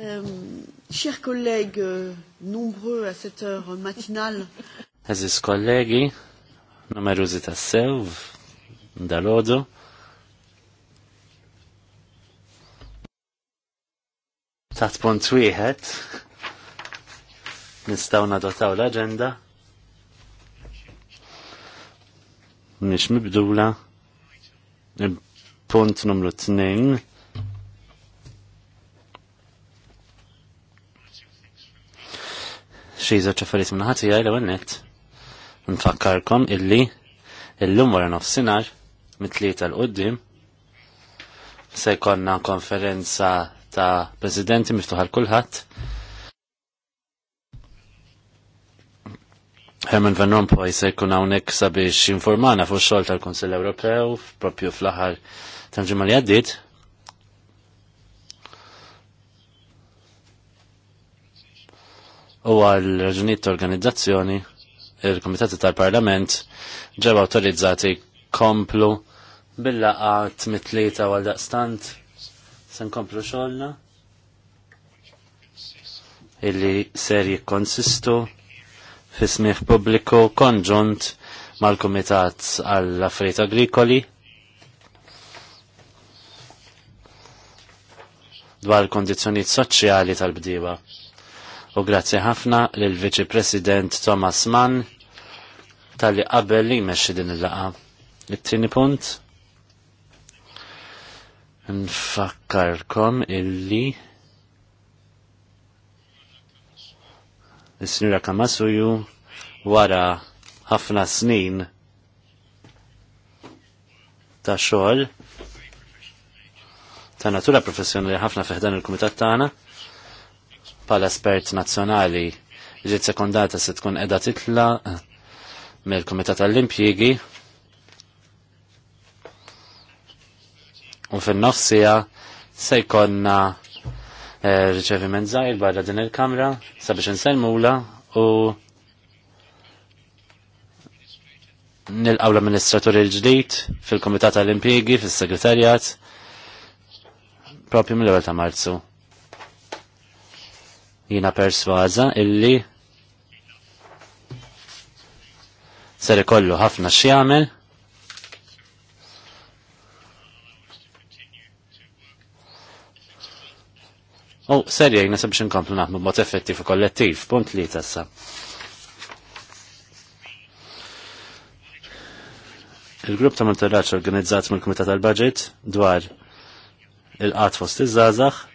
Euh, chers collègues, euh, nombreux à cette heure matinale. Aziz kollegi, numerużi ta' sew, dal-ħodu. Taħt punt wieħed, nistaw nadotaw l-agenda. Nix mibdula, punt numru t-nejn, xiza ċafarit affarijiet minn ħadd jgħid Nfakkarkom illi illum wara nofsinhar mit-tlieta l qoddim se jkollna konferenza ta' presidenti miftuħa l kulħadd. Herman Van Rompuy se jkun hawnhekk sabiex informana fuq xogħol tal-Kunsill Ewropew propju fl-aħħar tal-ġimgħa li għaddiet u għal raġunijiet ta' organizzazzjoni il-Komitati tal-Parlament ġew autorizzati komplu bil-laqa tmitlita għal daqstant sen komplu xolna illi ser jikkonsistu fi smieħ pubbliku konġunt mal-Kumitat għall-Affarijiet Agrikoli dwar kondizjoniet soċjali tal bdiba u grazzi ħafna lil viċi President Thomas Mann tal-li qabel li jmexxi din il-laqa. It-tieni punt nfakkarkom illi is-Sinjura Kamasuju wara ħafna snin ta' xogħol ta' natura professjonali ħafna fiħdan il-kumitat tagħna. Ta pala espert nazzjonali ġiet sekondata se tkun edha titla eh, mill kumitat tal-Impjiegi u fin-nofsija se jkollna eh, riċeviment żgħir barra din il-kamra sabiex insellmula u nilqaw l-amministratur il-ġdid fil-Komitat tal-Impjiegi fis-Segretarjat propju mill-ewwel ta' Marzu. Jina perswaza illi ser ikollu ħafna x'jagħmel. U ser jgħin biex komplu naħmu bot effettiv u kollettiv, punt li tassa. Il-grupp ta' monitoraġġ organizzat mill-Kumitat tal-Budget dwar il-qat fost iż-żgħażagħ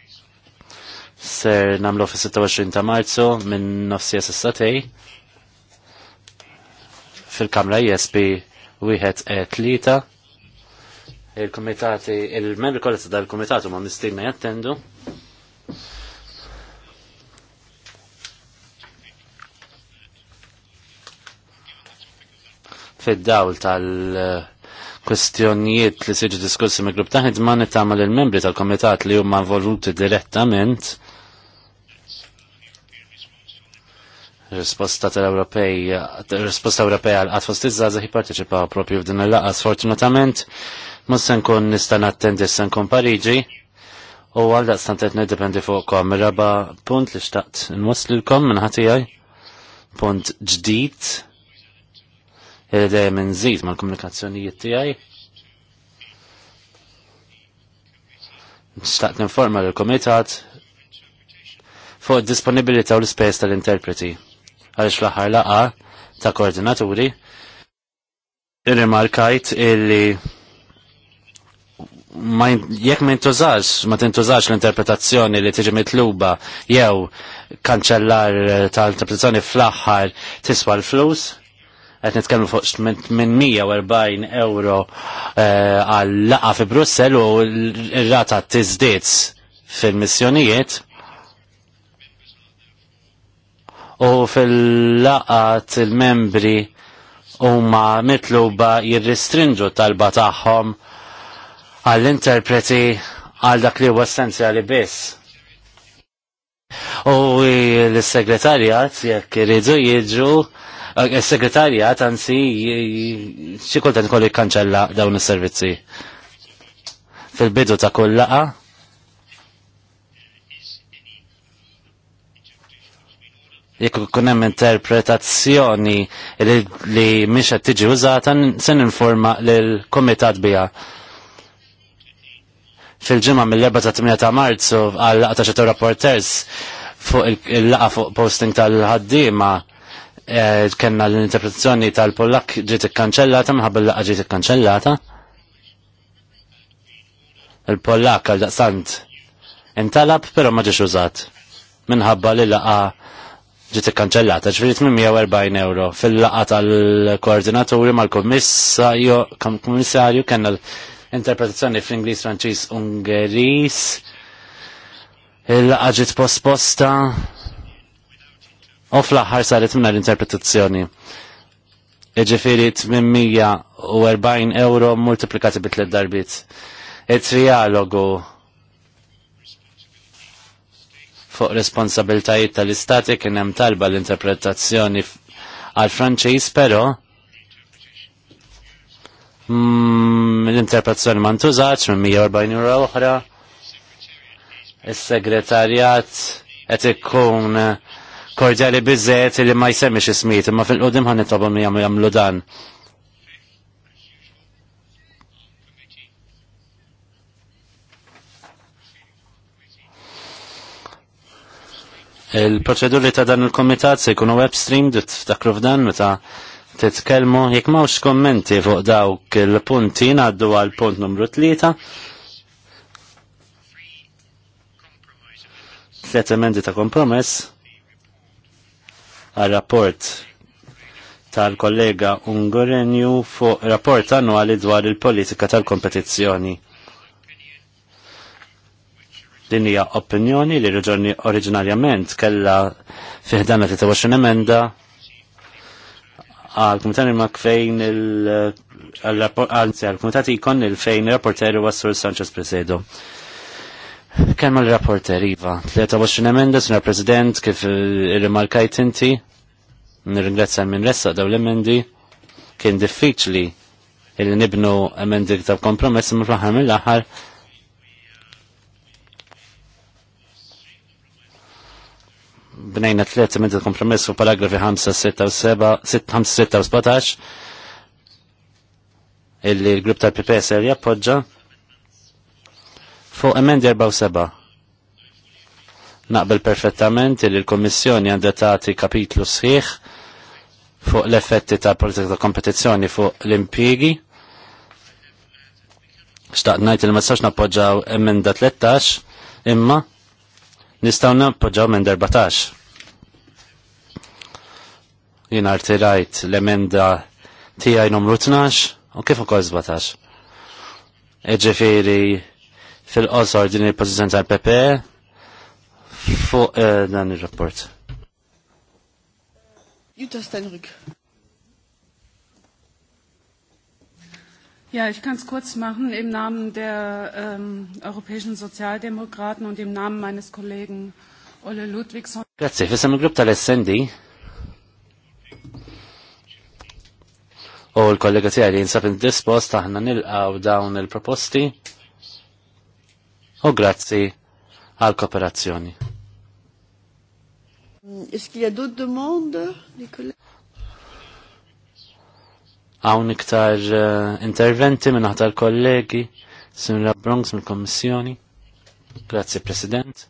ser namlu fi 26 ta' marzu minn nofsi s-satej fil-kamra ISP e wieħed e il-komitati, il-membri kollha ta' il-komitatu ma' mistinna jattendu. Fid-dawl tal- kwestjonijiet li siġu diskussi mill grupp ta' ħidma nitagħmel il-membri tal-komitat li huma involuti direttament risposta tal-Ewropej, risposta Ewropej għal għatfos tizzaza hi parteċipa propju f'din il Fortunatament Sfortunatament, se kun nistan attendi se kun Pariġi, u għal daqstan tet fuqhom ir Raba punt li xtaqt nwaslilkom minn ħatijaj, punt ġdijt, il-idej minn zid mal-komunikazzjonijiet tijaj. Xtaqt informa l-komitat fuq disponibilita u l ispejs tal-interpreti għalix fl-aħħar laqa ta' koordinaturi irrimarkajt illi ma jekk ma jintużax, ma tintużax l-interpretazzjoni li tiġi mitluba jew kanċellar tal-interpretazzjoni fl-aħħar tiswa l-flus, qed nitkellmu fuq minn 140 euro eh, għal laqa fi Brussel u r-rata tiżdied fil-missjonijiet u fil-laqat il-membri huma mitluba jirristrinġu talba tagħhom għall-interpreti għal dak li huwa essenzjali biss. U l-segretarjat jekk iridu jiġu il-segretarjat eh, anzi xi kultant kollu jikkanċella dawn is-servizzi. Fil-bidu ta' kull laqa' jekk ikun hemm interpretazzjoni li mhix qed tiġi użata se ninforma lill-kumitat biha. Fil-ġimgħa mill erba ta' 8 ta' Marzu għal laqgħa ta' rapporters fuq il-laqgħa fuq posting tal-ħaddiema e, kellna l-interpretazzjoni tal-Pollak ġiet ikkanċellata minħabba l-laqgħa ġiet ikkanċellata. Il-Pollak għal daqsant intalab però ma ġiex użat minħabba li laqa' ġiet ikkanċellata ġifieri 840 euro fil-laqgħa tal-koordinaturi mal-kummissarju Kummissarju kellna l-interpretazzjoni fl-Ingliż Franċiż Ungeriż. Il-laqgħa ġiet posposta u fl-aħħar saret minn l-interpretazzjoni. Ġifieri 840 euro multiplikati bit tliet darbit. Il-trialogu fuq responsabiltajiet tal-istati kien hemm talba l-interpretazzjoni għal Franċiż però mm, l-interpretazzjoni ma ntużax minn 140 euro oħra. Is-segretarjat qed ikun kordjali biżżejjed li ma jsemmix ismijiet imma fil-qudiem ħanitobhom jagħmlu dan. Il-proċeduri ta' dan il-komitat se jkunu web stream tiftakru f'dan meta titkellmu jekk m'hawnx kommenti fuq dawk il-punti ngħaddu għal punt numru tlieta. Tliet emendi ta' kompromess għal rapport tal-kollega Ungorenju fuq rapport annwali dwar il-politika tal-kompetizzjoni. Din hija opinjoni li raġuni oriġinarjament kella fiħdana 23 emenda għal kumitani ma fejn il kumitat ikon il-fejn il-rapporteri Wassur Sanchez Presedo. Kemm il-rapporter Iva, 23 emenda, Sina President, kif il-rimarkajt inti, nirringrazzja minn ressa daw l-emendi, kien diffiċli il-nibnu emendi ta' kompromess, ma fl-ħar mill-ħar, bnejna tliet minn il-kompromess u paragrafi 5-6-17 illi l-grupp tal-PPS ser jappoġġa fuq emendi 47. Naqbel perfettament illi l-Kommissjoni għandha tagħti kapitlu sħiħ fuq l-effetti ta' politika ta' kompetizzjoni fuq l-impjigi. Xtaqt ngħid li ma tistax nappoġġaw emenda 13 imma nistaw nappoġġaw minn darbatax. Jien artirajt l-emenda tijaj numru 12 u kif ukoll 17. Eġifiri fil-qosor din il-pożizzjoni tal-PP e, fuq eh, dan il rapport Jutta Steinrück. Ja, ich kann es kurz machen im Namen der ähm, Europäischen Sozialdemokraten und im Namen meines Kollegen Ole Ludwigsson. Grazie, wir sind im Gruppe tal-SND. U l-kollega tiegħi li jinsab indispost aħna nilqgħu dawn il-proposti. U grazzi għal kooperazzjoni. Est-ce qu'il y a d'autres demandes, les collègues Hawn iktar eh, interventi minn ħatar kollegi, Sinra Bronx mill-Kommissjoni. Grazzi President.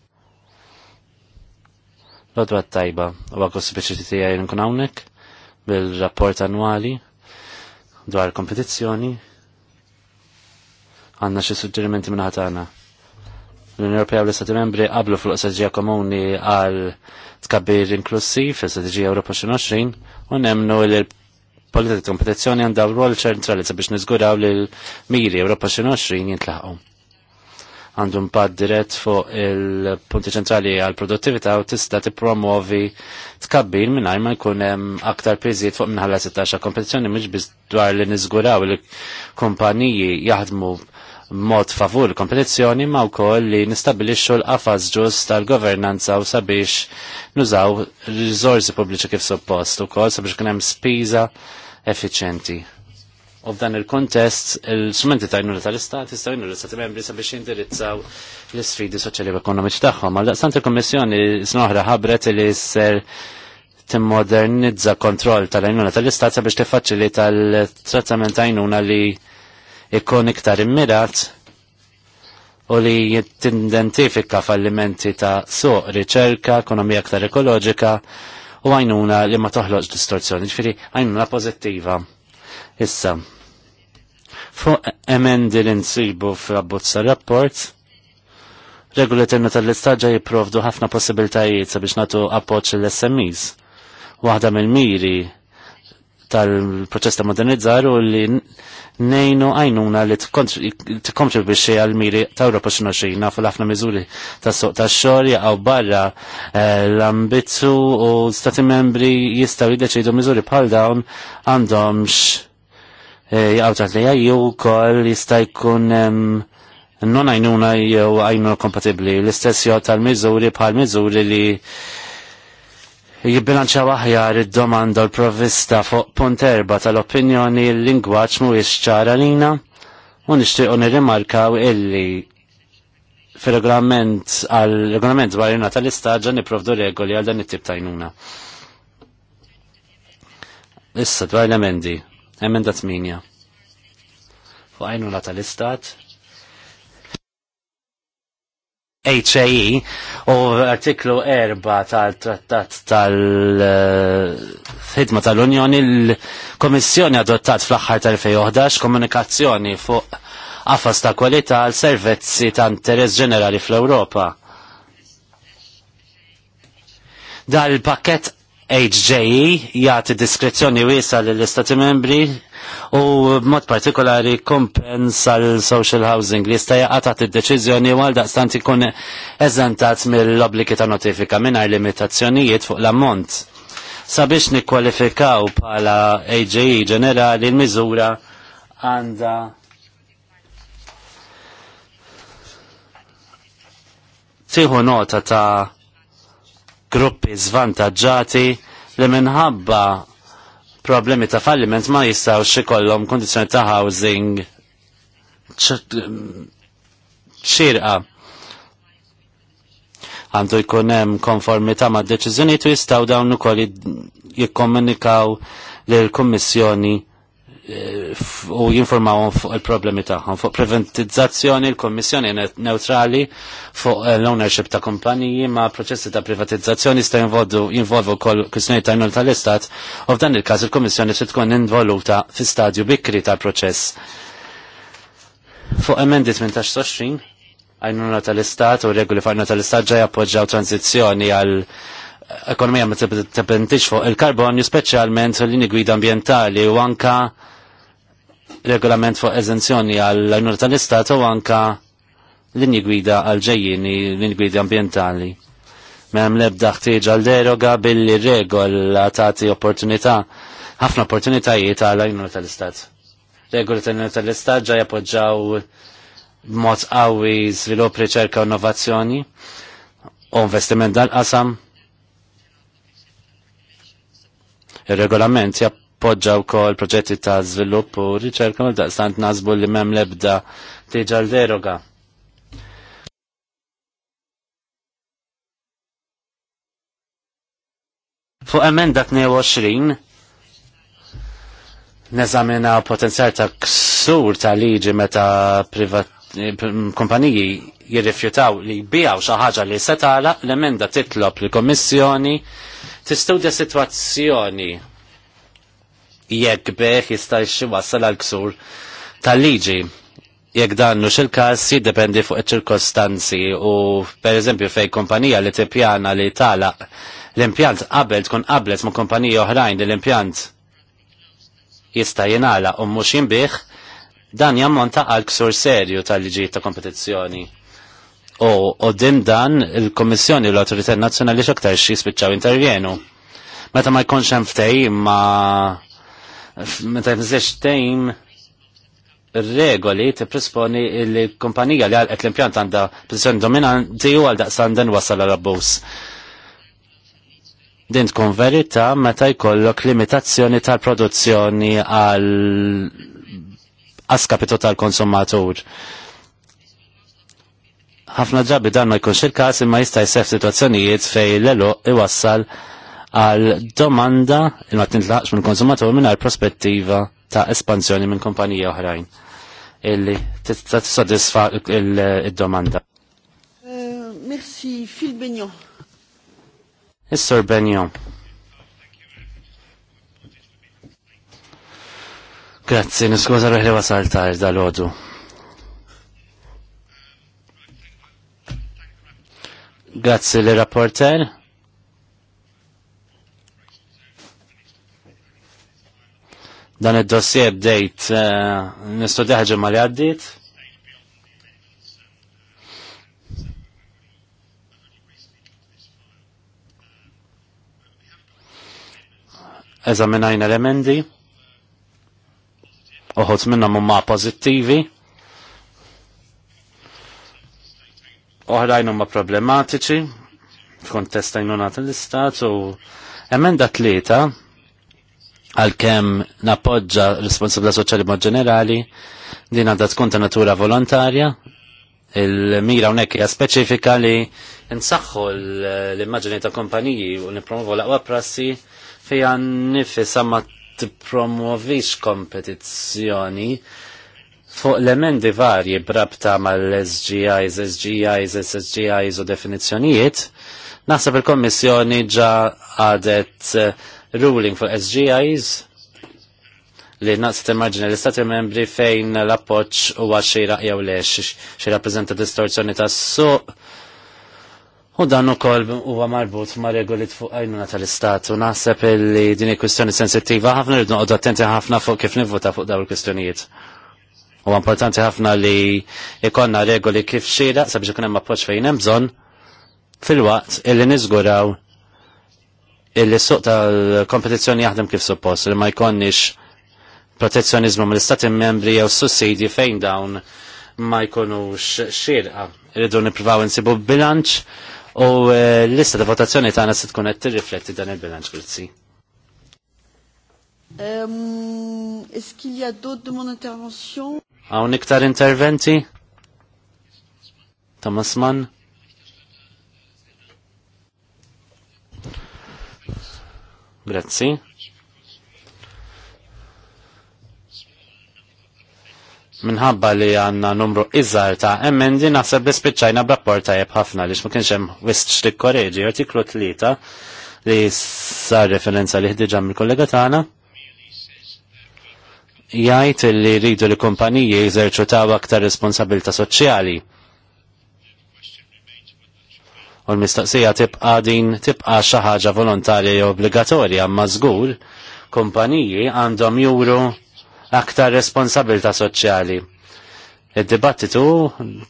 Lodwa tajba, u għakku speċiti tijaj nkun hawnhekk bil-rapport annwali dwar kompetizzjoni għanna xi suġġerimenti minn ħatana. L-Unjoni Ewropea u l-Istati Membri qablu fl strateġija komuni għal tkabbir inklusiv fis strateġija Ewropa 2020 u nemmnu li politika ta' kompetizzjoni għandha rwol ċentrali sabiex niżguraw lil miri Ewropa 2020 jintlaqgħu. Għandu mpad dirett fuq il-punti ċentrali għal produttività u tista' tippromovi tkabbir mingħajr ma jkun hemm aktar piżiet fuq minħalla 16 kompetizzjoni mhix biss dwar li niżguraw li kumpaniji jaħdmu mod favur kompetizzjoni ma wkoll li nistabilixxu l-qafas ġust tal-governanza u sabiex nużaw riżorsi pubbliċi kif suppost ukoll sabiex kien hemm spiża effiċenti. U f'dan il-kontest, il-strumenti ta' jnuna tal-Istat jistaw jnuna l-Istati membri sabiex jindirizzaw l-sfidi soċjali u ekonomiċi tagħhom. Għal daqstant il-Kommissjoni s-noħra ħabret li ser timmodernizza kontroll tal-għajnuna tal-istat sabiex tiffaċili tal-trattament ta' għajnuna li ikun iktar immirat u li jittindentifika fallimenti ta' suq, riċerka, ekonomija aktar ekoloġika u għajnuna li ma toħloġ distorzjoni, ġifiri għajnuna pozittiva. Issa, fuq emendi li nsibu f abbozza rapport, regoli terna tal listagġa jiprovdu ħafna possibiltajiet sabiex natu appoċ l-SMEs. Waħda mill-miri tal-proċess ta' modernizzar u li nejnu għajnuna li t-kontribuċi għal-miri ta' Europa xinoxina fil-ħafna mizuri ta' soq ta' xorja għaw barra eh, l-ambizzu u stati membri jistaw jiddeċidu mizuri bħal dawn għandhomx eh, jaqaw taħt li għajju kol jista' jkun non għajnuna jew kompatibli l-istess tal-mizuri bħal-mizuri li jibbilanċa aħjar id-domanda l-provvista fuq punt erba tal-opinjoni l-lingwaġġ mhuwiex ċara lina u nixtiequ u illi fil-regolament għal regolament barjuna tal istagġa niprovdu regoli għal dan it tib tajnuna. Issa dwar l-emendi, emenda 8. Fuq għajnuna tal-istat, HAE u artiklu 4 tal-trattat tal-ħidma tal-Unjoni l-Komissjoni adottat fl-axħar tal-2011 komunikazzjoni fuq qafas ta' kwalità għal servizzi ta' interess ġenerali fl-Ewropa. Dal-pakket HJE jagħti diskrezzjoni wiesa lill-Istati membri u b'mod partikolari kompensa l-social housing li jista' għatat id-deċiżjoni għal daqstant ikun eżentat mill-obbligi ta' notifika mingħajr limitazzjonijiet fuq l-ammont. Sabiex nikkwalifikaw bħala HJE ġenerali l-miżura għandha tieħu nota ta' gruppi zvantaġġati li minħabba problemi ta' falliment ma jistawx ikollhom kondizjoni ta' housing xirqa. Għandu jkun hemm ma' mad deċiżjonijiet u jistgħu dawn ukoll jikkomunikaw lill-Kummissjoni Eh, u jinformaw fuq il-problemi tagħhom. Fuq privatizzazzjoni l-Kommissjoni neutrali fuq eh, l-ownership ta' kumpaniji ma' proċessi ta' privatizzazzjoni sta' jinvolvu jinvolvu wkoll kwistjoni ta' jnul tal-Istat u f'dan il-każ il-Kommissjoni se tkun involuta fi stadju bikri tal-proċess. Fuq emendi 18 għajnuna tal-Istat u regoli farna tal-Istat ġaj appoġġaw tranzizjoni għal eh, ekonomija ma tibentix fuq il-karbonju, specialment l-lini ambientali u anka regolament fuq eżenzjoni għall-għajnur tal-istat u anka linji gwida għal-ġejjini, linji gwida ambientali. Mem lebda ħtieġ għal-deroga billi regola tagħti opportunità, ħafna opportunitajiet għall-għajnur tal-istat. Regoli tal nur tal-istat ġaj appoġġaw b'mod qawwi żvilupp riċerka u innovazzjoni u investiment dal-qasam. Il-regolament japp tappoġġa wkoll proġetti ta' żvilupp u riċerka u daqstant nażbu li m'hemm lebda tiġa l-deroga. Fuq emenda 22 neżamina potenzjal ta' ksur ta' liġi meta privat kumpaniji jirrifjutaw li jbijaw xi ħaġa li setala l-emenda titlob li kommissjoni tistudja sitwazzjoni jekk beħ jista' wassal għal ksur tal-liġi. Jekk dannu xil-kas jiddependi fuq iċ-ċirkostanzi u per eżempju fej kompanija li tippjana li tala l-impjant qabel tkun qablet ma' kompanija oħrajn li l-impjant jista' jingħala u mhux jinbih, dan jammonta għal ksur serju tal liġi ta' kompetizzjoni. U din dan il-Kommissjoni l autorità Nazzjonali x'aktar xi spiċċaw intervjenu. Meta ma jkunx hemm ftehim ma' meta jmżex tejm regoli tipprisponi li kumpanija li għalqet l-impjant għandha pożizzjoni dominanti u għal daqsan dan wasal għal abbuż. Din tkun verità meta jkollok limitazzjoni tal-produzzjoni għal askapitu tal-konsumatur ħafna ġabi dan ma jkunx il-kas imma jista' jsef situazzjonijiet fej l-elo iwassal għal domanda il ma tintlaqx minn konsumatur minn għal prospettiva ta' espansjoni minn kompanija oħrajn illi tissodisfa il-domanda. Eh, merci, Phil Benyon. Is-Sor Grazie, Grazzi, niskuza ruħli wasal tard dal-ħodu. Grazzi li rapporter. Dan id-dossier bdejt eh, nistudjaħ ma li għaddit. għajna l-emendi. Uħot minna mumma pozittivi. Oħrajn huma problematiċi f'kontest għajnuna tal-istat u emenda tlieta għal-kem napoġġa responsabilità soċjali mod ġenerali, din għadda tkun ta' natura volontarja, il-mira unek hija speċifika li nsaħħu l immaġni ta' kompaniji u nipromovu l-aqwa prassi fija nifisa ma tipromovix kompetizzjoni fuq l-emendi varji brabta mal-SGIs, SGIs, SSGIs u definizjonijiet, naħseb il-Kommissjoni ġa għadet ruling fuq SGIs li naqs timmaġina li stati membri fejn l-appoċ u għaxira jew lex, xi rappreżenta distorzjoni tas-suq U dan ukoll huwa marbut ma' regoli fuq għajnuna tal-Istat u naħseb li din hi kwistjoni sensittiva ħafna rridnu noqgħodu attenti ħafna fuq kif nivvota fuq dawn il-kwistjonijiet. U importanti ħafna li ikonna regoli kif xira sabiex ikun hemm appoġġ fejn hemm bżonn fil-waqt illi niżguraw il-suq tal-kompetizzjoni jaħdem kif suppost, li ma jkonniex protezzjonizmu mill-istati membri jew sussidi fejn dawn ma jkunux xirqa. Irridu nippruvaw insibu bilanċ u eh, l-lista ta' votazzjoni tagħna se tkun qed tirrifletti dan il-bilanċ grazzi. Est-ce qu'il y a d'autres de mon intervention? Hawn iktar interventi? Thomas Mann? Grazzi. Minħabba li għanna numru iżar ta' emendi naħseb li spiċċajna b'rapport tajjeb ħafna li ma kienx hemm wisq xtik koreġi artiklu tlieta li sar referenza li ħdiġa mill-kollega tagħna jgħid li rridu li kumpaniji ta' aktar responsabilta soċjali. U l-mistaqsija tibqa din tibqa xi ħaġa volontarja jew obbligatorja, ma żgur kumpaniji għandhom juru aktar responsabilta soċjali. Id-dibattitu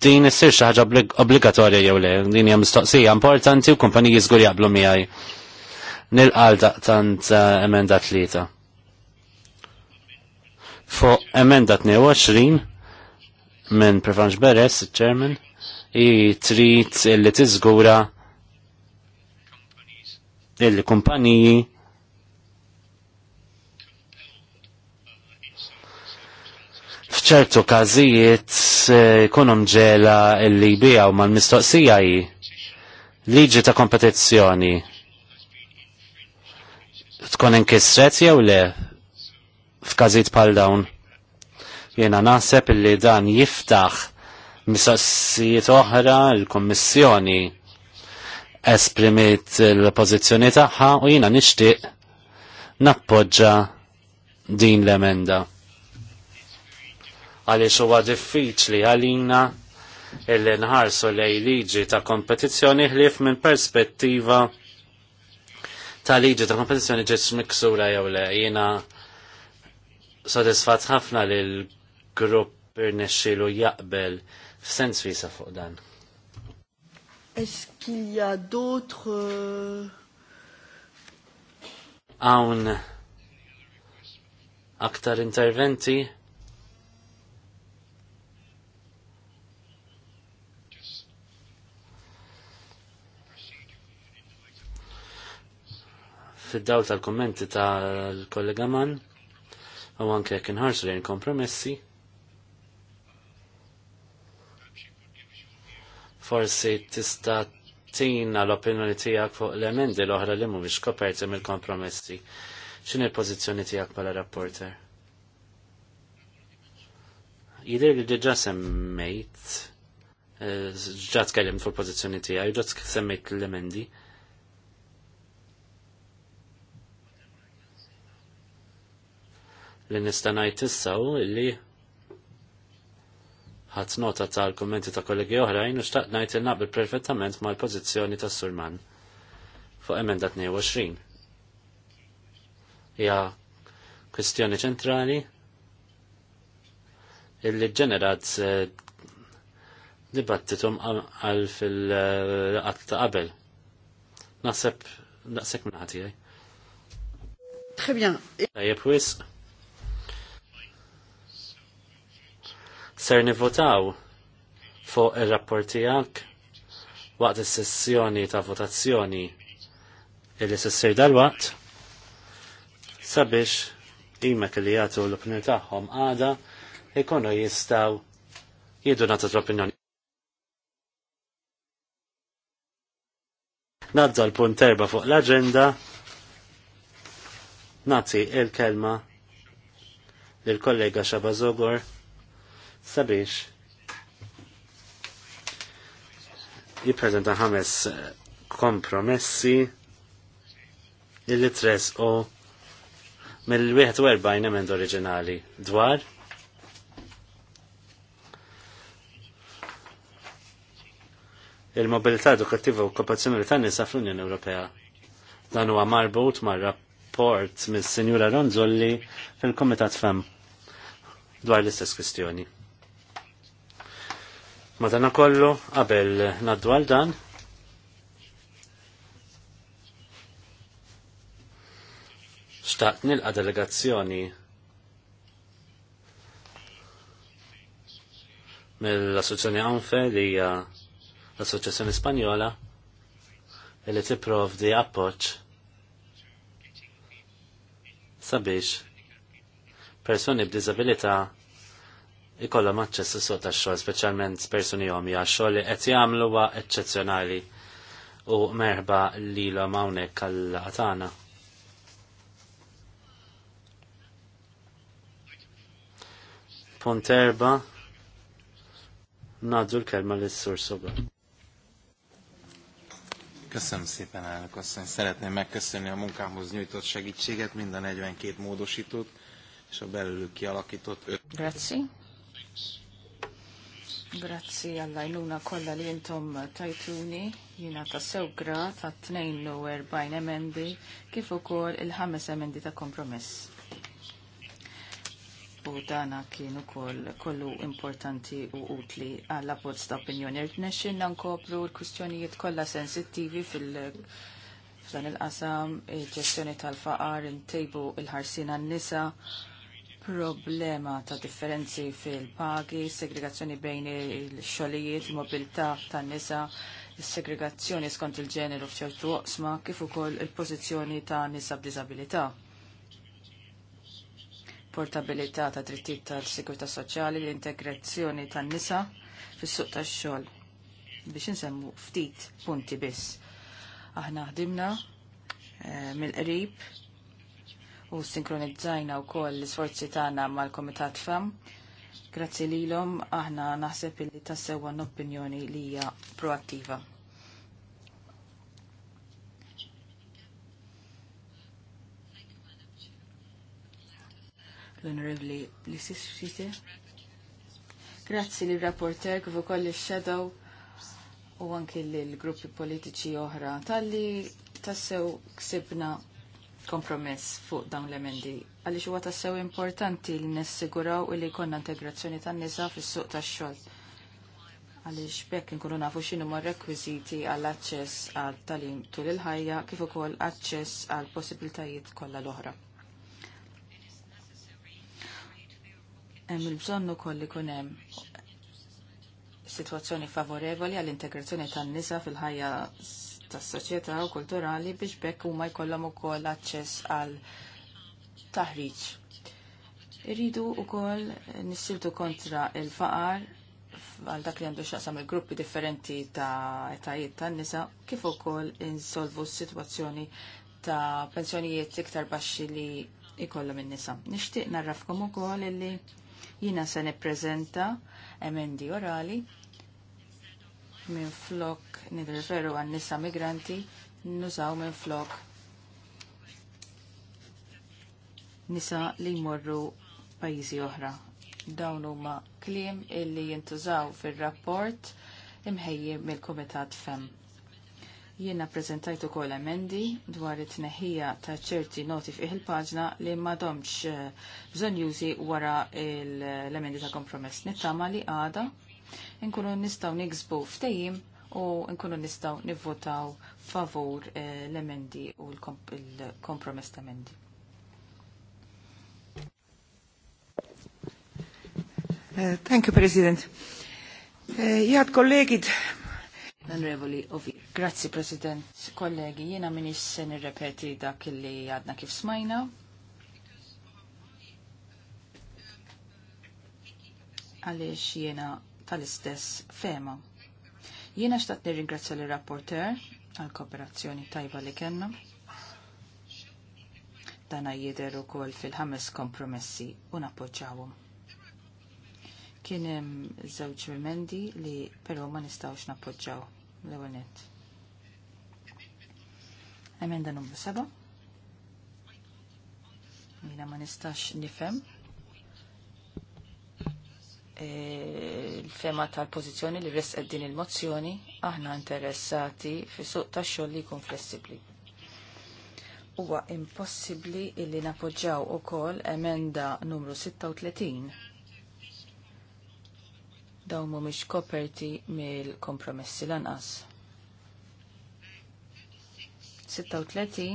din issir xi ħaġa obbligatorja jew le, din hija mistoqsija importanti u kumpaniji żgur jaqblu miegħi. Nilqal tant eh, emenda tlieta. Fuq emenda 22 minn Prevanġ Beres, chairman i trid illi tiżgura il-kumpaniji fċertu każijiet eh, jkunhom ġela illi jbijaw mal-mistoqsija hi liġi ta' kompetizzjoni tkun inkisret jew le f'każijiet bħal dawn. Jiena naħseb illi dan jiftaħ mistoqsijiet oħra l-Kommissjoni esprimiet l-pożizzjoni tagħha u jiena nixtieq nappoġġa din l-emenda. Għaliex huwa diffiċli għalina illi nħarsu lej liġi ta' kompetizzjoni ħlif minn perspettiva ta' liġi ta' kompetizzjoni ġeġ miksura jew le. Jiena sodisfat ħafna l-grupp irnexxielu jaqbel f'sens wiesa fuq dan. est d'autres... Euh, Hawn aktar interventi fid-daw tal-kommenti tal-kollega Mann u anke jekk inħarsu lejn kompromessi. forsi tista' tina l-opinjoni tiegħek fuq l-emendi l-oħra li mhumiex koperti mill-kompromessi. X'inhi l-pożizzjoni tiegħek bħala rapporter? Jidir li diġa' semmejt eh, ġa tkellim fuq pożizzjoni tiegħi, ġa semmejt l-emendi. Li nista' ngħid issa li ħadd nota tal-kummenti ta' kollegi oħrajn u xtaqt ngħid innaqbel perfettament mal-pożizzjoni tas Surman fuq emenda 22. Hija kwestjoni ċentrali illi ġenerat eh, dibattitum għal fil-qatt ta' qabel. Naħseb naqsek minn għaj. Très bien. Tajjeb wisq. ser nivvotaw fuq ir-rapporti tiegħek waqt is-sessjoni ta' votazzjoni il s-sir dal-waqt sabiex imek kelli jagħtu l-opinjoni tagħhom għada ikunu jistgħu jiddu nagħtu l-opinjoni. Nadda l-punt erba' fuq l-aġenda nagħti il-kelma lill kollega Xabazogor sabiex jiprezenta ħames kompromessi illi tres u mill-41 emend oriġinali dwar il-mobilità edukattiva u okkupazzjonali tan nisa fl-Unjoni Ewropea. Dan huwa marbut mar rapport mis-Sinjura Ronzolli fil-Komitat Fem dwar l-istess kwistjoni. Madana kollu, qabel naddu għal dan, Staqt nilqa delegazzjoni mill-Assoċjazzjoni Anfe li hija l-Assoċjazzjoni Spanjola li tipprovdi appoġġ sabiex persuni b'diżabilità ikollhom aċċess is sota tax-xogħol, personi persuni omja, xogħol li qed jagħmlu huwa eċċezzjonali u merba li l għall-qatana. għatana Ponterba, Naddu l-kelma li s sur Soba. Köszönöm szépen, elnök asszony. Szeretném megköszönni a munkámhoz nyújtott segítséget, mind a 42 módosítót és a belőlük kialakított öt. Grazie. Grazzi għallajnuna kolla li jintom tajtuni, jina ta' sew grat ta' 42 emendi kif ukoll il-ħames emendi ta' kompromess. U dana kien ukoll kollu importanti u utli għalla abbozz ta' opinjoni. Rnexxinna nkopru l-kwistjonijiet kollha sensittivi fil- f'dan il-qasam, il-ġestjoni tal-faqar, intejbu il-ħarsina n-nisa, il ħarsina n nisa problema ta' differenzi fil-pagi, segregazzjoni bejn il-xolijiet, il-mobilità ta' nisa, segregazzjoni skont il-ġeneru f'ċertu oqsma, kif ukoll il-pożizzjoni ta' nisa b'diżabilità. Portabilità ta' drittijiet tal-sigurtà soċjali, l-integrazzjoni tan nisa fis-suq tax-xogħol. Biex insemmu ftit punti biss. Aħna ħdimna eh, mill-qrib u sinkronizzajna u koll l-sforzi tagħna mal-Komitat FEM. Grazzi l-om, aħna naħseb li tassewa n-opinjoni li hija proattiva. L-Onorevli li sissite. Grazzi li rapporter kif koll ix-shadow u anki l-gruppi politiċi oħra tal-li tassew ksibna kompromess fuq dawn l-emendi. Għaliex huwa tassew importanti li nessiguraw li jkollna integrazzjoni tan-nisa fis-suq tax-xogħol. Għaliex bekk inkunu nafu x'inhu ma' rekwiżiti għall aċċess għal talim tul il-ħajja kif ukoll aċċess għal possibiltajiet kollha l-oħra. Hemm il-bżonn ukoll ikun hemm sitwazzjoni favorevoli għall-integrazzjoni tan-nisa fil-ħajja tas-soċjetà u kulturali biex bekk huma jkollhom ukoll aċċess għal taħriġ. Irridu ukoll nissiltu kontra il-faqar għal dak li għandu xaqsam il-gruppi differenti ta' etajiet ta' nisa kif ukoll insolvu s-sitwazzjoni ta' pensjonijiet iktar baxxi li ikollhom in-nisa. Nixtieq narrafkom ukoll li jiena se nippreżenta emendi orali minn flok nidreferu għan nisa migranti, nużaw minn flok nisa li jmorru pajizi oħra. Dawn huma kliem illi jintużaw fir-rapport imħejji mill-Kumitat FEM. Jiena prezentajt ukoll emendi dwar it-tneħħija ta' ċerti noti fih il-paġna li m'għadhomx eh, bżonn jużi wara l-emendi ta' kompromess. Nittama li għada nkunu nistaw nigzbu ftejim u nkunu nistaw nivvotaw favur eh, l-emendi u l-kompromess ta' emendi. Eh, thank you, President. Eh, jgħad kollegid. Onorevoli Ovi. Grazie, President. Kollegi, jiena minix se nirrepeti dak li għadna kif smajna. Għalix jiena tal-istess fema. Jiena xtaqt nirringrazzja l-rapporter għal-kooperazzjoni tajba li kellna. Dana jider ukoll fil-ħames kompromessi u nappoġġawhom. Kien hemm żewġ emendi li però ma nistgħux nappoġġaw l-ewwel nett. Emenda numru seba' Jiena ma nistax nifhem. Eh, il-fema tal-pozizjoni li res din il-mozzjoni, aħna interessati fi suq ta' xogħol li jkun flessibbli. Huwa impossibbli illi napoġġaw ukoll emenda numru 36. Dawn mhumiex koperti mill-kompromessi lanqas. 36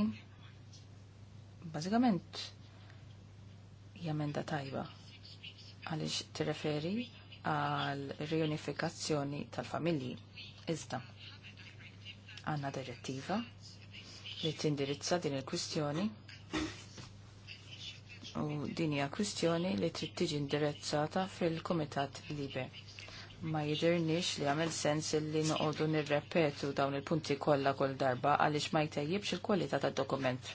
bażikament hija emenda tajba għaliex tirreferi għal riunifikazzjoni tal-familji. Iżda, għanna direttiva li tindirizza din il-kwistjoni u din hija kwistjoni li trid tiġi indirizzata fil-Kumitat Libe. Ma jidirnix li għamil sens li noqogħdu nirrepetu dawn il-punti kollha kull darba għaliex ma jtejjibx il-kwalità tad-dokument.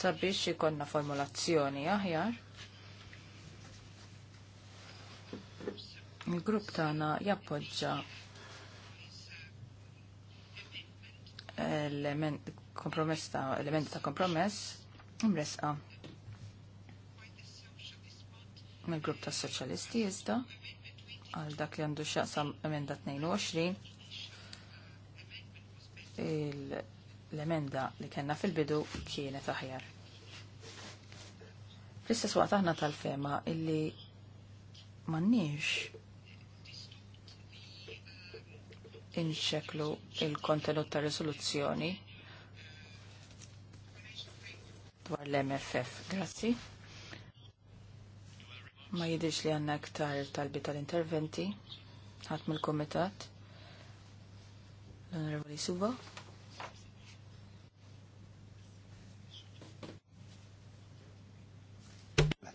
Sabiex ikonna formulazzjoni aħjar il-grupp tagħna jappoġġa element ta' elementi ta' kompromess imresqa mill-grupp ta' soċjalisti iżda għal dak li għandu xaqsam emenda 22 l-emenda li kena fil-bidu kienet aħjar. Fl-istess waqt aħna tal-fema illi mannix inxeklu il-kontenut ta' rezoluzzjoni dwar l-MFF. Grazzi. Ma jidix li għanna ktar talbi tal-interventi ħat mill-komitat l-Onorevoli Suba.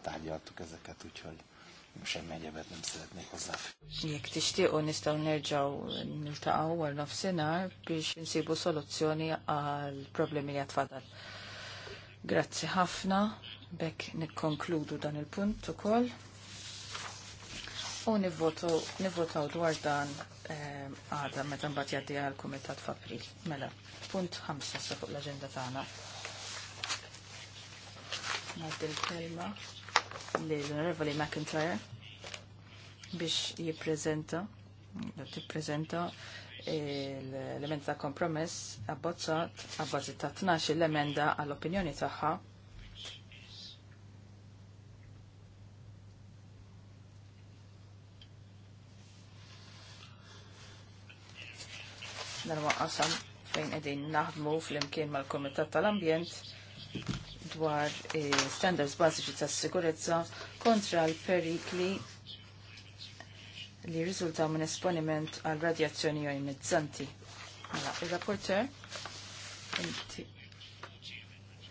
Tárgyaltuk ezeket, úgyhogy xemmen jabet nimsedni kozzaf. Jek tishtiqo nistaw nerġaw niltaqaw għal nofsinar biex nsibu soluzzjoni għal problemi li għatfadal. Grazzi ħafna, bekk nikkonkludu dan il-punt u koll. U nivvotaw dwar dan ehm, għada meta mbagħad jgħaddi għal kumitat f'April. Mela, punt 5 fuq l-aġenda tagħna. Ngħaddi l-kelma l-Onorevoli McIntyre biex jiprezenta jiprezenta eh, l emenda ta' kompromess abbozzat abbozzat ta' 12 l-emenda għall-opinjoni tagħha Narwa qasam fejn qegħdin naħdmu fl-imkien mal-Kumitat tal-Ambjent dwar eh, standards bażiċi ta' sigurezza kontra l-perikli li riżultaw minn esponiment għal radjazzjoni jew imizzanti. Mela, il-rapporter,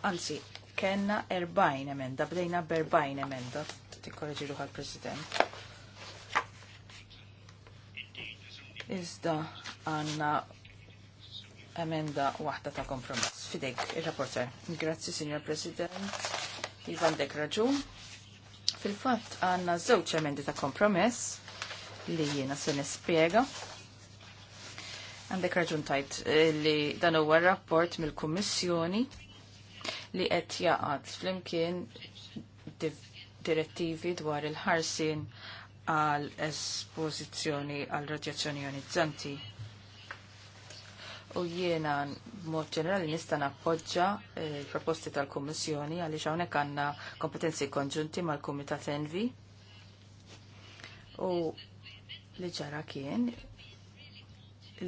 anzi, kena 40 emenda, bdejna b'40 emenda, tikkorreġi ruħal president. Iżda għanna emenda waħda ta' kompromess. Fidejk, il-rapporter. Grazzi, Signor President. Ivan dek raġun. Fil-fatt għanna żewġ emendi ta' kompromess li jiena se nispjega. Għandek raġun tajt eh, li dan huwa rapport mill-Kummissjoni li qed jaqgħad flimkien direttivi dwar il-ħarsin għal espożizzjoni għal radjazzjoni ionizzanti u jiena mod ġenerali nista' nappoġġa eh, l-proposti tal-Kummissjoni għaliex hawnhekk għandna kompetenzi konġunti mal-Kumitat Envi. U li ġara kien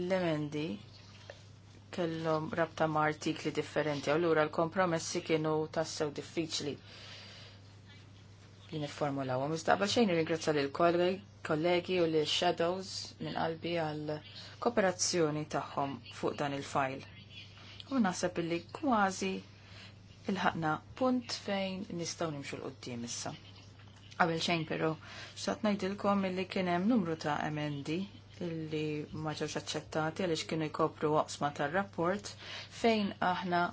l-emendi kellhom rabta ma' artikli differenti u lura l-kompromessi kienu tassew diffiċli li niformulawhom. Iżda qabel xejn irringrazzja lill kolleg kollegi u l shadows minn qalbi għal kooperazzjoni tagħhom fuq dan il-fajl. U naħseb illi kważi il-ħakna punt fejn nistgħu nimxu l-qoddim issa. Qabel xejn però, x'tat ngħidilkom illi kien hemm numru ta' emendi illi ma ġewx aċċettati għaliex kienu jkopru waqsma tar-rapport fejn aħna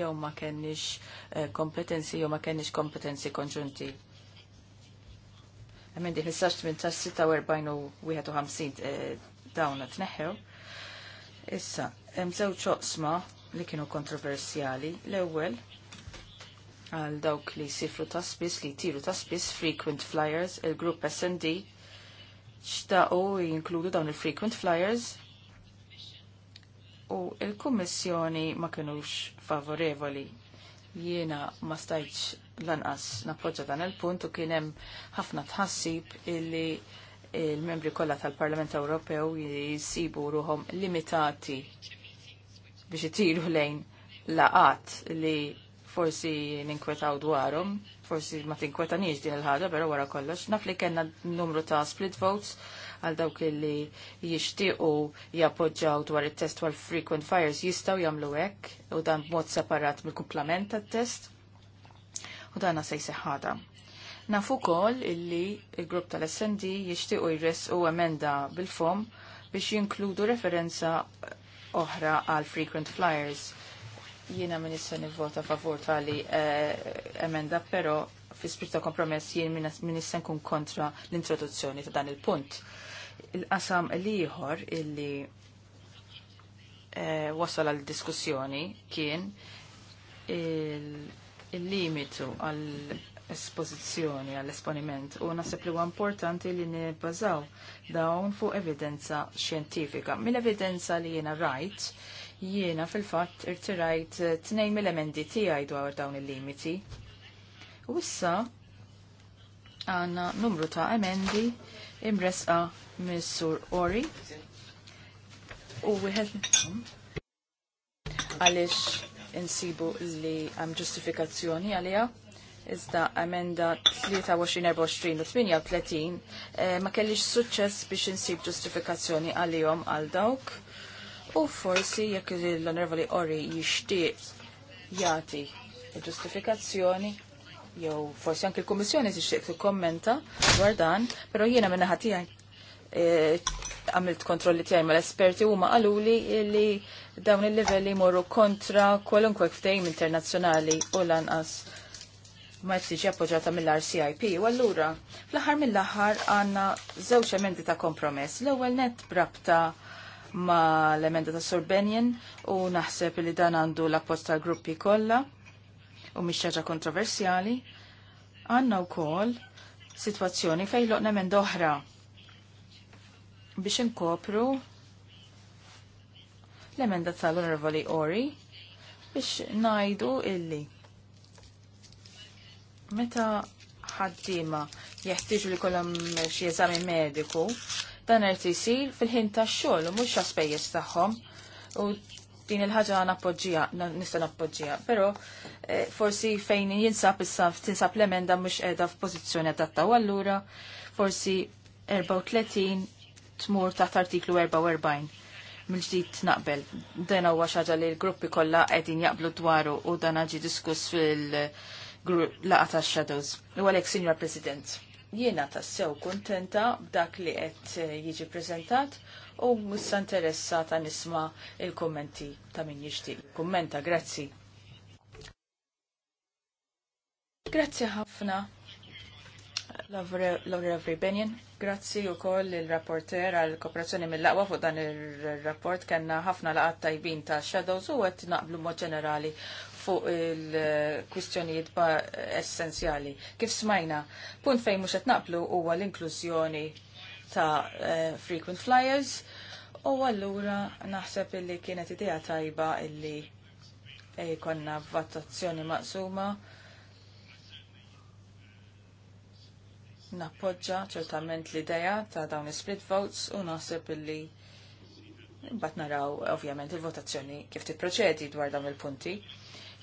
jew ma kenniex eh, kompetenzi jew ma kenniex kompetenzi konġunti emendi 15-18-46 u 51 dawna tneħħew. Issa, hemm żewġ oqsma li kienu kontroversjali. L-ewwel għal dawk li sifru ta' spiss li tiru ta' spiss frequent flyers, il-grupp SD xtaqu jinkludu dawn il-frequent flyers u il-Kummissjoni ma kienux favorevoli. Jiena ma stajċ lanqas nappoġġa dan il-punt u kien hemm ħafna tħassib illi il-membri kollha tal-Parlament Ewropew jisibu ruhom limitati biex itiru lejn laqat li forsi ninkwetaw dwarhom, forsi ma tinkwetanix din il-ħaġa, però wara kollox, naf li kellna numru ta' split votes għal dawk li jixtiequ jappoġġaw dwar it-test għal frequent fires jistgħu jagħmlu hekk u dan b'mod separat mill-kumplament tat-test u dana se jseħħada. Nafu kol illi il-grupp tal-SND u jres u emenda bil-fom biex jinkludu referenza oħra għal frequent flyers. Jiena minn issa nivvota favur tali eh, emenda, pero fi spirta kompromess jien minn issa nkun kontra l-introduzzjoni ta' dan il-punt. Il-qasam jħor illi eh, wasal għal diskussjoni kien il il-limitu għall espożizzjoni għall esponiment u nasib li huwa importanti li nibbażaw dawn fuq evidenza xjentifika. Mill-evidenza li jiena rajt, jiena fil-fatt irtirajt tnejn mill-emendi tiegħi dwar dawn il-limiti. U issa għandna numru ta' emendi imresqa Missur Ori u wieħed għaliex insibu li għam ġustifikazzjoni għalija. Iżda emenda 23-24-38 eh, ma kellix suċċess biex insib ġustifikazzjoni għalihom għal dawk. U forsi jekk l-onervali ori jixtieq jagħti ġustifikazzjoni jew forsi anke l-Kummissjoni tixtieq tikkommenta dwar dan, però jiena minna ħatijaj għamilt kontrolli tiegħi mal-esperti huma qaluli li dawn il-livelli morru kontra kwalunkwe ftehim internazzjonali u lanqas ma jtiġi appoġġata mill-RCIP. U allura, fl-aħħar mill-aħħar għandna żewġ emendi ta' kompromess. L-ewwel net brabta ma l-emenda ta' Sorbenjen u naħseb li dan għandu l-appoġġ tal-gruppi kollha u mhix ħaġa kontroversjali. Għanna wkoll sitwazzjoni fejn fejloqna emenda oħra biex inkopru l-emenda tal-Onorevoli Ori biex najdu illi meta ħaddima jeħtieġu li kollhom xi eżami mediku dan qed isir fil-ħin tax-xogħol u mhux għaspejjeż tagħhom u din il-ħaġa nappoġġija nista' nappoġġija, però eh, forsi fejn jinsab issa tinsab l-emenda mhux qiegħda f'pożizzjoni adatta u allura forsi 34 tmur taħt artiklu 44. Mil-ġdid naqbel, dan huwa xaġa li l-gruppi kollha qegħdin jaqblu dwaru u dan ġi diskuss fil-laqa tax shadows U għalhekk, Sinjor President, jiena tassew kuntenta b'dak li qed eh, jiġi preżentat u mussa interessata nisma il-kommenti ta' min jixtieq. Kummenta, grazzi. Grazzi ħafna. L-Onorevoli Benjen, grazzi u koll il-rapporter għal-kooperazzjoni mill-laqwa fuq dan il-rapport kena ħafna laqat tajbin ta' shadows u għet naqblu mod ġenerali fuq il-kwistjonijiet essenzjali. Kif smajna, punt fejn mux qed naqblu huwa l-inklużjoni ta' eh, frequent flyers u allura naħseb illi kienet idea tajba illi eh, konna votazzjoni maqsuma nappoġġa ċertament l-ideja ta' dawn split votes u naħseb illi bat naraw ovvjament il-votazzjoni kif tipproċedi dwar dawn il-punti.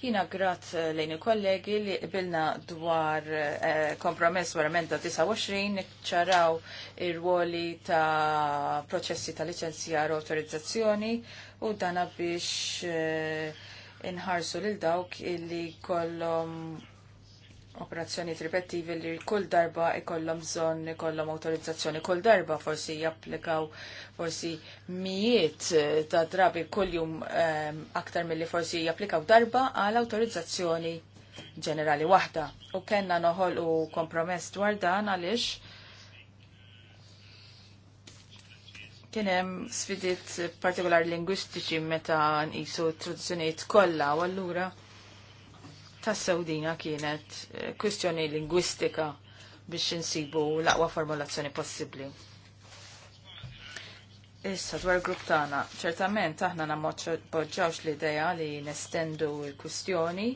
Jina grat eh, lejn il-kollegi li bilna dwar eh, kompromess wara emenda 29 ċaraw ir-ruoli ta' proċessi ta' licenzja u autorizzazzjoni u dana biex eh, inħarsu lil dawk illi kollom operazzjoni ripettivi li kull darba ikollhom bżonn ikollhom autorizzazzjoni kull darba forsi japplikaw forsi mijiet eh, ta' drabi kuljum um, aktar milli forsi japplikaw darba għal autorizzazzjoni ġenerali waħda. U kellna noħol u kompromess dwar dan għaliex Kien hemm sfidiet partikolar lingwistiċi meta nqisu t-tradizzjonijiet kollha u allura ta' sewdina kienet eh, kwistjoni lingwistika biex insibu l-aqwa formulazzjoni possibbli. Issa, dwar grupp tagħna, ċertament aħna nammoġġawx l-idea li nestendu l-kwistjoni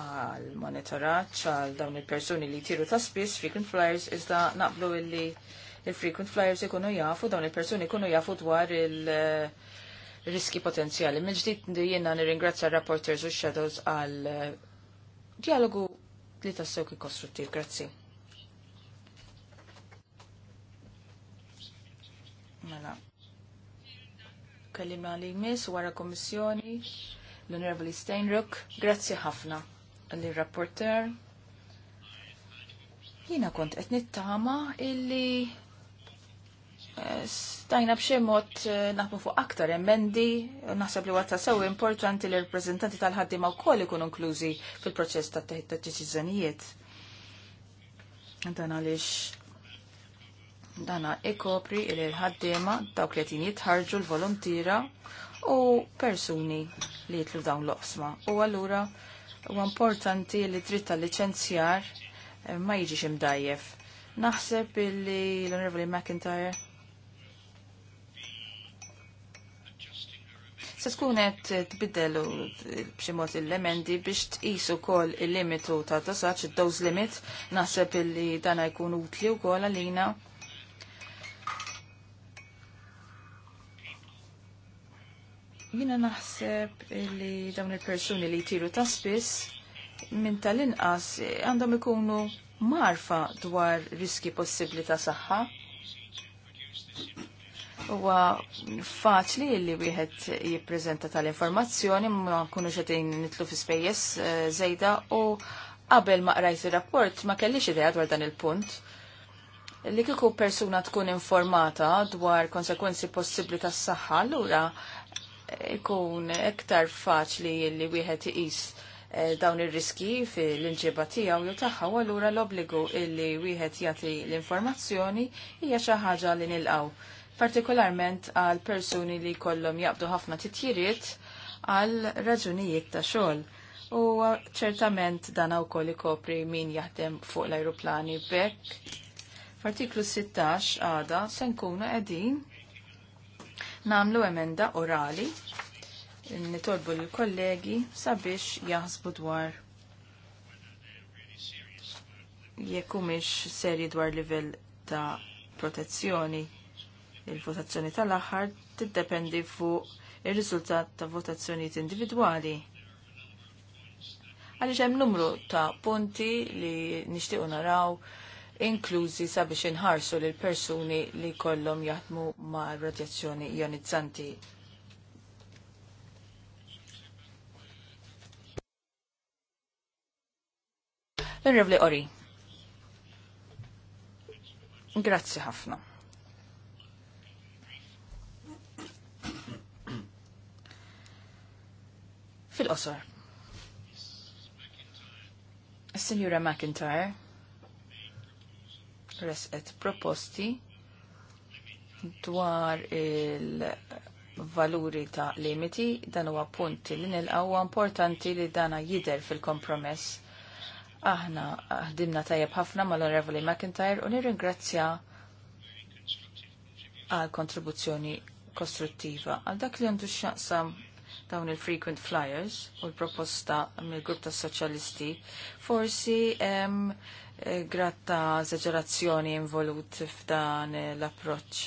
għal monitoraġġ għal dawn il-persuni li jtiru ta' spiss frequent flyers iżda naqblu illi il-frequent flyers ikunu jafu, dawn il-persuni ikunu jafu dwar il- riski potenzjali. Mil-ġdid jiena nirringrazzja rapporters u shadows għal eh, dialogu li tassew kien kostruttiv. Grazzi. Mela. Kellimna għal jmiss wara kommissjoni l-Onorevoli Steinruck. Grazzi ħafna għalli rapporter. Jiena kont qed nittama illi stajna b'xi mod eh, naħdmu fuq aktar emendi, naħseb li għatta sew importanti li l-reprezentanti tal-ħaddima wkoll ikun inklużi fil-proċess ta' teħid ta' deċiżjonijiet. Dan għaliex dana ikopri li ħaddiema dawk li qed jitħarġu l-volontira u persuni li jitlu dawn l-oqsma. U allura huwa importanti li dritt tal-liċenzjar eh, ma jiġix imdajjef. Naħseb li l-Onorevoli McIntyre Se skunet tbiddelu b'ximot il-lemendi biex tqisu kol il-limitu ta' tasaċ, il dose limit, naħseb li dana jkun utli u kol għalina. Jina naħseb li dawn il-persuni li jtiru ta' spiss minn tal-inqas għandhom ikunu marfa dwar riski possibli ta' saħħa Huwa faċli li wieħed jippreżenta tal-informazzjoni ma nkunu xedin nitlu fi spejjeż eh, żejda u qabel ma qrajt ir-rapport ma kellix idea dwar dan il-punt. Li kieku persuna tkun informata dwar konsekwenzi possibbli tas-saħħa, allura ikun iktar faċli li wieħed iqis eh, dawn ir-riski fil-inġiba tiegħu jew tagħha u allura l-obbligu illi wieħed jagħti l-informazzjoni hija xi ħaġa li nilqgħu partikolarment għal persuni li kollom jabdu ħafna titjiriet għal raġunijiet ta' xogħol. U ċertament dan wkoll ikopri min jaħdem fuq l-ajruplani bekk. F'artiklu 16 għada se nkunu qegħdin nagħmlu emenda orali nitolbu l-kollegi sabiex jaħsbu dwar jekk humiex dwar livell ta' protezzjoni Il-votazzjoni tal-aħħar tiddependi fuq ir-riżultat ta' votazzjonijiet individwali. Għaliex hemm numru ta' punti li nixtiequ naraw inklużi sabiex inħarsu lil persuni li kollhom jaħdmu ma' radjazzjoni ionizzanti. Nirrevli Ori. Grazzi ħafna. fil-qosor. Signora McIntyre resqet proposti dwar il-valuri ta' limiti, dan huwa punti li nilqgħu importanti li dana jider fil-kompromess. Aħna ħdimna tajjeb ħafna mal-Onorevoli McIntyre u nirringrazzja għal kontribuzzjoni kostruttiva għal dak li għandu x'jaqsam dawn il-frequent flyers u l-proposta mill-grupp ta' soċjalisti forsi hemm eh, gratta eżagerazzjoni involut f'dan eh, l-approċċ.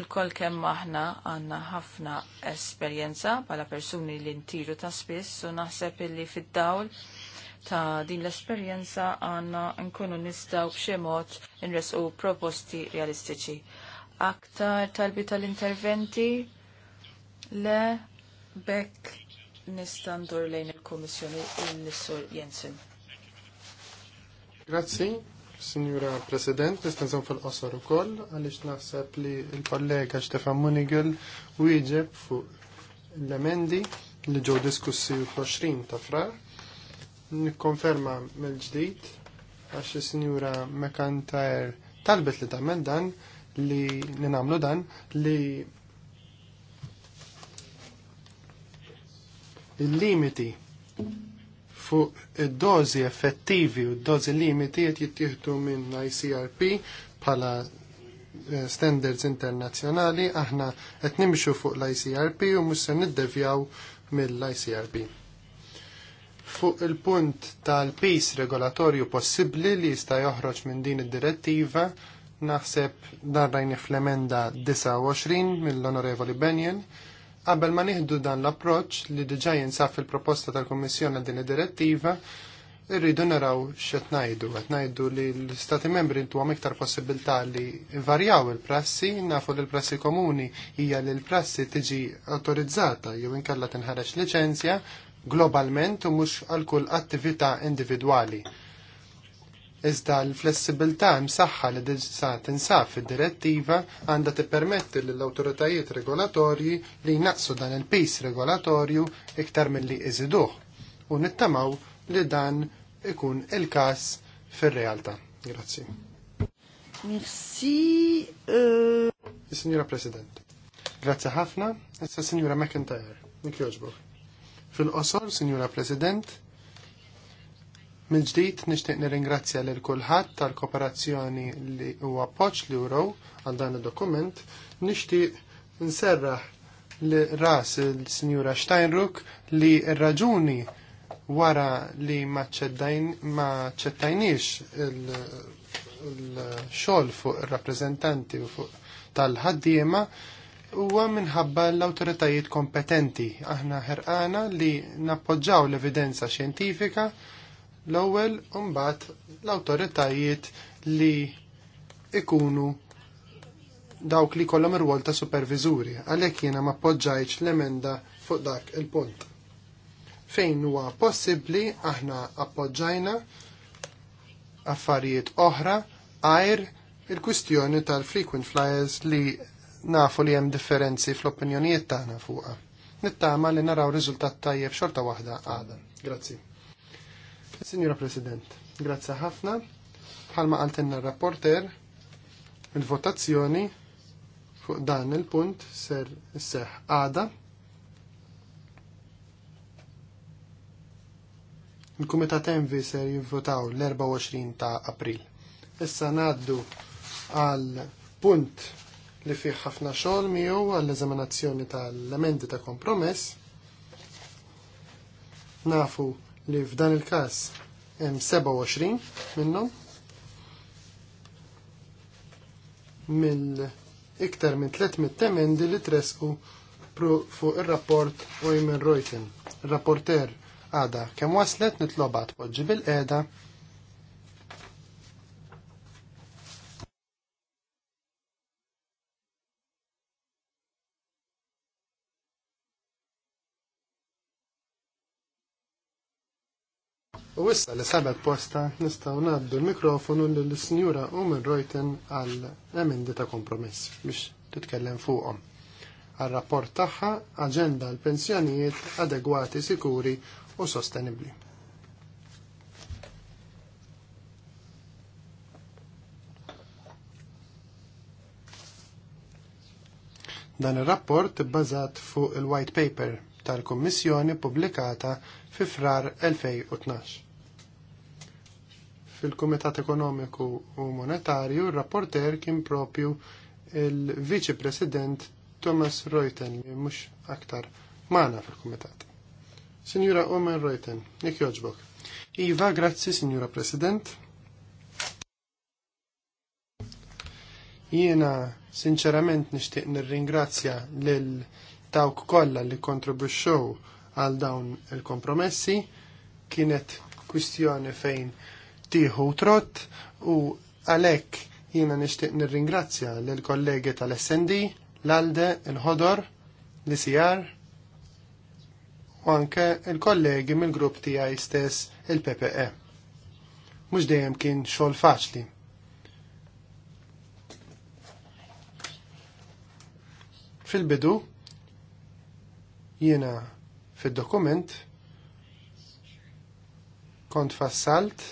Il-koll kemm aħna għandna ħafna esperjenza bħala persuni li ntiru ta' spiss u naħseb illi fid-dawl ta' din l-esperjenza għandna nkunu nistgħu b'xi mod inresqu proposti realistiċi. Aktar talbi tal-interventi le Bekk nistandur lejn il-Komissjoni il nissur Jensen. Grazzi, Signora President, nistanżon fil-qosor ukoll għaliex naħseb li l-kollega Stefan Munigel wieġeb fuq l-emendi li ġew diskussi 20 ta' frar. Nikkonferma mill-ġdid għax is-Sinjura Mekantajer talbet li tagħmel dan li ninamlu dan li il-limiti fuq id-dozi effettivi u d-dozi limiti qed jittieħdu minn ICRP bħala eh, standards internazzjonali aħna qed nimxu fuq l-ICRP u mhux se niddevjaw mill-ICRP. Fuq il-punt tal-pis regolatorju possibbli li jista' joħroġ minn din id-direttiva naħseb dan rajni fl-emenda 29 mill-Onorevoli Benjen Qabel ma nieħdu dan l-approċċ li diġà jinsab fil-proposta tal-Kummissjoni din id-direttiva, irridu naraw x'qed ngħidu. Qed ngħidu li l-Stati membri ntuhom iktar possibilità li varjaw il-prassi, nafu li l-prassi komuni hija li l-prassi tiġi autorizzata jew inkella tinħareġ liċenzja globalment u mhux għal kull attività individwali Iżda l-flessibilità msaħħa li disa tinsab fid-direttiva għandha tippermetti lill awtoritajiet regolatorji li jnaqsu dan il-pis regolatorju iktar milli iżiduh u nittamaw li dan ikun il-każ fir-realtà. Grazzi. Merci. Uh... Signora President. Grazzi ħafna. Issa Signora McIntyre. Nik Fil-qosor, Signora President, Minn ġdid nixtieq nirringrazzja lil kulħadd tal-kooperazzjoni li u appoġġ li wrew għal dan id-dokument, nixtieq nserra li ras il-Sinjura Steinruck li r-raġuni wara li ma ċettajniex il-xol fuq il-rappresentanti tal-ħaddiema huwa minħabba l-autoritajiet kompetenti. Aħna ħerqana li nappoġġaw l-evidenza xjentifika L-ewwel mbagħad l-awtoritajiet li ikunu dawk li kollhom ir-rwol ta' superviżuri għalhekk jiena ma appoġġajtx l-emenda fuq dak il-punt. Fejn huwa possibbli aħna appoġġajna affarijiet oħra għajr il-kwistjoni tal-frequent flyers li nafu li hemm differenzi fl-opinjonijiet tagħna fuqha. Nittama li naraw riżultat tajjeb xorta waħda għada. Grazzi. Signora President, grazzi ħafna. Bħalma għaltenna rapporter, il-votazzjoni fuq dan il-punt ser seħ għada. Il-Kumitat Envi ser jivvotaw l-24 ta' April. Issa naddu għal punt li fih ħafna xogħol miegħu għall-eżaminazzjoni tal-emendi ta' kompromess. Nafu li f'dan il-każ hemm 27 minnhom mill iktar minn 300 temendi li tresqu fuq ir-rapport Oymen Reuten. Il-rapporter għada kemm waslet nitlobat poġġi bil-qeda U issa li sabet posta nistaw naddu l-mikrofonu l-Sinjura Umen Reuten għal emendi ta' kompromess biex titkellem fuqhom. Għal rapport tagħha aġenda l pensjonijiet adegwati, sikuri u sostenibli. Dan ir-rapport bazat fuq il-white paper tal-Kummissjoni publikata fi frar 2012 fil-Kumitat Ekonomiku u Monetarju, il-rapporter kien propju il-Viċi President Thomas Reuten, mux aktar mana fil-Kumitat. Signora Omen Reuten, jek joġbok. Iva, grazzi, Signora President. Jiena, sinċerament, nishtiq nir-ringrazzja lil tawk kollha li kontribuxxew għal dawn il-kompromessi kienet kwistjoni fejn tieħu trott u għalhekk jiena nixtieq nirringrazzja lill kollegi tal-SND, l-Alde, il-Ħodor, l-ICR u anke l kollegi mill-grupp tiegħi stess il-PPE. Mhux dejjem kien xogħol faċli. Fil-bidu jiena fid-dokument kont fassalt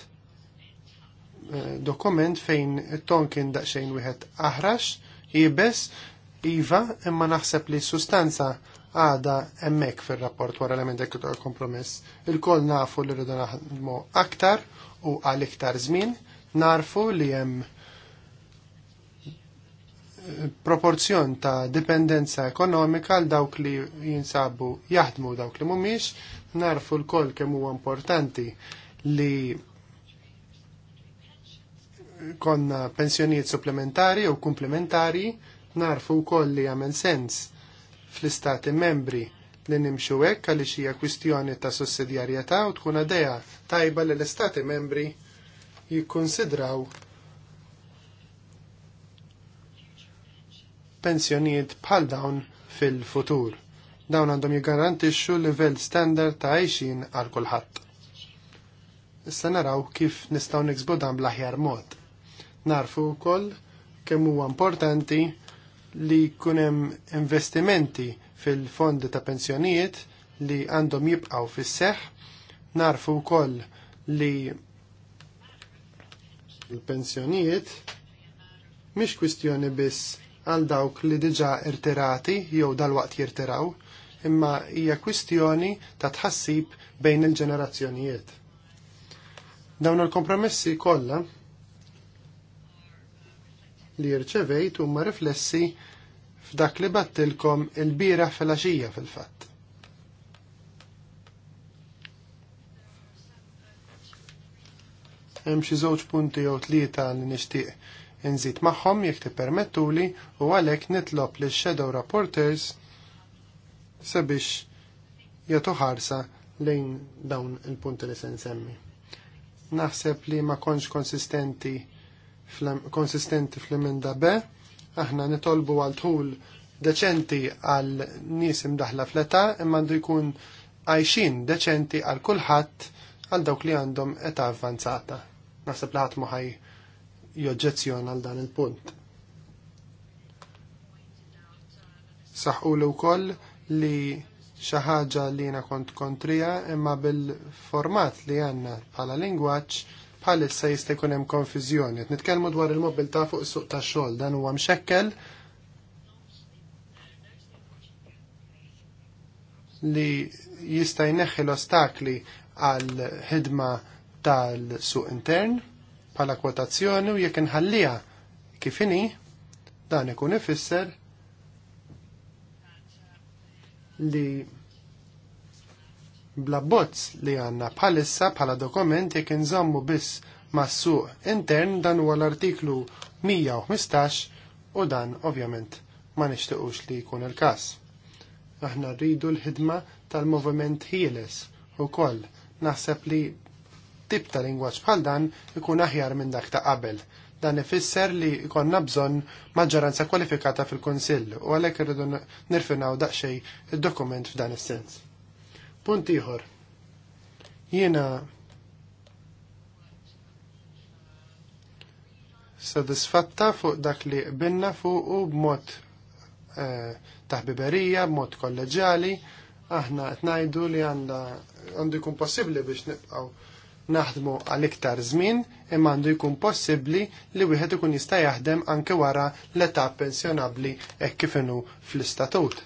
dokument fejn tonkin ton kien daqsxejn wieħed aħrax jibes iva imma naħseb li sustanza għada emmek fil-rapport wara l-emendek kompromess. Il-koll nafu li rridu naħdmu aktar u għal iktar żmien, narfu li hemm eh, proporzjon ta' dipendenza ekonomika għal dawk li jinsabu jaħdmu dawk li mumiex, narfu l-koll kemm huwa importanti li konna pensjonijiet supplementari u komplementari, narfu wkoll li għamel sens fl-istati membri li nimxu hekk għaliex hija kwistjoni ta' sussidjarjetà u tkun għadeja tajba li l-istati membri jikkonsidraw pensjonijiet bħal dawn fil-futur. Dawn għandhom jiggarantixxu livell standard ta' għajxin għal kulħadd. Issa naraw kif nistgħu niksbu dan bl-aħjar mod. Narfu wkoll kemm huwa importanti li jkun hemm investimenti fil-fondi ta' pensjonijiet li għandhom jibqaw fis-seħ. Narfu wkoll li l-pensjonijiet mhix kwistjoni biss għal dawk li diġa irtirati jew dal-waqt jirtiraw, imma hija kwistjoni ta' tħassib bejn il-ġenerazzjonijiet. Dawn il-kompromessi kollha li rċevejt huma riflessi f'dak li battilkom il-bira fil-axija fil-fatt. Hemm xi żewġ punti jew tlieta li nixtieq inżid magħhom jekk tippermettuli u għalhekk nitlob lil shadow rapporters sabiex jagħtu ħarsa lejn dawn il-punti li se nsemmi. Naħseb li ma konx konsistenti konsistenti fl-emenda B, aħna nitolbu għal tħul deċenti għal nies imdaħla fl-età imma għandu jkun għajxin deċenti għal kulħadd għal dawk li għandhom età avvanzata. Naħseb li ħadd ħaj joġġezzjon għal dan il-punt. Saħqulu l wkoll li xi ħaġa li jiena kont kontrija imma bil-format li għandna bħala lingwaġġ bħalissa jista' jkun hemm konfiżjoni. Nitkellmu dwar il-mobilità fuq is-suq tax-xogħol dan huwa mxekkel li jista' jneħħi l-ostakli għal ħidma tal-suq intern bħala kwotazzjoni u jekk inħalliha kif inhi dan ikun ifisser li bla bozz li għanna bħalissa bħala dokument jekk nżommu biss mas-suq intern dan huwa l-artiklu 115 u dan ovvjament ma nixtiqux li jkun il-każ. Aħna rridu l-ħidma tal movement ħieles u koll naħseb li tip ta' lingwaġġ bħal dan ikun aħjar minn dak ta' qabel. Dan ifisser li ikonna bżonn maġġoranza kwalifikata fil-Kunsill u għalhekk irridu nirfinaw daqsxejn id-dokument f'dan is-sens. Punt ieħor. Jiena sadisfatta fuq dak li binna fuq u b'mod eh, taħbiberija, b'mod kolleġjali, aħna qed ngħidu li għandha għandu jkun possibbli biex nibqgħu naħdmu għal iktar żmien, imma għandu jkun possibbli li wieħed ikun jista' jaħdem anke wara l-età pensjonabbli hekk kif inhu fl-istatut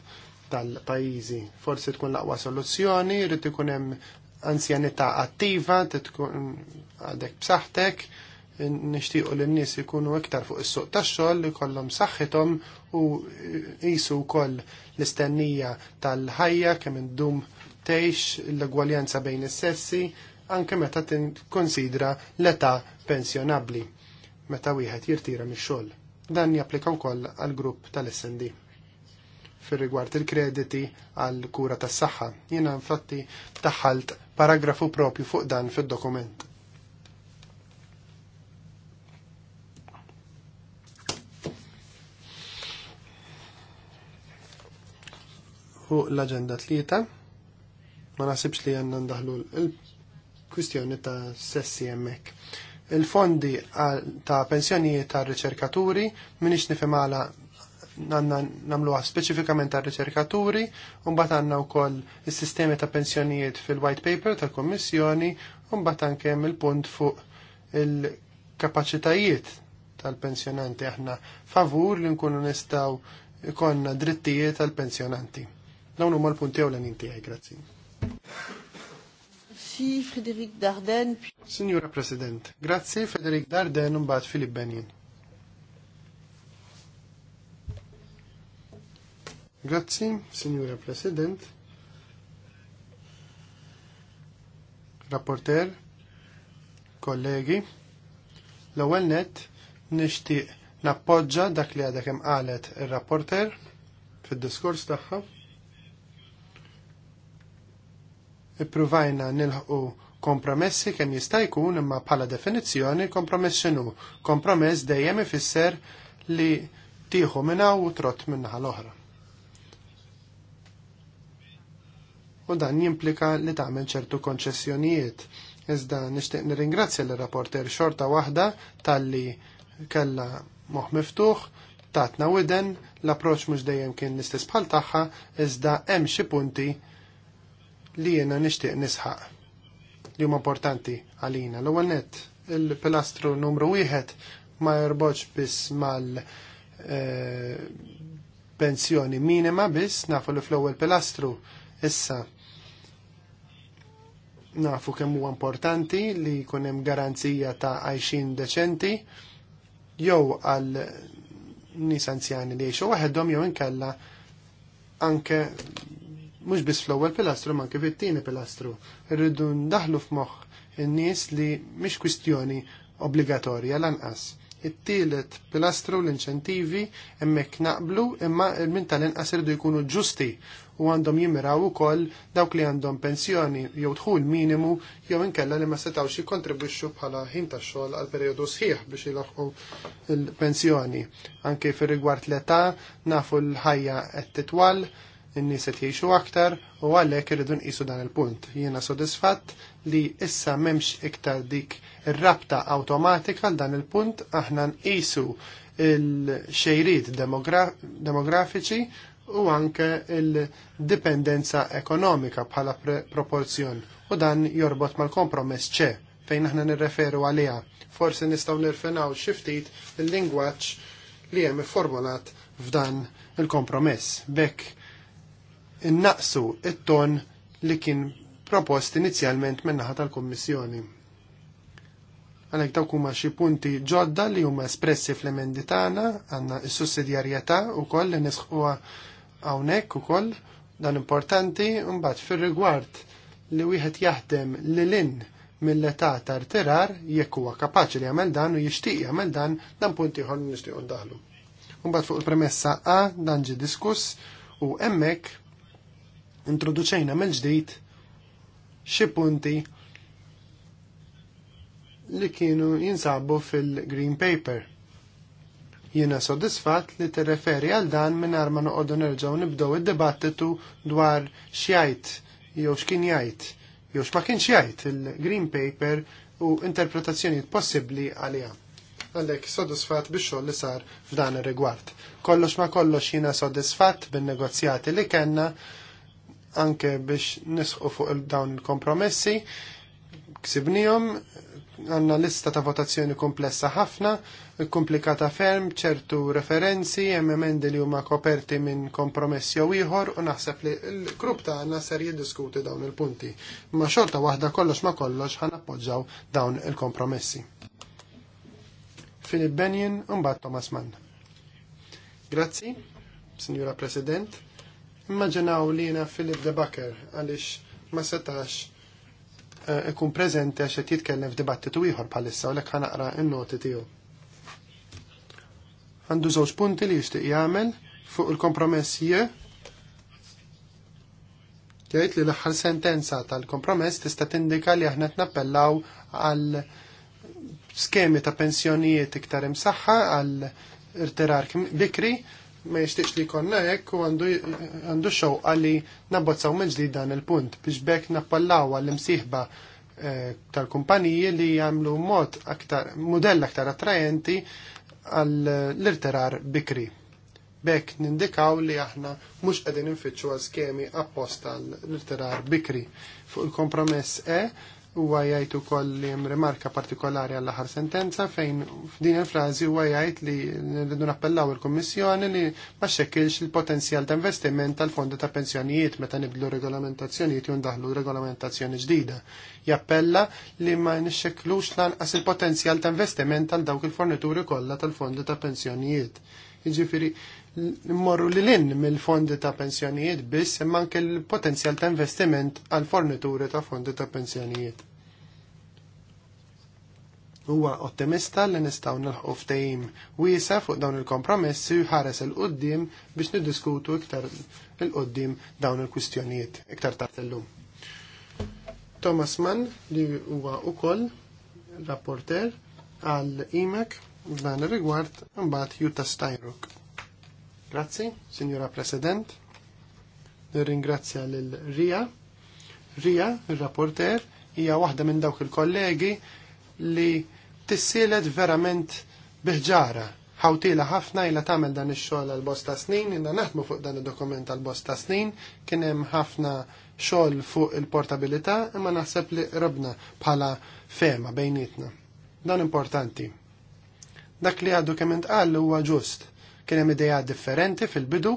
tal-pajizi. Forsi tkun laqwa soluzzjoni, rrit ikun hemm anzjanità attiva, tkun għadek b'saħħtek, nixtiequ li n-nies ikunu iktar fuq is-suq tax-xogħol, ikollhom saħħithom u qisu wkoll l-istennija tal-ħajja kemm indum tgħix l-egwaljanza bejn is-sessi, anke meta tikkonsidra l-età pensjonabbli meta wieħed jirtira mix-xogħol. Dan japplika wkoll għall grupp tal-SND fir rigward il-krediti għal kura tas saħħa Jiena infatti taħalt paragrafu propju fuq dan fid-dokument. Fuq l-agenda tlieta, ma nasibx li għandna ndaħlu l-kwistjoni ta' sessi hemmhekk il-fondi ta' pensjonijiet ta' riċerkaturi minix nifimala għanna namluha speċifikament għal riċerkaturi, mbagħad għandna wkoll is-sistemi ta' pensjonijiet fil-white paper tal-Kommissjoni, u mbagħad anke hemm il-punt fuq il-kapaċitajiet tal-pensjonanti aħna favur li nkunu nistgħu ikonna drittijiet tal-pensjonanti. Dawn huma l-punti ewlenin tiegħi, grazzi. Si, Frédéric Darden. Signora President, grazzi Federic Darden un bat Filip Benin. Grazzi, Signora President. Rapporter, kollegi, l-ewwel net nixtieq nappoġġa dak li għadha kemm qalet ir-rapporter fid-diskors tagħha. Ippruvajna nilħqu kompromessi kemm jista' jkun imma bħala definizzjoni kompromess x'inhu. Kompromess dejjem ifisser li tieħu minn hawn u trott minnaħa l-oħra. u dan jimplika li tagħmel ċertu konċessjonijiet. Iżda nixtieq nirringrazzja l rapporter xorta waħda talli kella moħ miftuħ, tatna widen, l-approċ mhux dejjem kien l-istess bħal tagħha, iżda hemm xi punti li jiena nixtieq nisħaq li huma importanti għalina. L-ewwel nett il-pilastru numru wieħed ma jorbotx biss mal eh, pensjoni minima biss nafu li fl-ewwel pilastru issa nafu kemm huwa importanti li jkun hemm garanzija ta' għajxin deċenti jew għal nies anzjani li jgħixu waħedhom jew inkella anke mhux biss fl-ewwel pilastru ma anke fit-tieni pilastru. Irridu ndaħlu f'moħħ in-nies li mhix kwistjoni obbligatorja lanqas it-tielet pilastru l-inċentivi hemmhekk naqblu imma il-min tal-inqas irdu jkunu ġusti u għandhom jimiraw ukoll dawk li għandhom pensjoni jew dħul minimu jew inkella li ma setgħux jikkontribwixxu bħala ħin tax-xogħol għal perjodu sħiħ biex jilaħħu l-pensjoni. Anke fir rigward l-età nafu l-ħajja qed titwal in-nies qed jgħixu aktar u għalhekk irridu nqisu dan il-punt. Jiena sodisfatt li issa m'hemmx iktar dik ir-rabta awtomatika għal dan il-punt aħna nqisu il-xejrid demografiċi u anke il-dipendenza ekonomika bħala proporzjon u dan jorbot mal-kompromess ċe fejn aħna nirreferu għaliha. Forsi nistgħu nirfenaw xiftit il-lingwaġġ li hemm formulat f'dan il-kompromess. Bekk innaqsu it-ton li kien propost inizjalment minnaħa tal-Kommissjoni. Għalek dawk huma xi punti ġodda li huma espressi fl-emendi tagħna għandna s-sussidjarjetà wkoll li nisħuha hawnhekk ukoll dan importanti mbagħad fir-rigward li wieħed jaħdem lilin mill-età tar-tirar jekk huwa kapaċi li jagħmel dan u jixtieq jagħmel dan dan punt ieħor nixtiequ ndaħlu. Mbagħad fuq il-premessa A dan ġi diskuss u hemmhekk introduċejna mill-ġdid xi punti li kienu jinsabu fil-Green Paper. Jiena soddisfat li tirreferi għal dan mingħajr ma noqogħdu nerġgħu nibdew id-dibattitu dwar x'jgħid jew x'kien jgħid jew x'ma kienx jgħid il-Green Paper u interpretazzjonijiet possibbli għaliha. Għalhekk sodisfat bix-xogħol li sar f'dan ir-rigward. Kollox ma kollox jiena sodisfatt bin-negozjati li kellna anke biex nisħu fuq dawn il-kompromessi, ksibnijom, għanna lista ta' votazzjoni komplessa ħafna, komplikata ferm, ċertu referenzi, emmendi li huma koperti minn kompromessi u ieħor u naħseb li l-grupp ta' għanna ser jiddiskuti dawn il-punti. Ma xorta waħda kollox ma kollox ħan appoġġaw dawn il-kompromessi. Filip Benjen, un Thomas Mann. Grazzi, Signora President Immaġinaw li jena Filip de Bakker għalix ma setax eh, ikun prezenti għax qed jitkellem f'dibattitu ieħor bħalissa u lek ħanaqra n-noti tiegħu. Għandu żewġ punti li jixtieq jagħmel fuq il-kompromess je jgħid li l-aħħar sentenza tal-kompromess tista' tindika li aħna tnappellaw għal skemi ta' pensjonijiet iktar imsaħħa għal irtirar bikri ma jistiex li jkollna hekk u għandu xewqa għalli nabbozzaw minn dan il-punt biex bekk nappallaw għall-imsieħba eh, tal-kumpaniji li jagħmlu mod aktar modell aktar attrajenti għall literar bikri. Bekk nindikaw li aħna mhux qegħdin infittxu għal skemi apposta għall-irterar bikri. Fuq il-kompromess E huwa jgħid ukoll li hemm rimarka partikolari għall aħħar sentenza fejn f'din il-frażi huwa jgħid li rridu nappellaw il-Kummissjoni li ma xekkilx il-potenzjal ta' investiment tal-fondi ta' pensjonijiet meta nibdlu regolamentazzjonijiet u ndaħlu regolamentazzjoni ġdida. Jappella li ma nixxekklux lanqas il-potenzjal ta' investiment tal dawk il-fornituri kollha tal-fondi ta' pensjonijiet. Jiġifieri morru li l-in mill-fondi ta' pensjonijiet biss imma anke l-potenzjal ta' investiment għal fornituri ta' fondi ta' pensjonijiet. Huwa ottimista li nistgħu nilħqu ftehim wiesa fuq dawn il-kompromessi u ħares il qudiem biex niddiskutu iktar il-qoddim dawn il-kwistjonijiet iktar tard illum. Thomas Mann li huwa ukoll rapporter għal imek f'dan ir-rigward imbagħad Jutta Steinruck. Grazzi, Signora President. Nirringrazzja lil Rija. Rija, il-rapporter, hija waħda minn dawk il-kollegi li tissielet verament biħġara. Ħawtila ħafna ila tagħmel dan ix-xogħol għal bosta snin, inna naħdmu fuq dan id-dokument għal bosta snin, kien hemm ħafna xogħol fuq il-portabilità, imma naħseb li robna bħala fema bejnietna. Dan importanti. Dak li għadu kemm intqal huwa ġust Kien hemm idea differenti fil-bidu,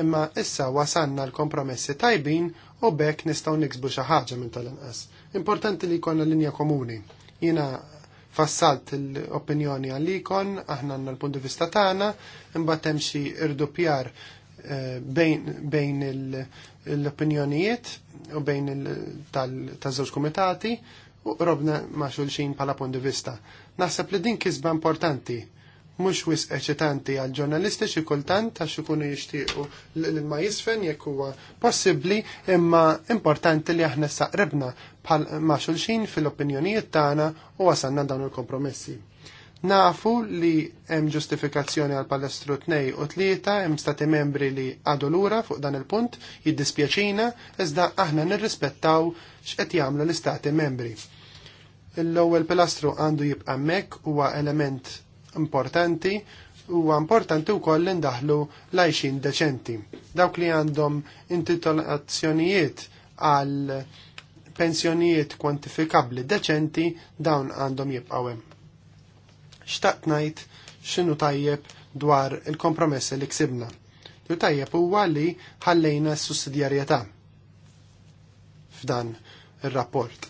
imma issa wasanna l-kompromessi tajbin u bekk nistgħu niksbu xi ħaġa minn tal-inqas. Importanti li jkollna linja komuni. Jiena fassalt l-opinjoni għal-ikon, aħna għandna l-punt vista tagħna, imbagħad hemm xi irdupjar eh, bejn l-opinjonijiet u bejn tal-żewġ kumitati u robna ma' xulxin pala punt vista. Naħseb li din kisba importanti mhux wis eċitanti għal ġurnalisti xi kultant għax ikunu jixtiequ l-ma jisfen jekk huwa possibbli, imma importanti li aħna saqrebna bħal ma' xulxin fil-opinjonijiet tagħna u għasanna dawn il-kompromessi. Nafu li hemm ġustifikazzjoni għal palestru tnej u tlieta hemm stati membri li għadu lura fuq dan il-punt jiddispjaċina iżda aħna nirrispettaw x'qed jagħmlu l-istati membri. L-ewwel pilastru għandu jibqa' hemmhekk huwa element importanti huwa importanti wkoll li ndaħlu lajxin deċenti. Dawk li għandhom intitolazzjonijiet għal pensjonijiet kwantifikabli deċenti dawn għandhom jibqgħu hemm. Xtaqt ngħid x'inhu tajjeb dwar il kompromessi li ksibna. Ju tajjeb huwa li ħallejna s-sussidjarjetà f'dan ir-rapport.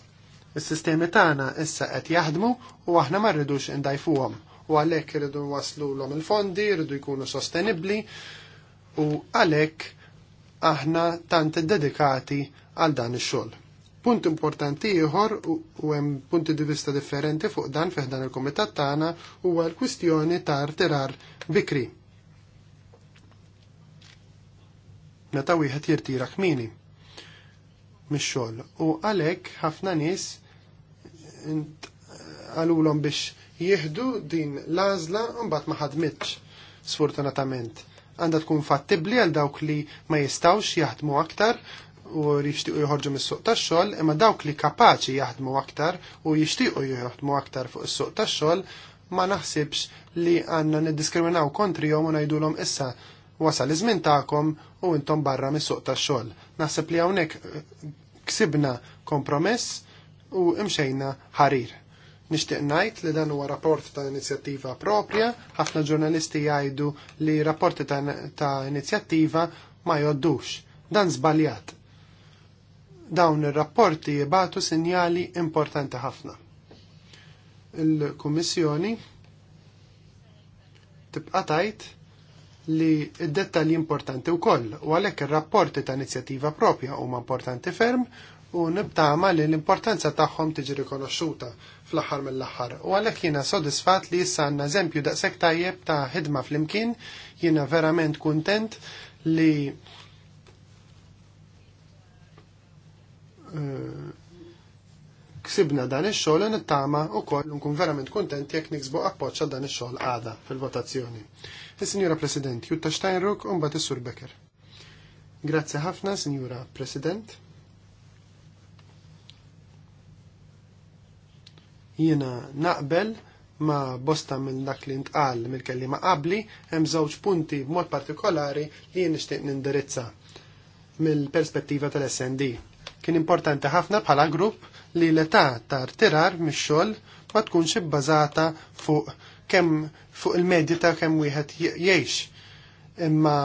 Is-sistemi tagħna issa qed jaħdmu u aħna ma rridux indajfuhom u għalhekk iridu waslu l il-fondi, iridu jkunu sostenibbli u għalhekk aħna tant dedikati għal dan il xogħol Punt importanti ieħor u hemm punti di vista differenti fuq dan fih dan il-kumitat tagħna huwa l-kwistjoni tar-tirar bikri. Meta wieħed jirtira kmini mix-xogħol u għalhekk ħafna nies għalulhom biex jieħdu din l-għażla mbagħad ma ħadmitx. Sfortunatament, Għanda tkun fattibli għal dawk li ma jistawx jaħdmu aktar u jixtiequ joħorġu mis-suq tax-xogħol, imma dawk li kapaċi jaħdmu aktar u jixtiequ jħorġu aktar fuq is-suq tax-xogħol ma naħsibx li għandna niddiskriminaw kontri jom u ngħidulhom issa wasal iż ta'kom u intom barra mis-suq tax-xogħol. Naħseb li hawnhekk eh, ksibna kompromess u imxejna ħarir. Nixtieq ngħid li dan huwa rapport ta' inizjattiva propja, ħafna ġurnalisti jgħidu li rapporti ta', ta inizjattiva ma jgħoddux. Dan żbaljat. Dawn ir-rapporti jibatu sinjali importanti ħafna. Il-Kummissjoni tibqa' tajt li d-dettalji importanti wkoll u għalhekk ir-rapporti ta' inizjattiva propja huma importanti ferm u nibtama li l-importanza tagħhom tiġi rikonoxxuta fl-aħħar mill-aħħar. U għalhekk jiena sodisfat li issa għandna eżempju daqshekk tajjeb ta' ħidma flimkien, jiena verament kuntent li eh, ksibna dan ix-xogħol u nittama wkoll nkun verament kuntent jekk niksbu appoċċa dan ix-xogħol għada fil-votazzjoni. Is-Sinjura President Jutta Steinruck u mbagħad il sur Becker. Grazzi ħafna, Sinjura President. Jiena naqbel ma bosta minn dak li ntqal mill-kellima qabli hemm żewġ punti b'mod partikolari li jien nixtieq nindirizza mill-perspettiva tal-SND. Kien importanti ħafna bħala grupp li l-età tar tirar mix-xogħol ma tkunx ibbażata fuq kemm fuq il-medja ta' kemm wieħed jgħix. Imma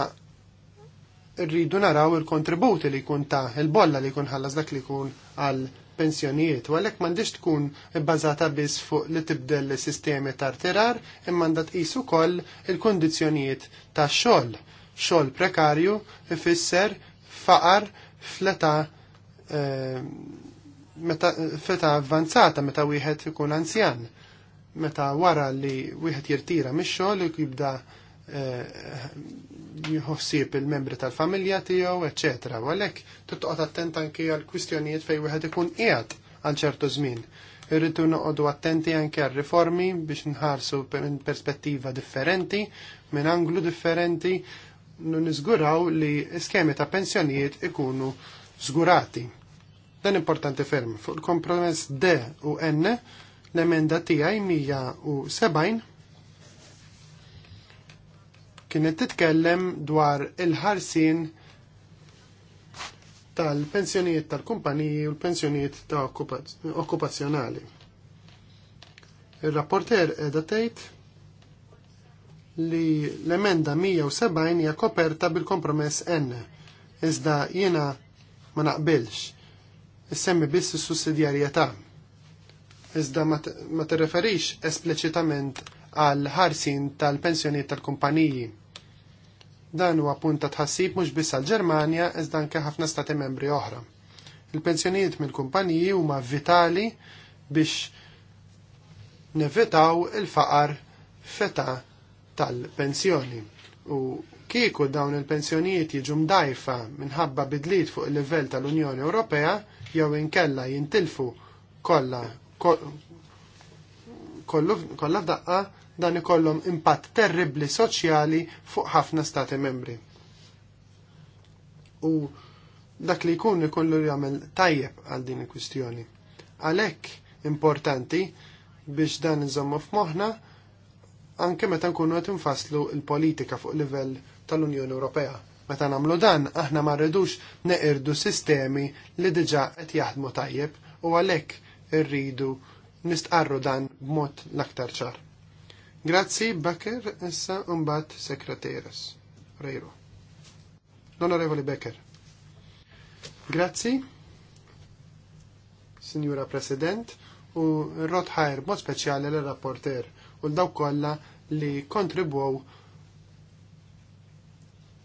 rridu naraw il-kontributi li jkun ta' il-bolla li jkun ħallas dak li jkun għal pensjonijiet, u għalhekk m'għandix tkun bbażata biss fuq li tibdel sistemi tar artirar imma għandha tqis ukoll il-kundizzjonijiet tax xogħol. Xogħol prekarju ifisser faqar fleta eh, meta feta avvanzata meta wieħed ikun anzjan meta wara li wieħed jirtira mix-xogħol jibda jħossib eh, il-membri tal-familja tiegħu, eċetera. U għalhekk titqgħod attent anki għal kwistjonijiet fejn wieħed ikun qiegħed għal ċertu żmien. Irritu noqogħdu attenti anke għal riformi biex nħarsu minn perspettiva differenti, minn anglu differenti, niżguraw li skemi ta' pensjonijiet ikunu żgurati. Dan importanti ferm. Fuq il-kompromess D u N, l-emenda tiegħi 170 kienet titkellem dwar il-ħarsin tal-pensjonijiet tal-kumpaniji u l-pensjonijiet ta' okkupazzjonali. Il-rapporter edha tgħid li l-emenda 170 hija koperta bil-kompromess N, iżda jiena ma naqbilx. Issemmi biss is-sussidjarjetà. Iżda ma tirreferix esplicitament għal ħarsin tal-pensjonijiet tal-kumpaniji. tal pensjoniet tal kumpaniji Dan huwa punt ta' tħassib mhux biss għall-Ġermanja iżda anke ħafna stati membri oħra. Il-pensjonijiet mill-kumpaniji huma vitali biex nevitaw il-faqar feta tal-pensjoni. U kieku dawn il-pensjonijiet jiġu mdajfa minħabba bidliet fuq il-livell tal-Unjoni Ewropea jew inkella jintilfu kollha kollha f'daqqa dan ikollhom impatt terribli soċjali fuq ħafna stati membri. U dak li jkun ikollu jagħmel tajjeb għal din il-kwistjoni. Għalhekk importanti biex dan iżommu f'moħħna anke meta nkunu qed infasslu l-politika fuq livell tal-Unjoni Ewropea. Meta nagħmlu dan aħna ma rridux neqirdu sistemi li diġà qed jaħdmu tajjeb u għalhekk irridu nistqarru dan b'mod l-aktar ċar. Grazzi, Becker, essa umbat sekreteres. Rejru. l Becker. Grazzi, Signora President, u Rotħajr, mod speċjali l-rapporter, u l-daw kolla li kontribuw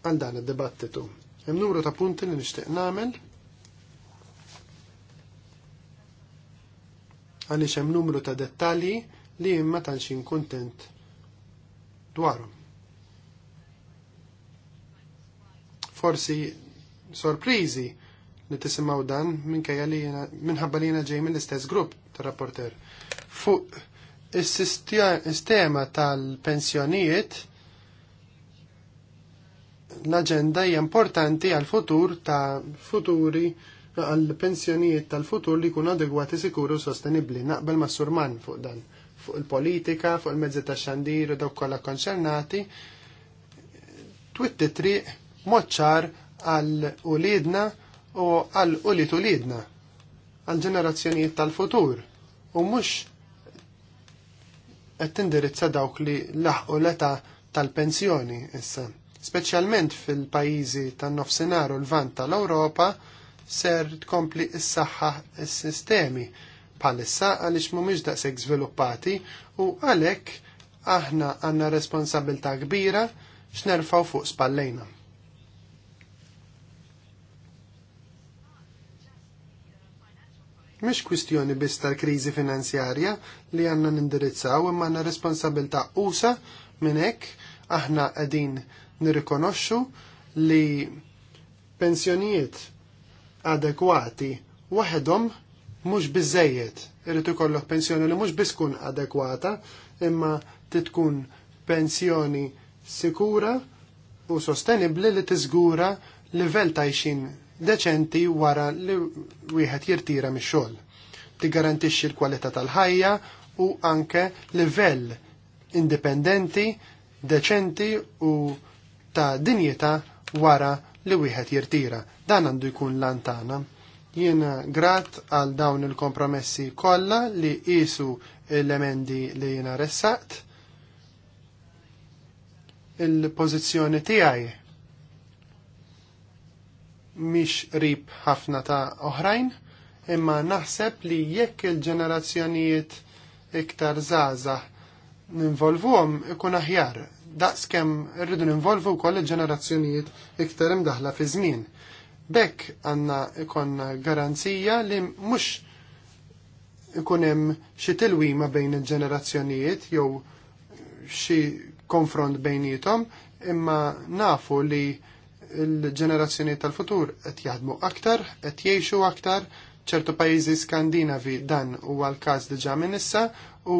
għal dan id-dibattitu. Hemm numru ta' punti li nixtieq nagħmel. Għaliex hemm numru ta' dettalji li imma tanxin kontent dwaru. Forsi sorprizi li tisimaw dan minkejja li jena minħabba li jena ġej mill-istess grupp ta' rapporter. Fuq is-sistema tal-pensjonijiet l-agenda hija importanti għal futur ta' futuri għal pensjonijiet tal-futur li kun adegwati sikuru sostenibli naqbel ma' surman fuq dan fuq il-politika, fuq il-mezzi ta' xandir u dawk kollha konċernati, twitti triq moċċar għal ulidna u għal ulit ulidna, għal ġenerazzjonijiet tal-futur. U mhux qed tindirizza dawk li laħqu l-età tal-pensjoni issa. Speċjalment fil-pajjiżi tan-nofsinhar u l-vant tal-Ewropa ser tkompli s-saħħa s-sistemi. is sistemi palissa għaliex mhumiex daqshekk żviluppati u għalhekk aħna għandna responsabilità kbira xnerfaw fuq spallejna. Mhix kwistjoni biss tal-kriżi finanzjarja li għandna nindirizzaw imma għandna responsabilità qusa minn hekk aħna qegħdin nirrikonoxxu li pensjonijiet adekwati waħedhom mhux biżejjed irid ikollok pensjoni li mhux biss tkun adekwata imma titkun pensjoni sikura u sostenibli li tiżgura livell ta' xin deċenti wara li wieħed jirtira mix-xogħol. Tigarantixxi l-kwalità tal-ħajja u anke livell indipendenti, deċenti u ta' dinjità wara li wieħed jirtira. Dan għandu jkun lantana. tagħna Jiena grat għal dawn il-kompromessi kollha li qisu l-emendi li jiena ressaqt. Il-pożizzjoni tiegħi mhix rib ħafna ta' oħrajn, imma naħseb li jekk il-ġenerazzjonijiet iktar zaza ninvolvuhom ikun aħjar daqskemm irridu ninvolvu wkoll il-ġenerazzjonijiet iktar imdaħla fi żmien. Bekk għanna ikon garanzija li mux ikunem xi tilwima bejn il-ġenerazzjonijiet jew xi konfront bejnietom, imma nafu li il-ġenerazzjonijiet tal-futur qed jaħdmu aktar, qed jgħixu aktar, ċertu pajjiżi skandinavi dan huwa l-każ diġà minn issa u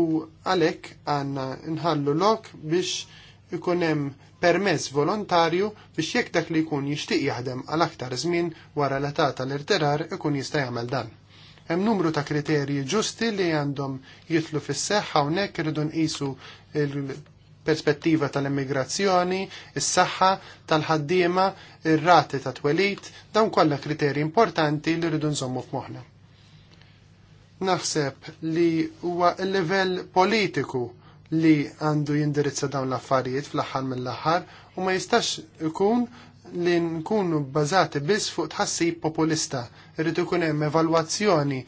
għalhekk għandna nħallu lok biex ikun hemm permess volontarju biex jekk dak li jkun jixtieq jaħdem għal aktar żmien wara l età tal irterar ikun jista' jagħmel dan. Hemm numru ta' kriterji ġusti li għandhom jitlu fis-seħħ hawnhekk irridu nqisu perspettiva tal-immigrazzjoni, is-saħħa, tal-ħaddiema, ir-rati ta' twelit, dawn kollha kriterji importanti li rridu nżommu f'moħħna. Naħseb li huwa l-livell politiku li għandu jindirizza dawn l-affarijiet fl-aħħar mill-aħħar u ma jistax ikun li nkunu bbażati biss fuq tħassib populista. Irrid ikun hemm evalwazzjoni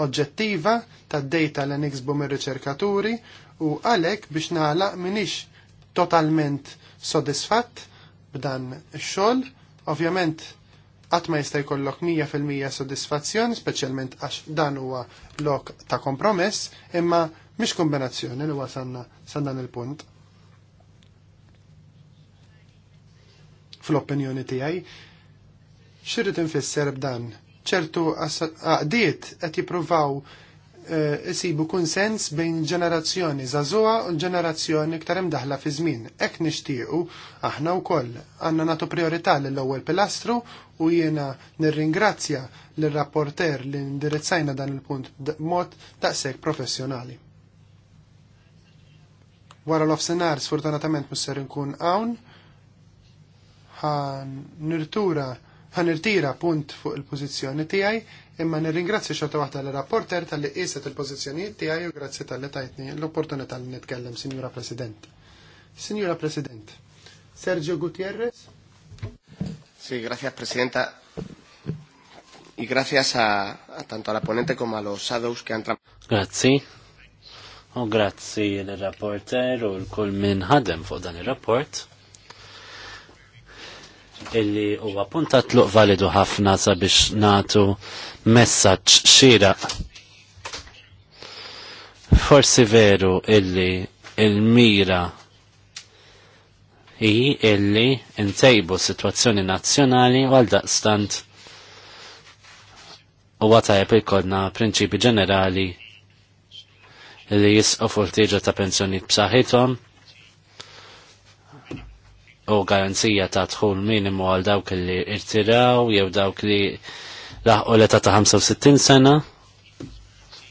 oġġettiva tad-data li niksbu mir-riċerkaturi u għalek biex nagħlaq minix totalment sodisfatt b'dan ix-xogħol. Ovvjament qatt ma jista' jkollok 100% sodisfazzjon, speċjalment għax dan huwa lok ta' kompromess, imma Mhix kombinazzjoni li wasanna san dan il-punt. Fl-opinjoni tiegħi, xirrit infisser b'dan ċertu għaqdiet qed jippruvaw jisibu eh, konsens bejn ġenerazzjoni zazua u ġenerazzjoni iktar imdaħla fi żmien. Ek nixtiequ aħna wkoll għandna nagħtu priorità lill-ewwel pilastru u jiena nirringrazzja lir rapporter li ndirizzajna dan il-punt mod daqshekk professjonali. Wara l ofsenar sfortunatament musser nkun għawn, ħan nirtura ħan irtira punt fuq il pozizjoni tijaj, imma nirringrazzi xorta waħda l rapporter tal-li qiset il pozizjoni tijaj u grazzi tal-li tajtni l-opportunità li nitkellem, Signora President. Signora President, Sergio Gutierrez. Sì, grazie Presidenta. Y gracias a, a tanto a la ponente como a los shadows que han trabajado. Grazie. U grazzi l-rapporter u l-kull minn ħadem fuq dan il-rapport illi huwa punta tluq validu ħafna sabiex natu messaġġ xira. Forsi veru illi il-mira hi illi intejbu situazzjoni nazzjonali u għal daqstant u għatajep il-kodna prinċipi ġenerali li jisqofu l-tieġa ta' pensjoni b'saħħithom u garanzija ta' dħul minimu għal dawk li irtiraw jew dawk li laħqu l-età ta' 65 sena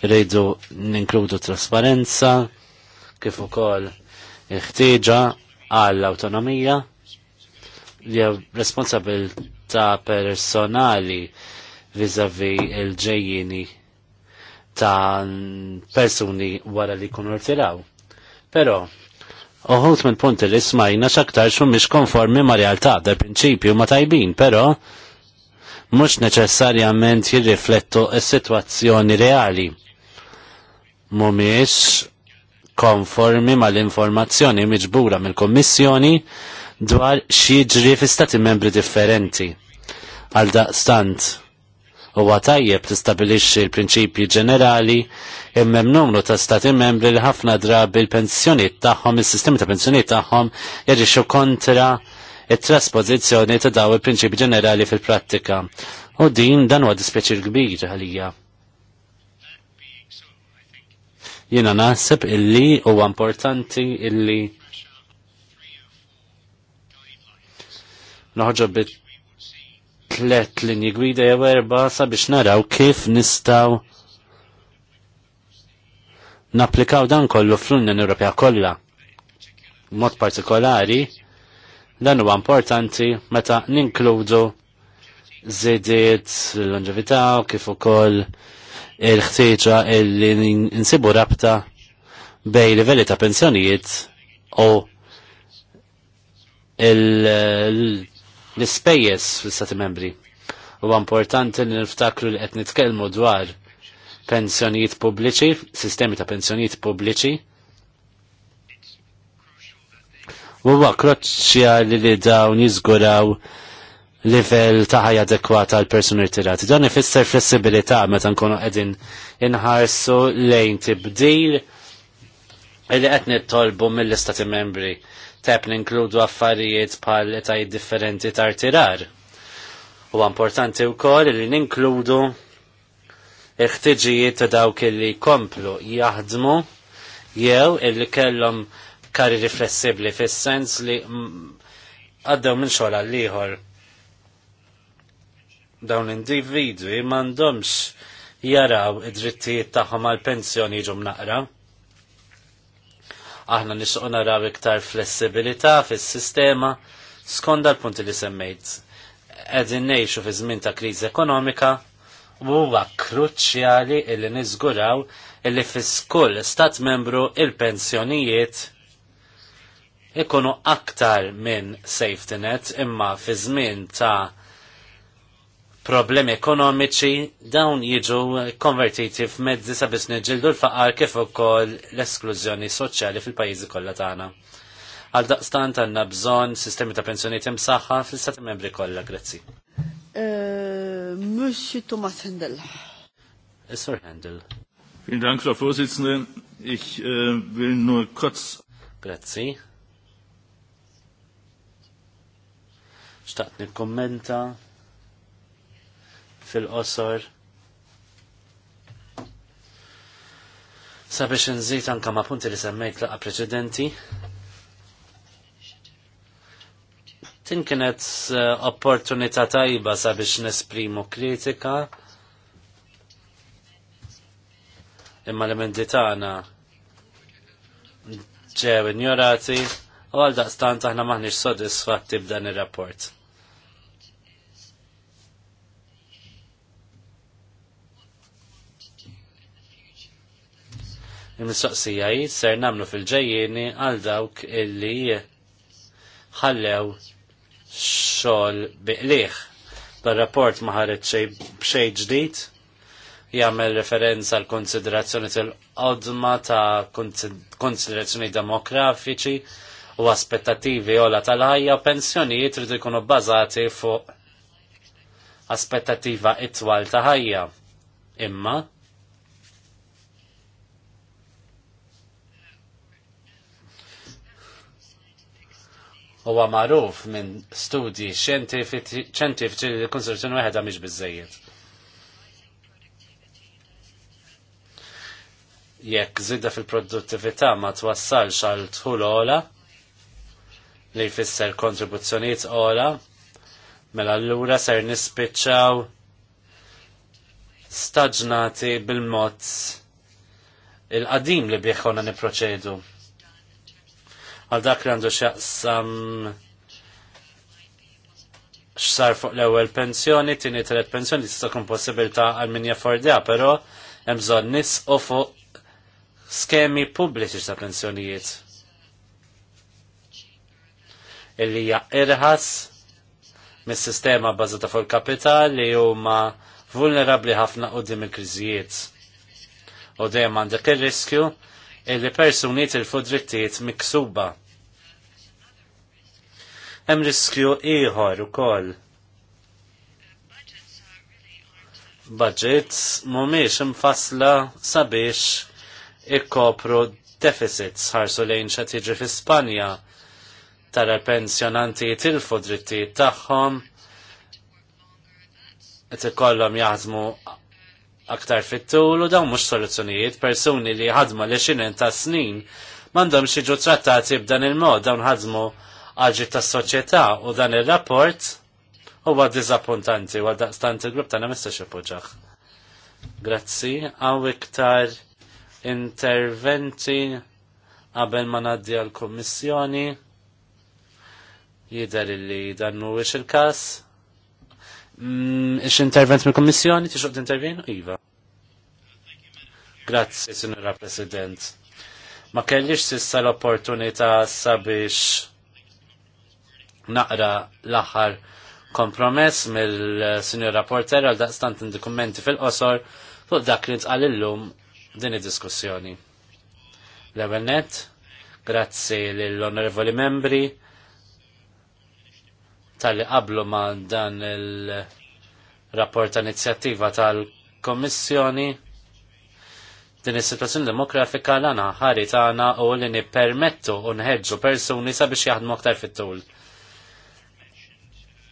rridu ninkludu trasparenza kif ukoll il-ħtieġa għall-autonomija jew responsabilta personali vis a vis-a-vis il-ġejjini ta' personi wara li kunu rtiraw. Pero, uħut minn punti li smajna xaktar xum miex konformi ma' realtà da' prinċipju ma' tajbin, pero mux neċessarjament jirriflettu s-situazzjoni reali. Mumiex konformi ma' l-informazzjoni miġbura mill-Kommissjoni dwar xieġri fi stati membri differenti. Għal stant, huwa tajjeb tistabilixxi l-prinċipji ġenerali imma hemm numru ta' stati membri li ħafna drabi l-pensjonijiet tagħhom is-sistemi ta' pensjonijiet tagħhom jirixxu kontra it-trasposizzjoni ta' daw il-prinċipji ġenerali fil-prattika. U din dan huwa dispjaċir kbir għalija. Jiena naħseb illi huwa importanti illi noħġu bit tlet linji gwida jew erba sabiex naraw kif nistaw napplikaw dan kollu fl-Unjoni Ewropea kollha. Mod partikolari dan huwa importanti meta ninkludu żidiet l-longevità u kif ukoll il-ħtieġa illi insibu rabta bej livelli ta' pensjonijiet u il l-ispejjeż fl-Stati membri. Huwa importanti li niftakru li qed nitkellmu dwar pensjonijiet pubbliċi, sistemi ta' pensjonijiet pubbliċi. Huwa kroċjali li dawn jiżguraw livell ta' ħajja adekwata għal persuni ritirati. Dan ifisser flessibilità meta nkunu qegħdin inħarsu lejn tibdil li qed nittolbu mill-istati membri tep ninkludu affarijiet bħal etajiet differenti tar-tirar. U importanti wkoll li ninkludu iħtiġijiet ħtiġijiet ta' dawk li komplu jaħdmu jew illi kellhom kari riflessibli fis-sens li għaddew minn xogħol għal ieħor. Dawn individwi m'għandhomx jaraw id-drittijiet tagħhom għal pensjoni ġum naqra. Aħna nixqu naraw iktar flessibilità fis-sistema skonda l-punti li semmejt. Qegħdin ngħixu fi żmien ta' kriżi ekonomika u huwa kruċjali li niżguraw illi fis-kull stat membru il-pensjonijiet ikunu aktar minn safety net imma fi żmien ta' problemi ekonomiċi dawn jiġu konvertiti f'mezzi sabiex niġildu l-faqar kif ukoll l-esklużjoni soċjali fil-pajjiżi kollha tagħna. Għal daqstan għandna bżonn sistemi ta' pensjonijiet imsaħħa fl-istati membri kollha, grazzi. Eh, Monsieur Thomas Handel. Eh, Sir Handel. Vielen Dank, Frau Vorsitzende. Ich eh, will nur kurz. Grazzi. Xtaqt nikkommenta fil-qosor. Sabiex nżid anka ma' punti li semmejt laqa preċedenti. Tin kienet eh, opportunità tajba sabiex nesprimu kritika imma l-emendi tagħna ġew injorati u għal daqstant aħna maħniex sodisfatti b'dan ir-rapport. il mistoqsija ser namlu fil-ġejjieni għal dawk illi ħallew xogħol biqliħ. Dar-rapport ma ħareġ ġdijt ġdid jagħmel referenza għal konsiderazzjoni tal-qodma ta' konsiderazzjoni demografiċi u aspettativi ola tal-ħajja u pensjonijiet ridu jkunu bbażati fuq aspettattiva itwal ta' ħajja. Imma, huwa magħruf minn studji xjentifiċi li l-konsorzjoni waħedha mhix biżejjed. Jekk żidda fil-produttività ma twassalx għal tħul ola li jfisser kontribuzzjonijiet ola, mela allura ser nispiċċaw staġnati bil-mod il-qadim li bieħħona niproċedu għal dak li għandu xaqsam x'sar fuq l-ewwel pensjoni, tieni tret pensjoni tista' tkun possibilità għal min jaffordja, però hemm bżonn nisqu fuq skemi pubbliċi ta' pensjonijiet. Illi hija irħas mis-sistema bbażata fuq il-kapital li huma vulnerabbli ħafna dim il-kriżijiet. U dejjem għandek ir-riskju illi persuni il drittijiet miksuba Hemm riskju ieħor ukoll. Budgets mhumiex imfassla sabiex ikkopru deficits ħarsu lejn xa tiġi fi Spanja tara pensjonanti jitilfu drittijiet tagħhom qed ikollhom jaħdmu aktar fit-tul u dawn mhux soluzzjonijiet persuni li ħadma li xinen ta' snin m'għandhom jiġu trattati b'dan il-mod dawn ħadmu għagġi tas soċjetà u dan il-rapport huwa dizappuntanti u għaldaqstant il-grupp ta' namista xepoġax. Grazzi, għaw iktar interventi qabel ma ngħaddi għall-Kummissjoni jider li dan mhuwiex il-każ. Mm, ix intervent mill-Kummissjoni tixuq tintervjen? Iva. Grazzi, Sinura President. Ma kellix sissa l-opportunità sabiex naqra l-aħħar kompromess mill-Sinjor Rapporter għal daqstant dokumenti fil-qosor fuq dak li tqal illum din id-diskussjoni. Level net, grazzi lill-onorevoli membri tal-li qablu ma dan il-rapport inizjattiva tal komissjoni din is situazzjoni demografika l-għana ħari tagħna u li nippermettu u nħeġġu persuni sabiex jaħdmu aktar fit-tul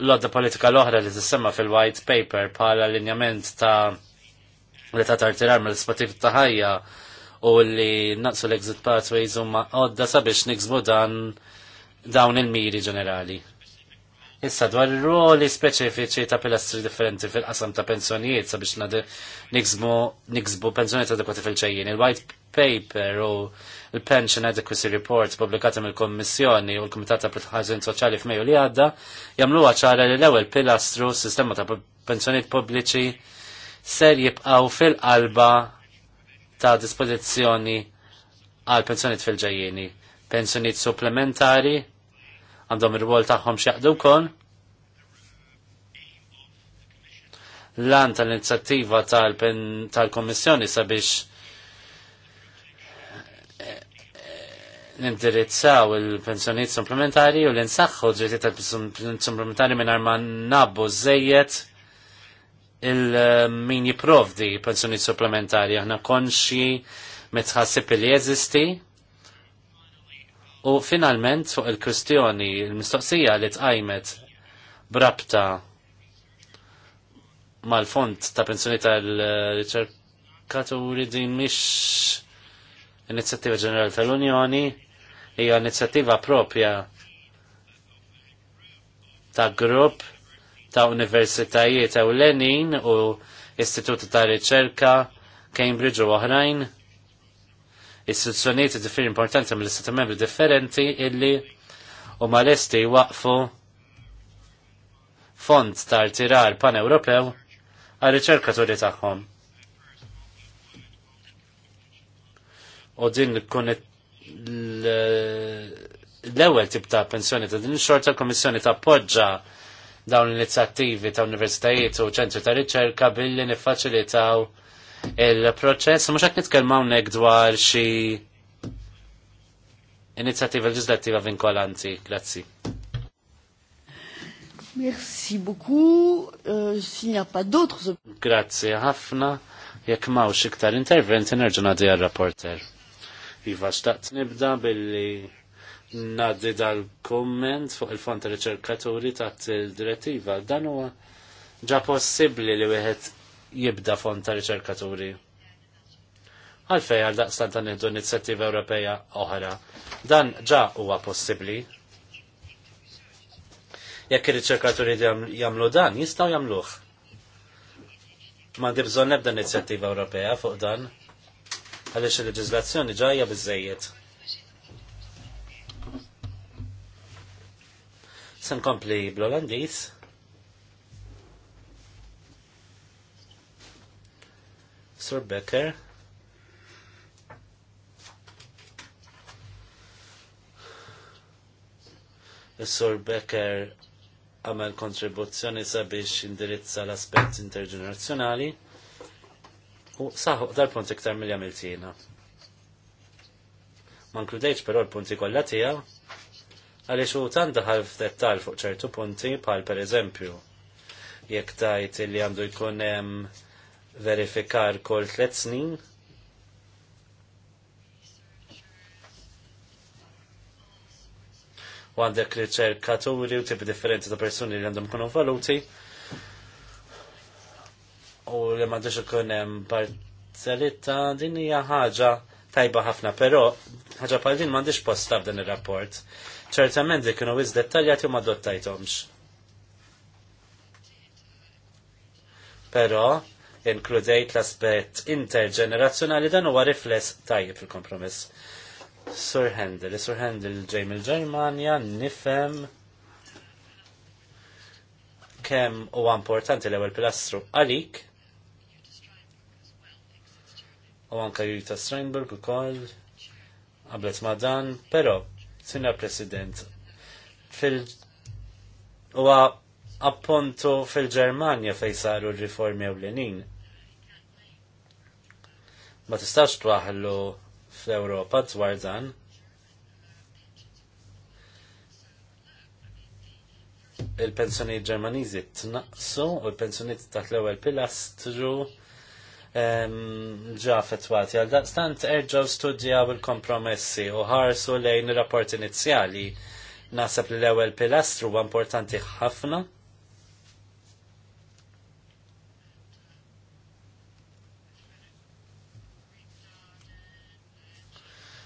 l għadda politika l-oħra li t-semma fil-white paper bħala linjament ta' li ta' tartirar mill-spatif ta' ħajja u li naqsu l-exit pathways u odda sabiex niksbu dan dawn il-miri ġenerali. Issa dwar ir-roli speċifiċi ta' pilastri differenti fil-qasam ta' pensjonijiet sabiex niksbu pensjonijiet adekwati fil-ċejjin. Il-white paper u Il-Pension Adequacy Report publikata mill-Kommissjoni u l-Kumitat ta' Soċali Soċjali f'Mejju li għadda jagħmluha ċara li l-ewwel pilastru sistema ta' pensjonijiet pubbliċi ser jibqgħu fil-qalba ta' dispozizjoni għal pensjonijiet fil ġajjini Pensjonijiet supplementari għandhom ir-rwol tagħhom x'jaqdu wkoll. L-an tal-inizjattiva tal komissjoni sabiex nindirizzaw il-pensjoniet supplementari u l-insaxħu ġrieti tal-pensjoniet supplementari minn ma nabbu zzejiet il-min jiprovdi pensjoniet supplementari. Aħna konxi metħassib li jeżisti. U finalment fuq il-kwestjoni, il-mistoqsija li tqajmet brabta mal-fond ta' pensjoni tal-riċerkaturi din mhix inizjattiva ġenerali tal-Unjoni hija inizjattiva propja ta' grupp ta' universitajiet ewlenin u istituti ta' riċerka Cambridge u oħrajn istituzzjonijiet differ importanti mill-istati membri differenti illi u malesti waqfu fond ta' tirar pan-Ewropew għal riċerkaturi tagħhom. U din kun l-ewwel tip ta' pensjoni ta' din xorta komissjoni ta' tappoġġa dawn l-inizjattivi ta' universitajiet u ċentri ta' riċerka billi niffaċilitaw il-proċess. Mhux qed nitkelmaw hawnhekk dwar xi inizjattiva legislativa vinkolanti. Grazzi. Merci beaucoup. Euh, s'il n'y a pas d'autres... Grazie, ħafna. Jekk mawx iktar interventi nerġu nagħdi għal-rapporter. Iva xtaqt nibda billi naddi dal-komment fuq il-fond riċerkaturi ta' t direttiva Dan huwa ġa possibbli li wieħed jibda fond ta' riċerkaturi. Għalfej għal daqstan ta' niddu inizjattiva Ewropeja oħra. Dan ġa huwa possibbli. Jekk ir-riċerkaturi jagħmlu dan, jistgħu jagħmluh. Ma dibżon bżonn nebda inizjattiva Ewropea fuq dan għalix il leġizlazzjoni ġajja bizzejiet. Se nkompli bl olandis Sir Becker. Sir Becker għamel kontribuzzjoni sabiex indirizza l aspet interġenerazzjonali. U saħu dal-punt iktar mill għamiltina. Ma kludejċ però l-punti kollha tiegħu għaliex u tandaħal dettal fuq ċertu punti bħal pereżempju jekk tajt li għandu jkun hemm verifikar kol tliet snin u għandek riċerkaturi u tibi differenti ta' persuni li għandhom kunu valuti, u li m'għandux ikun hemm parzialità din hija ħaġa tajba ħafna, però ħaġa bħal din m'għandix posta f'dan ir-rapport. Ċertament dik kienu wis dettaljati u ma dottajthomx. Però inkludejt l-aspett interġenerazzjonali dan huwa rifless tajjeb fil kompromiss Sur Handel, Sur Handel ġej mill-Ġermanja, nifhem kemm huwa importanti l-ewwel pilastru għalik u anka Jurita Streinberg ukoll qablet ma' dan, però Sinja President, fil u appuntu fil-Ġermanja fejn saru r-riformi ewlenin. Ma tistax twaħlu fl-Ewropa dwar dan. il pensjonijiet ġermaniżi tnaqsu u l pensjonijiet taħt l-ewwel pilastru Ehm, ġa fetwati. Għal daqstant erġaw studjaw il-kompromessi u ħarsu lejn il-rapport inizjali. Nasab li l-ewel pilastru huwa importanti ħafna.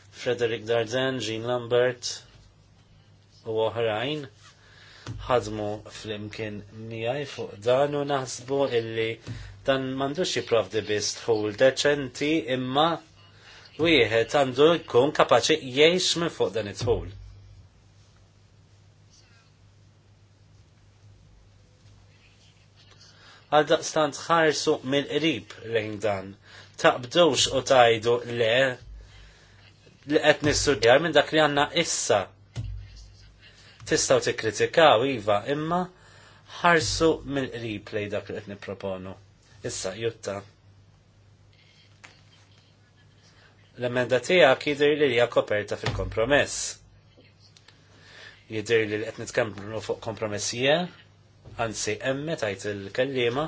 Frederick Darden, Jean Lambert u oħrajn ħadmu fl-imkien miħaj fuq dan u naħsbu illi Dan m'għandux jipprovdi biss dħul deċenti imma wieħed għandu jkun kapaċi jgħix minn fuq dan it-tħul. Għal daqstant ħarsu mill-qrib lejn dan. Taqbdux u tajdu le li qed nistudjar minn dak li għandna issa. Tistgħu tikkritikaw iva, imma ħarsu mill-qrib lejn dak li qed nipproponu. Issa, jutta. L-emenda tiegħek jidher li hija koperta fil-kompromess. Jidher li qed nitkellmu fuq kompromessija, anzi emme tajt il-kellima.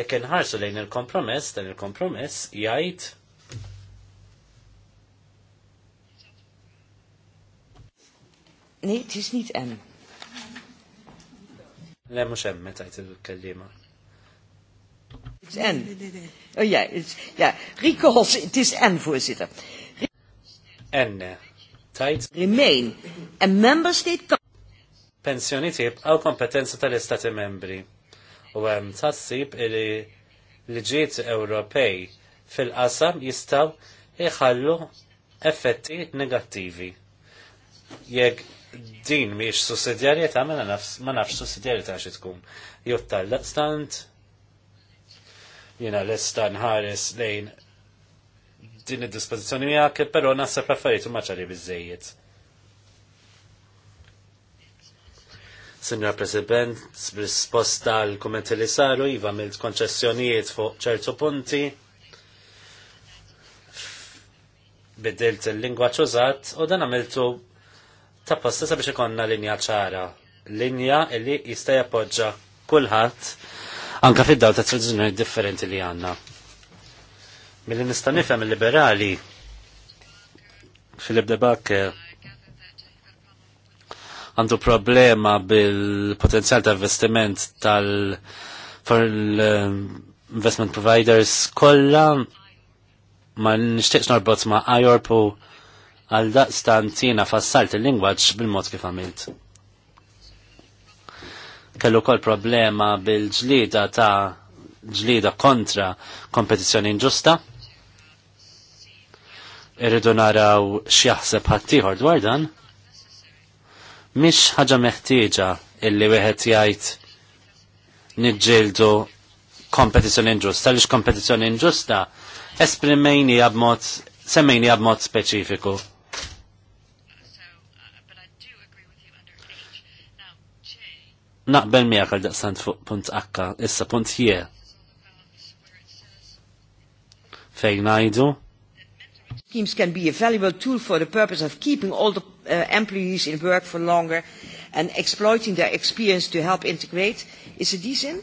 Jekk inħarsu lejn il-kompromess, dan il-kompromess jgħid Nee, het is niet M. Le mux emme tajt il-kellima. It's en. Oh recalls, it is en, Enne. Eh. Tajt. Remain. A member state... Pensjoni tip għaw kompetenza tal-istati membri. U għem tassib li liġiet Ewropej fil-qasam jistaw iħallu effetti negattivi. Jek din miex sussidjarjetà ma nafx ma nafx sussidjarjetà xi tkun. Jew tal-stant jiena lesta nħares lejn din id-dispożizzjoni miegħek, però naħseb affarijiet huma ċari biżejjed. Sinjor President, risposta għal kommenti li saru, iva mill konċessjonijiet fuq ċertu punti, bidilt il-lingwa ċużat u dan għamiltu ta' postessa biex ikonna linja ċara. Linja li jista' jappoġġa kulħadd anka fid-dawl ta' tradizzjoni differenti li għandna. Milli nista' nifhem il-liberali Filip de Bakke għandu problema bil-potenzjal ta' investiment tal- for investment providers kollha ma nixtieqx norbot ma' IORP u għal daqstant jiena fassalt il-lingwaġġ bil-mod kif għamilt. Kellu kol problema bil-ġlida ta' ġlida kontra kompetizzjoni inġusta. Irridu naraw x'jaħseb ħaddieħor dwar dan. Mhix ħaġa meħtieġa illi wieħed jgħid niġġieldu kompetizzjoni inġusta, lix kompetizzjoni inġusta esprimejni b'mod semmejni b'mod speċifiku. Naqbel mi għal daqsant fuq punt akka, issa punt jie. Fejn ngħidu? Schemes can be a valuable tool for the purpose of keeping all the uh, employees in work for longer and exploiting their experience to help integrate. Is it this in?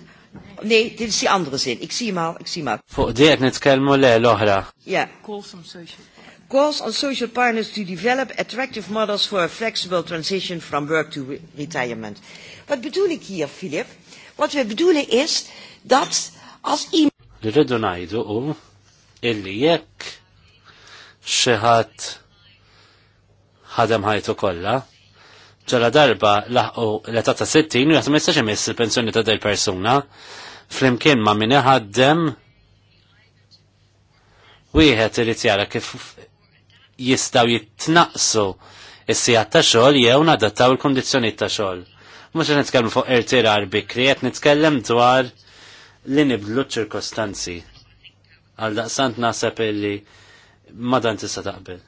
Nee, dit is die andere zin. Ik zie hem al, ik zie hem al. Fuq di qed nitkellmu le l-oħra. Yeah. Calls on social calls on social partners to develop attractive models for a flexible transition from work to re retirement. Wat bedoel ik hier, Filip? Wat we bedoelen is dat als iemand. Rridu najdu u illi jekk xeħat ħadem ħajtu kolla, ġala darba laħqu l-età ta' 60 u jgħat mistax jistax il-pensjoni ta' del persuna flimkien ma' min ħaddem wieħed irid jara kif jistgħu jitnaqsu is-sijat ta' xogħol jew nadattaw il-kundizzjonijiet ta' xogħol mux għan nitkellem fuq irtirar bikri, għet nitkellem dwar li nibdlu ċirkostanzi. Għal daqsant nasab illi madan tista taqbel.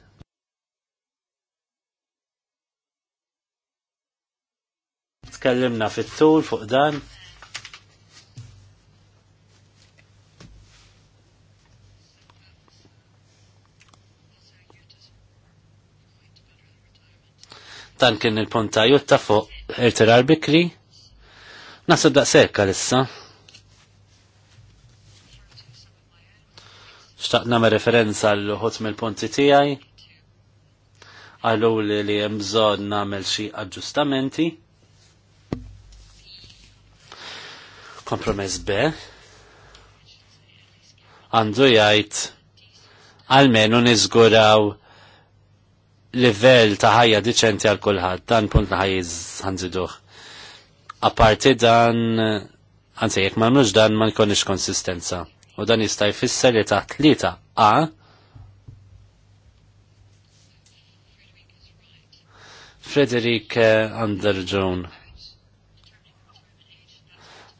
Tkellimna fit-tul fuq dan, dan kien il-punt ta' jutta fuq il-terar bikri. Nasib daqsekka lissa. Xtaqna ma' referenza l-ħut mill-punti tijaj. Għallu li li jemżon namel xie aġġustamenti. Kompromess B. Għandu jajt għalmenu nizguraw livell ta' ħajja diċenti għal kulħadd, dan punt ħajjiż ħanżiduh. Apparti dan, anzi jekk m'għamlux dan ma nkunix konsistenza. U dan jista' jfisser li ta' tlieta A Frederik Underjohn eh,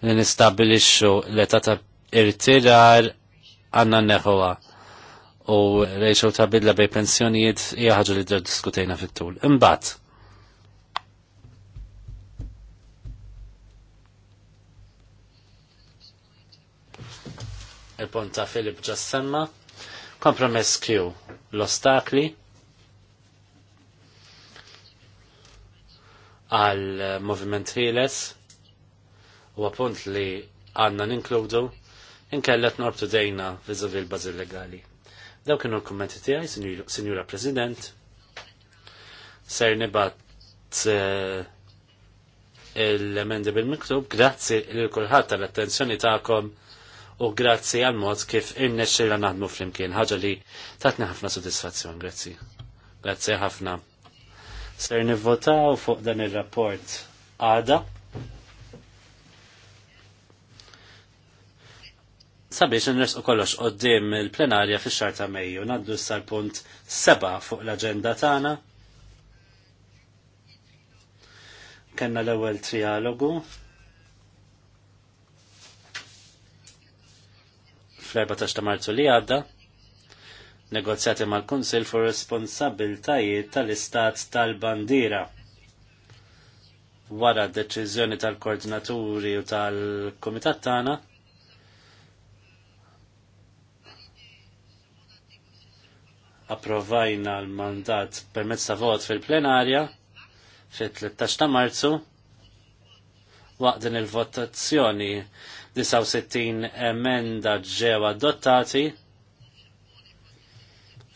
Li nistabilixxu li ta' irtirar għandna neħuwa u rejxu ta' bidla bej pensjonijiet hija ħaġa li diskutejna fit-tul. Imbagħad. Il-punt ta' Filip ġassemma, kompromess Q, l-ostakli għal moviment ħieles u punt li għanna ninkludu inkellet nortu dejna vizavi l-bazil legali. Daw kienu l-kommenti tiegħi, Sinjura President. Ser nibat eh, l-emendi bil-miktub, grazzi lil kulħadd tal-attenzjoni tagħkom u grazzi għal mod kif innexxilna naħdmu flimkien, ħaġa li tatni ħafna sodisfazzjon, grazzi. Grazzi ħafna. Ser nivvotaw fuq dan ir-rapport għada. sabiex nres u kollox qoddim il-plenarja fi xar ta' Mejju naddu sal-punt seba fuq l-agenda tagħna. Kenna l-ewwel trialogu fl-14 ta' Marzu li għadda negozjati mal-Kunsil fuq responsabiltajiet tal-Istat tal-Bandira wara d-deċiżjoni tal-koordinaturi u tal-Kumitat tagħna approvajna l-mandat permezz ta' vot fil-plenarja fil-13 ta' marzu waqt din il-votazzjoni 69 emenda ġew adottati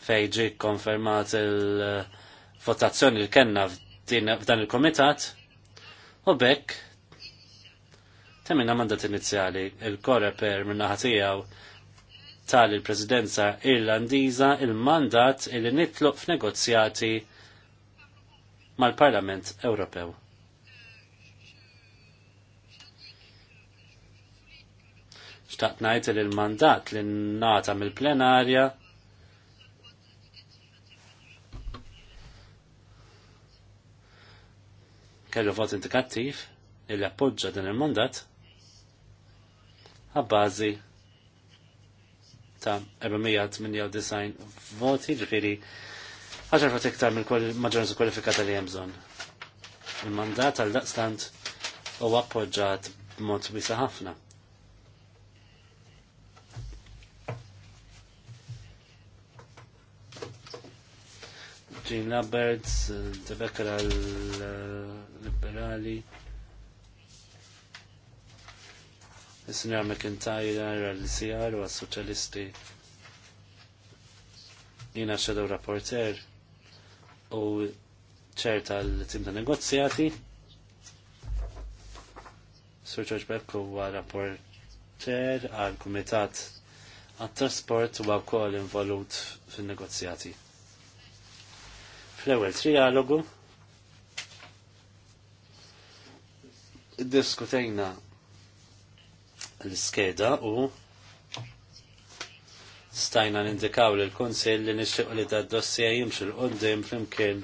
fejn ġie konfermat il-votazzjoni li kellna f'dan il-komitat u bekk temmina mandat inizjali il kore per minnaħatijaw tal-Presidenza il Irlandiża il-mandat li nitlob f'negozjati mal-Parlament Ewropew. Xtaqt ngħid li l-mandat li nata mill-plenarja kellu vot indikattiv li appoġġa din il-mandat għabbażi ta' 498 voti, ġifiri ħaxar fat iktar mill maġġoranza kwalifikata li hemm bżonn. Il-mandat għal daqstant u appoġġat b'mod wisa ħafna. Jean Labbert, eh, Rebecca l-Liberali, Is-Sinjar McIntyre għal-CR u għal-Soċjalisti. Jina xedaw rapporter u ċer tal-tim ta' negozjati. Sur George Beck huwa rapporter għal-Kumitat għat-Trasport u wkoll involut fin-negozjati. Fl-ewwel trialogu diskutejna l-skeda u stajna nindikaw l konsil li nixtieq li ta' dossija jimxu l-qoddim flimkien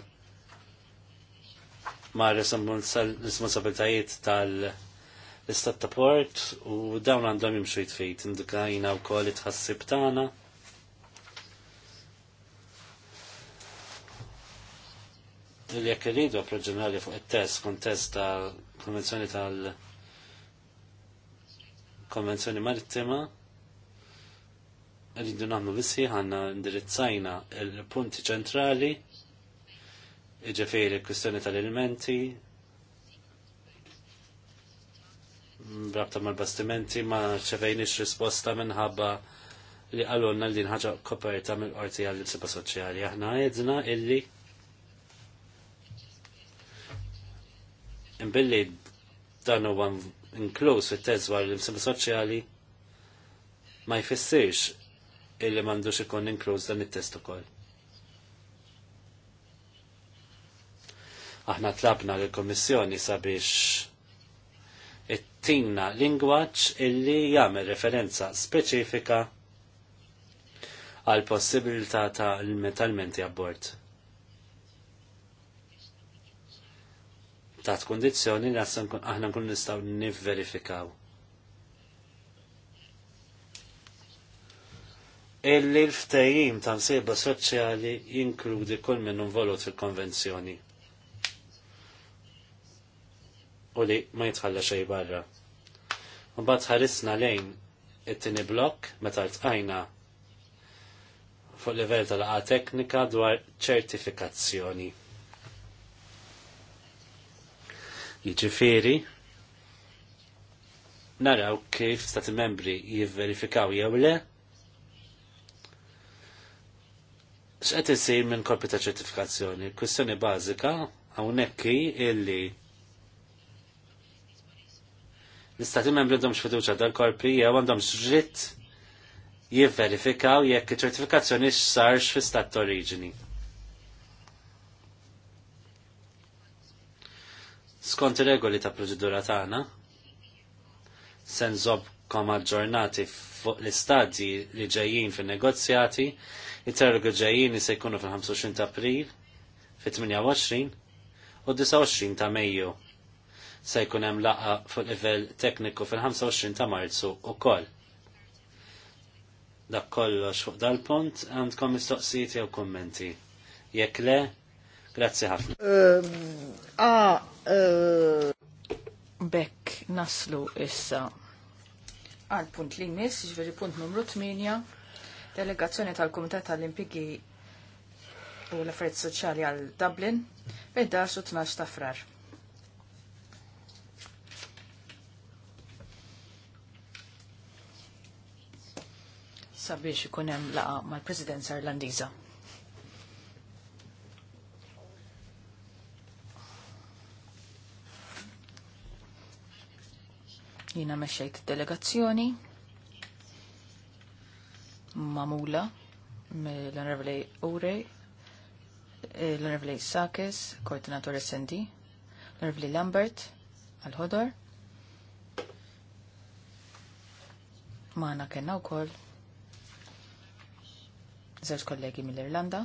ma' responsabiltajiet tal-istat ta' port u dawn għandhom jimxu jitfit indikajna u kol tħassib tana. Il-jekkeridu irridu approġġjonali fuq il test kontest tal-Konvenzjoni tal-, -konvenzjoni tal konvenzjoni marittima rridu nagħmlu vissi ħanna indirizzajna il-punti ċentrali iġifieri kwistjoni tal-elementi rabta mal-bastimenti ma ċevejniex risposta minħabba li għallonna li nħagġa koperta mill-qorti għall siba soċjali. Aħna għedna illi imbilli dan huwa inkluż fit-test dwar l-imsiba soċjali ma jfissirx illi m'għandux ikun inkluż dan it-test ukoll. Aħna tlabna lill-Kummissjoni sabiex it lingwaġġ illi jagħmel referenza speċifika għal possibilità ta' l-metalmenti abbord. taħt kondizjoni li aħna nkun nistaw nivverifikaw. Illi l ftajim ta' msiba soċjali jinkludi kull minn involut fil-konvenzjoni. U li ma jitħalla xej barra. Mbagħad ħarisna lejn it-tieni blokk meta ltqajna fuq livell tal-qa teknika dwar ċertifikazzjoni. Jiġifieri naraw kif stati membri jivverifikaw jew le x'qed isir minn korpi ta' ċertifikazzjoni. Kwistjoni bażika hawnhekk illi l-istati membri għandhomx fiduċa dal-korpi jew għandhom dritt jivverifikaw jekk iċ-ċertifikazzjoni x'sarx fi stat oriġini. Skont regoli ta' proċedura tagħna, se nżobbkom aġġornati fuq l-istadji li ġejjin fin-negozjati, it-tergu ġejjini se jkunu fil-25 ta' April, fit-28 u 29 ta' Mejju. Se jkun hemm laqa fuq livell tekniku fil-25 ta' Marzu koll. Dak kollox fuq dal-punt għandkom mistoqsijiet jew kummenti. Jekk le, Grazie ħafna. Ehm, eh, Bekk naslu issa għal punt li nis, ġveri punt numru 8, delegazzjoni tal komitet tal-Impigi u l-Affarijiet Soċjali għal Dublin, bejda su 12 ta' frar. sabiex ikun hemm laqa mal-Presidenza Irlandiża. Jina meċċajt delegazzjoni mamula l onorevoli Urej, eh, l-Onorevoli Sakis, koordinator SD, l-Onorevoli Lambert, għal-ħodor. Maħna kena u koll zewġ kollegi mill-Irlanda,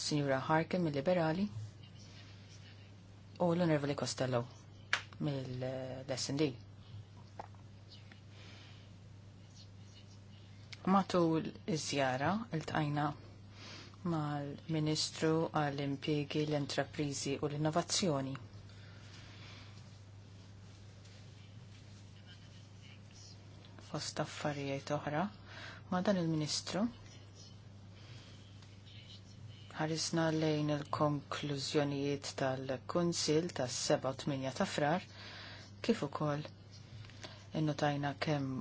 Signora Harkin mill-Liberali u l-Onorevoli Costello mill-SND. Matul iż-żjara iltqajna mal-Ministru għall impjiegi l-Entreprizi u l-Innovazzjoni. Fost affarijiet oħra ma' dan il-Ministru ħarisna lejn il-konklużjonijiet tal-Kunsil tas-7-8 ta' frar kif ukoll innotajna kemm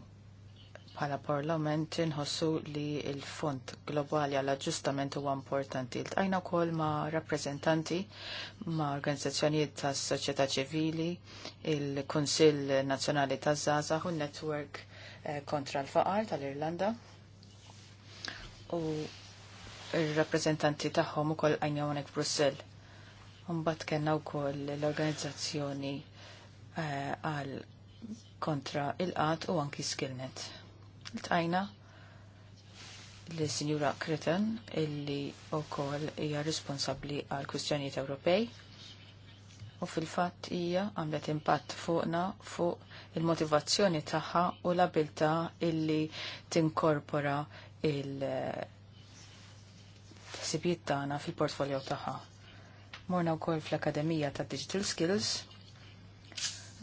bħala parlament inħossu li il-Fond Globali għal aġġustament huwa importanti. Ltqajna wkoll ma' rappreżentanti ma' organizzazzjonijiet tas-soċjetà ċivili, il-Kunsill Nazzjonali taż-Żgħażagħ u n-Network eh, kontra l-Faqar tal-Irlanda. U ir-rappreżentanti tagħhom ukoll għajna hawnhekk Brussell. Mbagħad kellna wkoll l-organizzazzjoni eh, għal kontra il-qat u anki skillnet. Tqajna li sinjura Kreten illi u kol hija responsabli għal kwistjonijiet Ewropej u fil-fatt hija għamlet impatt fuqna fuq il-motivazzjoni tagħha u l abilta illi tinkorpora il-sibijiet tagħna fil-portfolio tagħha. Morna wkoll fl-Akademija ta' Digital Skills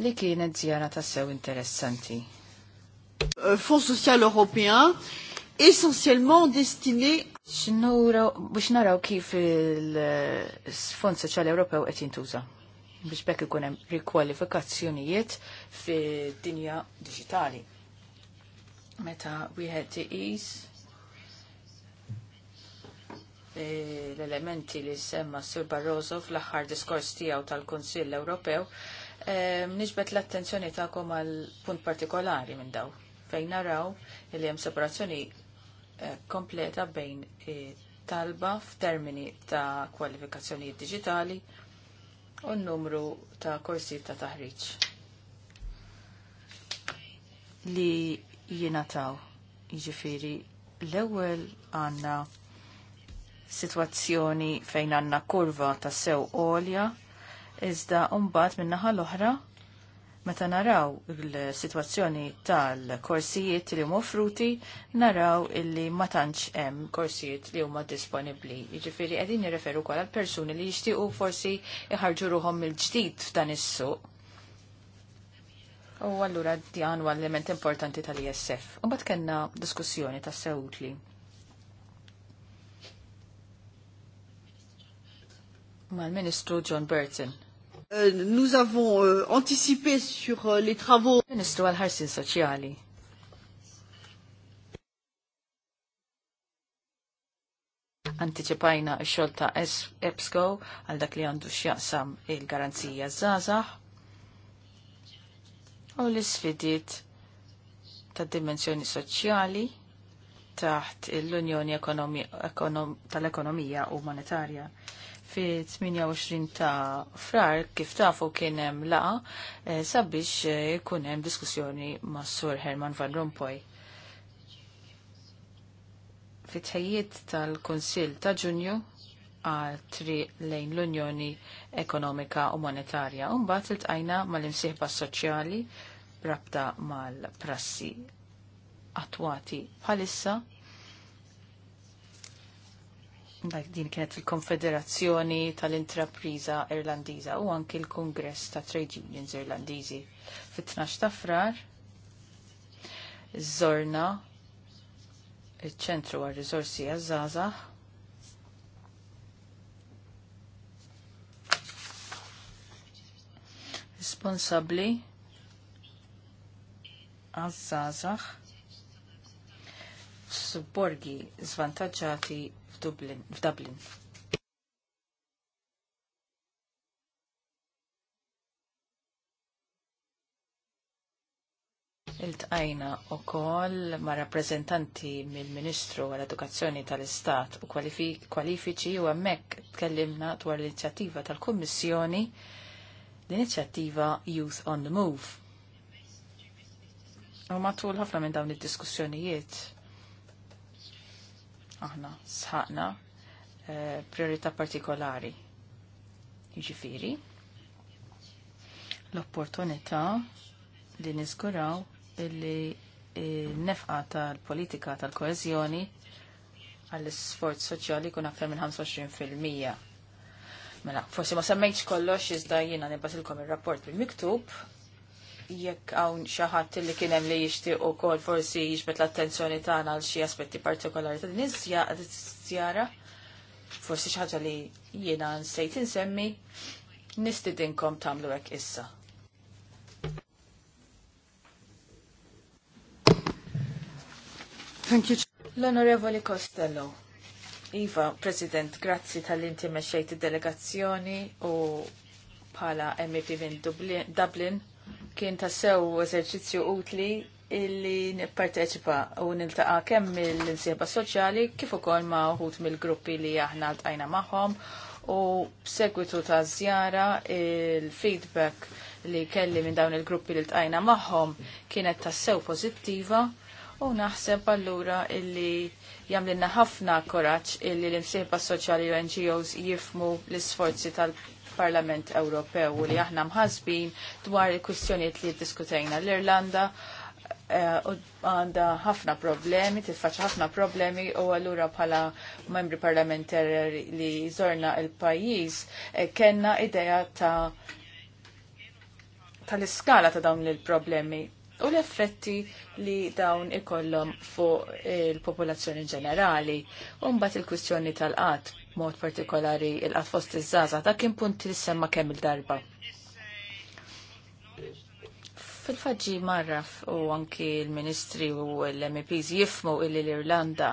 li kienet żjara ta' sew interessanti. Euh, Fonds social européen essentiellement destiné biex naraw kif il-Fond eh, Soċjali Ewropew qed jintuża biex bekk ikun hemm rikwalifikazzjonijiet fid-dinja diġitali. Meta wieħed iqis l-elementi li semma Sur Barroso fl-aħħar diskors tiegħu tal-Kunsill Ewropew, e, l-attenzjoni tagħkom għal punt partikolari minn daw fejn naraw li hemm separazzjoni eh, kompleta bejn eh, talba f'termini ta' kwalifikazzjonijiet diġitali u n-numru ta' korsijiet ta' taħriġ li taw Jiġifieri l-ewwel għandna sitwazzjoni fejn għandna kurva ta' sew għolja iżda mbagħad min-naħa l-oħra Meta naraw il-situazzjoni tal-korsijiet li huma fruti, naraw illi ma tantx hemm korsijiet li huma disponibbli. Jiġifieri qegħdin nirreferu wkoll għal persuni li jixtiequ forsi iħarġu ruhom mill-ġdid f'dan is-suq. U allura dan huwa element importanti tal-ISF. U bat kellna diskussjoni ta' sewtli. Mal-Ministru John Burton Euh, nous avons euh, anticipé sur euh, les travaux. Ministru ħarsin soċjali. Anticipajna xol ta' EBSCO għal dak li għandu xjaqsam il-garanzija zazax u l-sfidit ta' dimensjoni soċjali taħt l-Unjoni tal-Ekonomija u Monetarja fi 28 ta' frar kif tafu kien hemm laqa e, sabiex eh, ikun hemm diskussjoni ma' Sur Herman Van Rompuy. Fi tħejjiet tal-Kunsill ta' Ġunju għal tri lejn l-Unjoni Ekonomika u Monetarja. Umbat il-tqajna mal-imsieħba soċjali rabta mal-prassi attwati bħalissa Dak din kienet il-Konfederazzjoni tal-Intrapriża Irlandiża u anki l-Kongress ta' Trade Unions Irlandiżi. Fit-12 ta' frar żorna iċ-ċentru għal riżorsi għaż-żgħażagħ responsabbli għaż-żgħażagħ Subborgi Zvantaġġati f'Dublin. Iltqajna wkoll ma' rappresentanti mill-Ministru għall-Edukazzjoni tal-Istat u kwalifiċi u hemmhekk tkellimna dwar l-inizjattiva tal-Kummissjoni l-inizjattiva Youth on the Move. U matul ħafna minn dawn id-diskussjonijiet aħna sħaqna eh, priorità partikolari. Jiġifieri l-opportunità li niżguraw illi nefqa tal-politika tal-koezjoni għall-sforz soċjali kun aktar minn 25%. Mela, forsi ma semmejtx kollox iżda jiena nibatilkom ir rapport bil-miktub jekk hawn xi ħadd li kien hemm li jixtieq ukoll forsi jiġbed l-attenzjoni tagħna għal xi aspetti partikolari ta' din iż-żjara, forsi xaħġa li jiena nsejt insemmi, nistidinkom tagħmlu hekk issa. Thank you. L-Onorevoli Costello. Iva, President, grazzi tal-inti meċċejt delegazzjoni u pala MEP minn Dublin, Dublin Kien tassew eżerċizzju utli illi nipparteċipa u niltaqa kemm mill insieba soċjali kif ukoll ma' uħut mill-gruppi li aħna ltqajna magħhom u b'segwitu ta' żjara il-feedback li kelli minn dawn il-gruppi li ltqajna magħhom kienet tassew pożittiva u naħseb allura illi jamlinna ħafna koraċ illi l insieba soċjali u NGOs jifmu l-isforzi tal fil-Parlament Ewropew u li aħna mħasbin dwar il-kwistjoniet li diskutejna l-Irlanda eh, għanda ħafna problemi, tiffaċ ħafna problemi u għallura bħala membri parlamentari li zorna il-pajis eh, kena ideja ta' tal-iskala ta' dawn il-problemi u l-effetti li dawn ikollhom fuq il-popolazzjoni ġenerali. Umbat il-kwistjoni tal-qatt mod partikolari il-qatfost iż-żaza, dak kien punt li semma kemm il-darba. Fil-faġġi marraf u anki l-Ministri u l mps jifmu illi l-Irlanda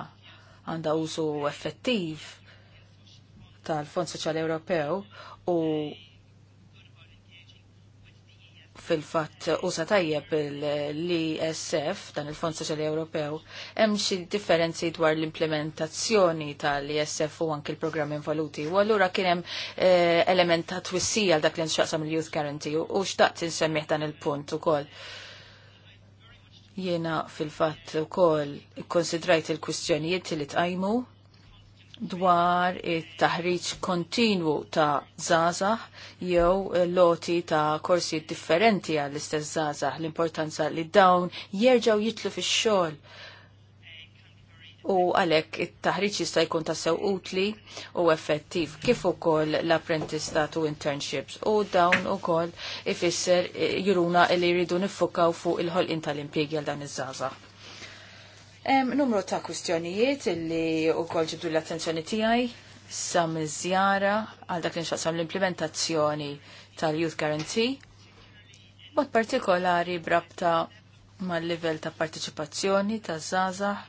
għandha użu effettiv tal-Fond Soċjali Ewropew u fil-fatt sa tajjeb l-ISF, dan il-Fond Soċjali Ewropew, hemm xi differenzi dwar l-implementazzjoni tal-ISF u anke l-programm involuti. U allura kien hemm eh, element ta' twissija dak li nxaqsam il-Youth Guarantee u xtaqt insemmih dan il-punt ukoll. Jiena fil-fatt ukoll konsidrajt il-kwistjonijiet li tqajmu dwar it-taħriġ kontinwu ta' zazah jew loti ta' korsi differenti għall-istess zazah l-importanza li dawn jerġaw jitlu fix-xogħol. U għalhekk it-taħriġ jista' jkun ta' sew utli u effettiv kif ukoll l-apprentistat u internships u dawn ukoll ifisser eh, juruna li jridu nifukaw fuq il-ħolqien tal-impjegi għal dan iż-żgħażagħ. Numru ta' kwistjonijiet illi u kol ġibdu l-attenzjoni tijaj sam iż-żjara għal dak li l-implementazzjoni tal-Youth Guarantee, bot partikolari brabta mal-livell ta' partiċipazzjoni ta' zazax,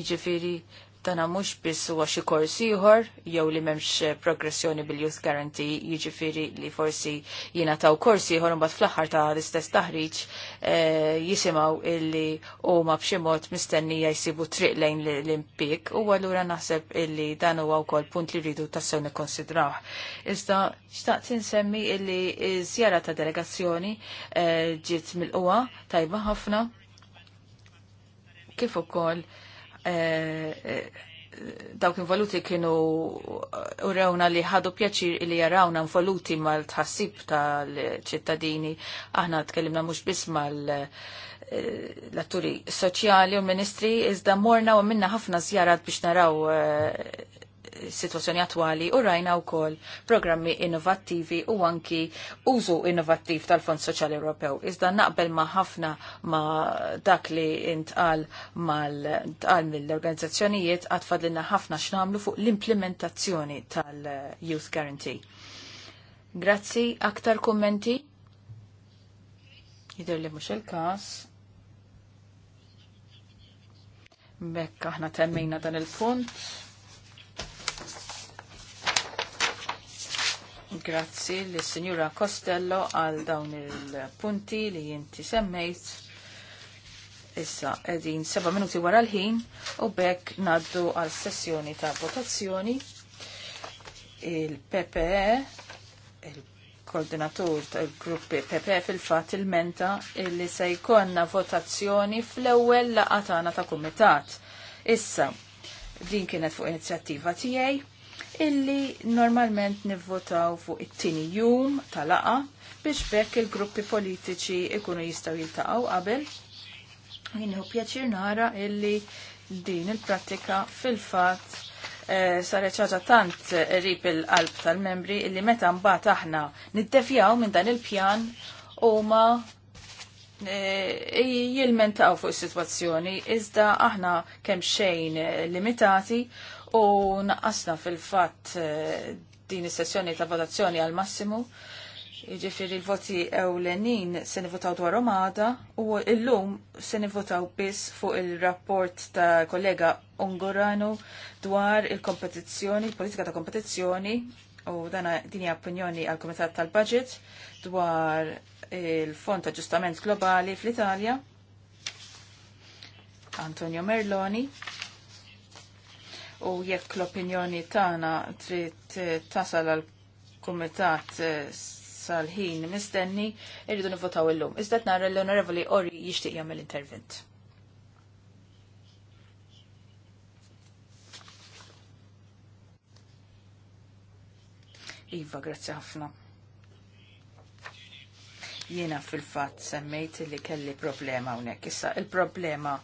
jġifiri Dana mhux biss huwa xi kors ieħor jew li m'hemmx eh, progressjoni bil-Youth Guarantee jiġifieri li forsi jiena taw kors ieħor imbagħad fl-aħħar ta' l-istess taħriġ eh, jisimgħu illi huma b'xi mod mistennija jsibu triq lejn l-impik u allura naħseb illi dan huwa wkoll punt li rridu tassew nikkonsidrawh. Iżda xtaqt insemmi illi żjara ta' delegazzjoni eh, ġiet mill-qwa tajba ħafna kif ukoll Eh, eh, dawk involuti kienu eh, urewna li ħadu pjaċir li jarawna involuti mal-tħassib tal-ċittadini. Aħna tkellimna mhux biss mal- l-atturi soċjali u ministri iżda morna u minna ħafna zjarat biex naraw situazzjoni attwali u rajna u kol programmi innovattivi u anki użu innovattiv tal-Fond Soċjali Ewropew. Iżda naqbel ma ħafna ma dak li intqal mal mill-organizzazzjonijiet fadlina ħafna x'namlu fuq l-implementazzjoni tal-Youth Guarantee. Grazzi, aktar kommenti? Jider li mux il-kas. Bekk aħna temmina dan il-punt. Grazzi l-Sinjura Costello għal dawn il-punti li jinti semmejt. Issa, edin seba minuti wara l-ħin u bekk naddu għal sessjoni ta' votazzjoni. Il-PPE, il-koordinatur tal gruppi PPE fil-fat il-menta li se jkonna votazzjoni fl-ewwel laqatana ta' kumitat. Issa, din kienet fuq inizjattiva tiegħi illi normalment nivvotaw fuq it-tini jum tal-laqa biex bekk il-gruppi politiċi ikunu jistaw jiltaqaw qabel. Jinniħu pjaċir nara illi din il-prattika fil-fat eh, saret ċaġa tant rip il-qalb tal-membri illi meta mbagħad aħna niddefjaw minn dan il-pjan huma eh, jilmentaw fuq is-sitwazzjoni iżda aħna kemm xejn limitati u naqasna fil-fatt eh, din is-sessjoni ta' votazzjoni għal massimu. Jiġifieri l-voti ewlenin se nivotaw dwar omada, u llum se nivvotaw biss fuq il-rapport ta' kollega Ungoranu dwar il-kompetizzjoni, il-politika ta' kompetizzjoni u dana dini opinjoni għal komitat tal-budget dwar il-Fond ta' Ġustament Globali fl-Italja. Antonio Merloni u jekk l-opinjoni tagħna trid eh, tasal għal kumitat eh, sal-ħin mistenni, irridu nivotaw illum. Iżdet narra l-Onorevoli Ori jixtieq jagħmel intervent. Iva, grazzi ħafna. Jiena fil-fatt semmejt li kelli problema hawnhekk. Issa il-problema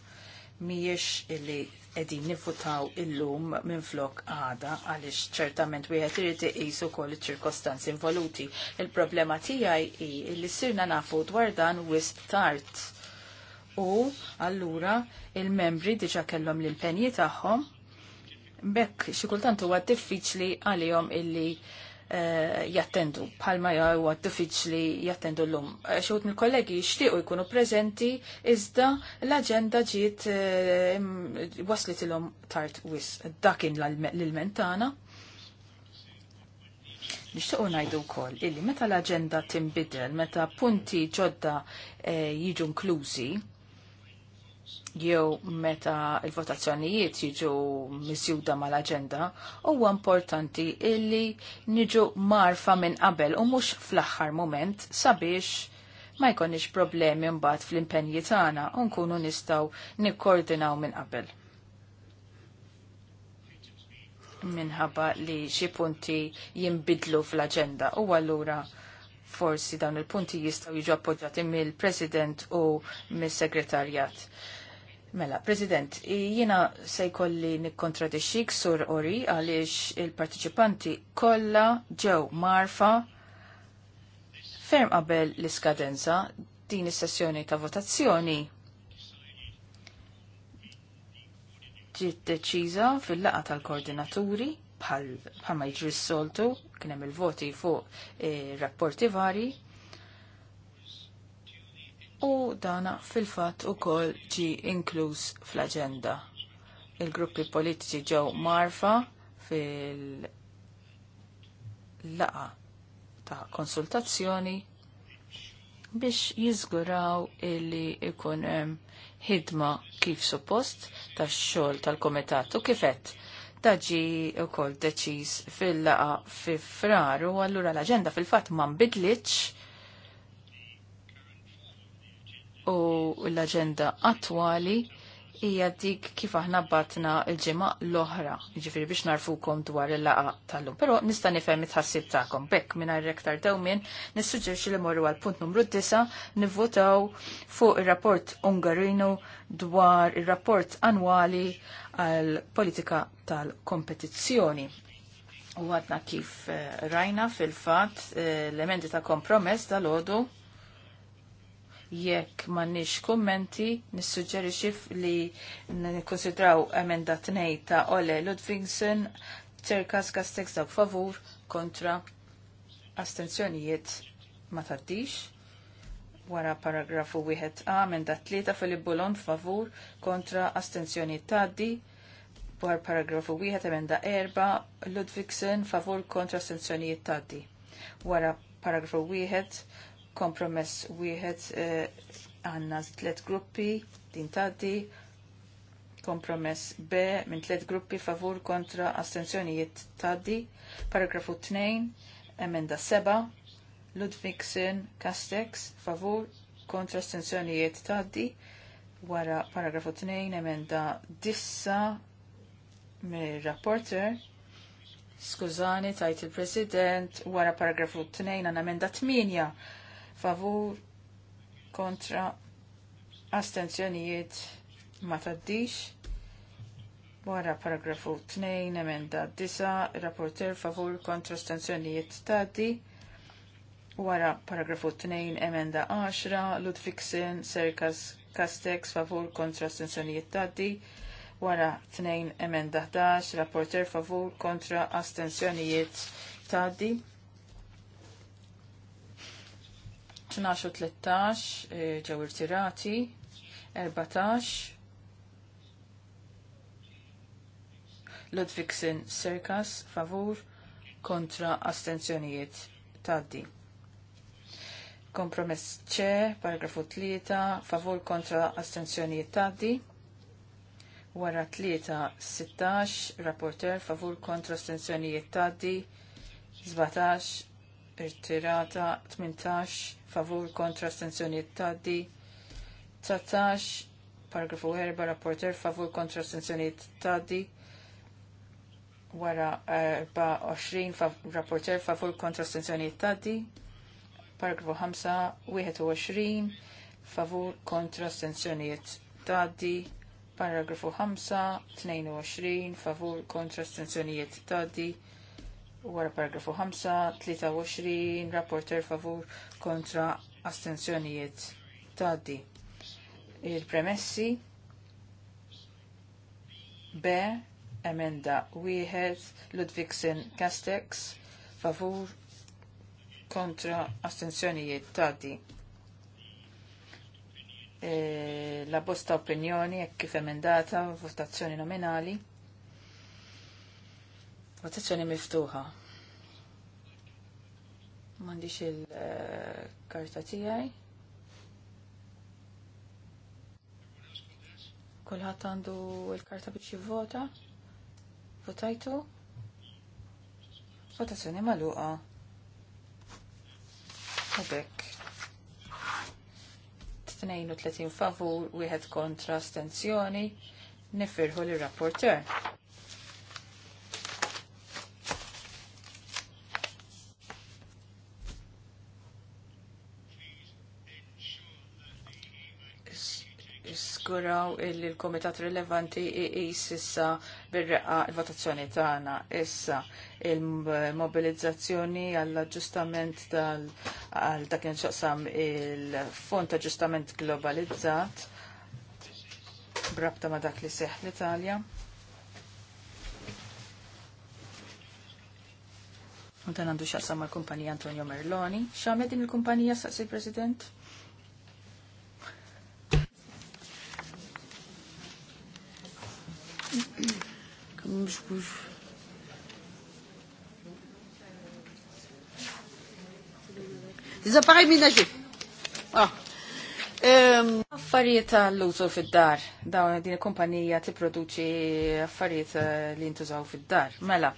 mhijiex li edin nifutaw illum minn flok għada għalix ċertament wieħed irid iqisu wkoll iċ-ċirkostanzi involuti. Il-problema tiegħi i li sirna nafu dwar dan u tard. U allura il-membri diġa kellhom l-impenji tagħhom bekk xi kultant huwa diffiċli għalihom illi Eh, jattendu bħalma dufiċ diffiċli jattendu l-lum. Eh, Xewt mill-kollegi jixtiequ jkunu preżenti iżda l-aġenda ġiet eh, waslit l-lum tard wis dakin l-mentana. Nixtiequ ngħidu wkoll illi meta l-aġenda timbidel, meta punti ġodda jiġu nklużi jew meta il-votazzjonijiet jiġu misjuda mal-agenda, huwa importanti illi niġu marfa minn qabel u mhux fl-aħħar moment sabiex ma jkonniex problemi mbagħad fl-impenji tagħna u nkunu nistgħu nikkoordinaw minn qabel. Minħabba li xi punti jinbidlu fl-aġenda u allura forsi dawn il-punti jistgħu jiġu appoġġjati mill-President u mis-Segretarjat. Mela, President, jiena se jkolli nikkontradixxik sur ori għaliex il-partiċipanti kollha ġew marfa ferm qabel l-iskadenza din is-sessjoni ta' votazzjoni ġiet deċiża fil-laqa tal-koordinaturi bħalma jġri s-soltu kien hemm il-voti fuq eh, rapporti vari u dana fil-fat u kol ġi inkluż fl-agenda. Il-gruppi politiċi ġew marfa fil-laqa ta' konsultazzjoni biex jizguraw illi ikun ħidma kif suppost ta' xogħol tal-komitat u kifet taġi u kol deċiż fil-laqa fi fraru, allura l-agenda fil-fat ma' mbidlitx u l-agenda attwali hija dik kif aħna batna l-ġimgħa l-oħra, jiġifieri biex narfukom dwar il-laqa tal-lum. Però nista' nifhem it-ħassib tagħkom. Bekk mingħajr rektar dewmien nissuġġerixxi li morru għal punt numru 9 nivvotaw fuq ir-rapport Ungarinu dwar ir-rapport annwali għal politika tal-kompetizzjoni. U għadna kif eh, rajna fil fatt eh, l-emendi ta' kompromess tal-ħodu jekk m'għandniex kummenti, xif li nikkonsidraw emenda tnej ta' Ole Ludvigsen, ċerkas kastek dak favur kontra astenzjonijiet ma taddix. Wara paragrafu wieħed A emenda tlieta fil-bulon favur kontra astenzjonijiet taddi. wara paragrafu wieħed emenda erba' Ludvigsen favur kontra astenzjonijiet taddi. Wara paragrafu wieħed Kompromess wieħed eh, għanna tlet gruppi, din taddi, kompromess B minn tlet gruppi favur kontra astenzjonijiet taddi, paragrafu 2, emenda 7, Ludwigsen Castex favur kontra astenzjonijiet taddi, wara paragrafu 2, emenda 9, mir rapporter Skużani, tajt il-President, wara paragrafu 2 għan emenda 8 favur kontra astenzjonijiet ma taddix. Wara paragrafu 2, emenda 9, rapporter favur kontra astenzjonijiet taddi. Wara paragrafu 2, emenda 10, Ludwigsen, Serkas, Kastex, favur kontra astenzjonijiet taddi. Wara 2, emenda 11, rapporter favur kontra astenzjonijiet taddi 12 u 13 ġew irtirati, 14 Ludwigsen Serkas favur kontra astenzjonijiet taddi. Kompromess ċe, paragrafu 3, favur kontra astenzjonijiet taddi. Wara 3, 16, rapporter favur kontra astenzjonijiet taddi. 17, irtirata 18 favur kontra astenzjonijiet taddi 19 paragrafu 4 rapporter favur kontra astenzjonijiet taddi wara 24 fav, rapporter favur kontra astenzjonijiet taddi paragrafu 5 21 favur kontra astenzjonijiet taddi paragrafu 5 22 favur kontra astenzjonijiet taddi wara paragrafu 5, 23, rapporter favur kontra astenzjonijiet taddi. Il-premessi B, emenda wieħed Ludwigsen Castex favur kontra astenzjonijiet taddi. E, la bosta opinjoni e kif emendata votazzjoni nominali. Votazzjoni miftuħa. M'għandix eh, il-karta tiegħi. Kulħadd għandu l-karta biex jivvota. Votajtu. Votazzjoni magħluqa. U bekk. 32 favur, wieħed kontra astenzjoni, nifirħu l-rapporter. niżguraw il l-Komitat rilevanti jisissa issa bir-reqqa l-votazzjoni tagħna issa il-mobilizzazzjoni għall-aġġustament tal dakin xoqsam il-Fond ta' Aġġustament Globalizzat brabta ma' dak li seħ l-Italja. U dan għandu xaqsam mal-kumpanija Antonio Merloni. Xamed din il-kumpanija saqsi il-President? Les appareils ménagers. Ah. Euh, affarijiet tal-użu fid-dar, dawn din il-kumpanija tipproduċi affarijiet eh, li ntużaw fid-dar. Mela,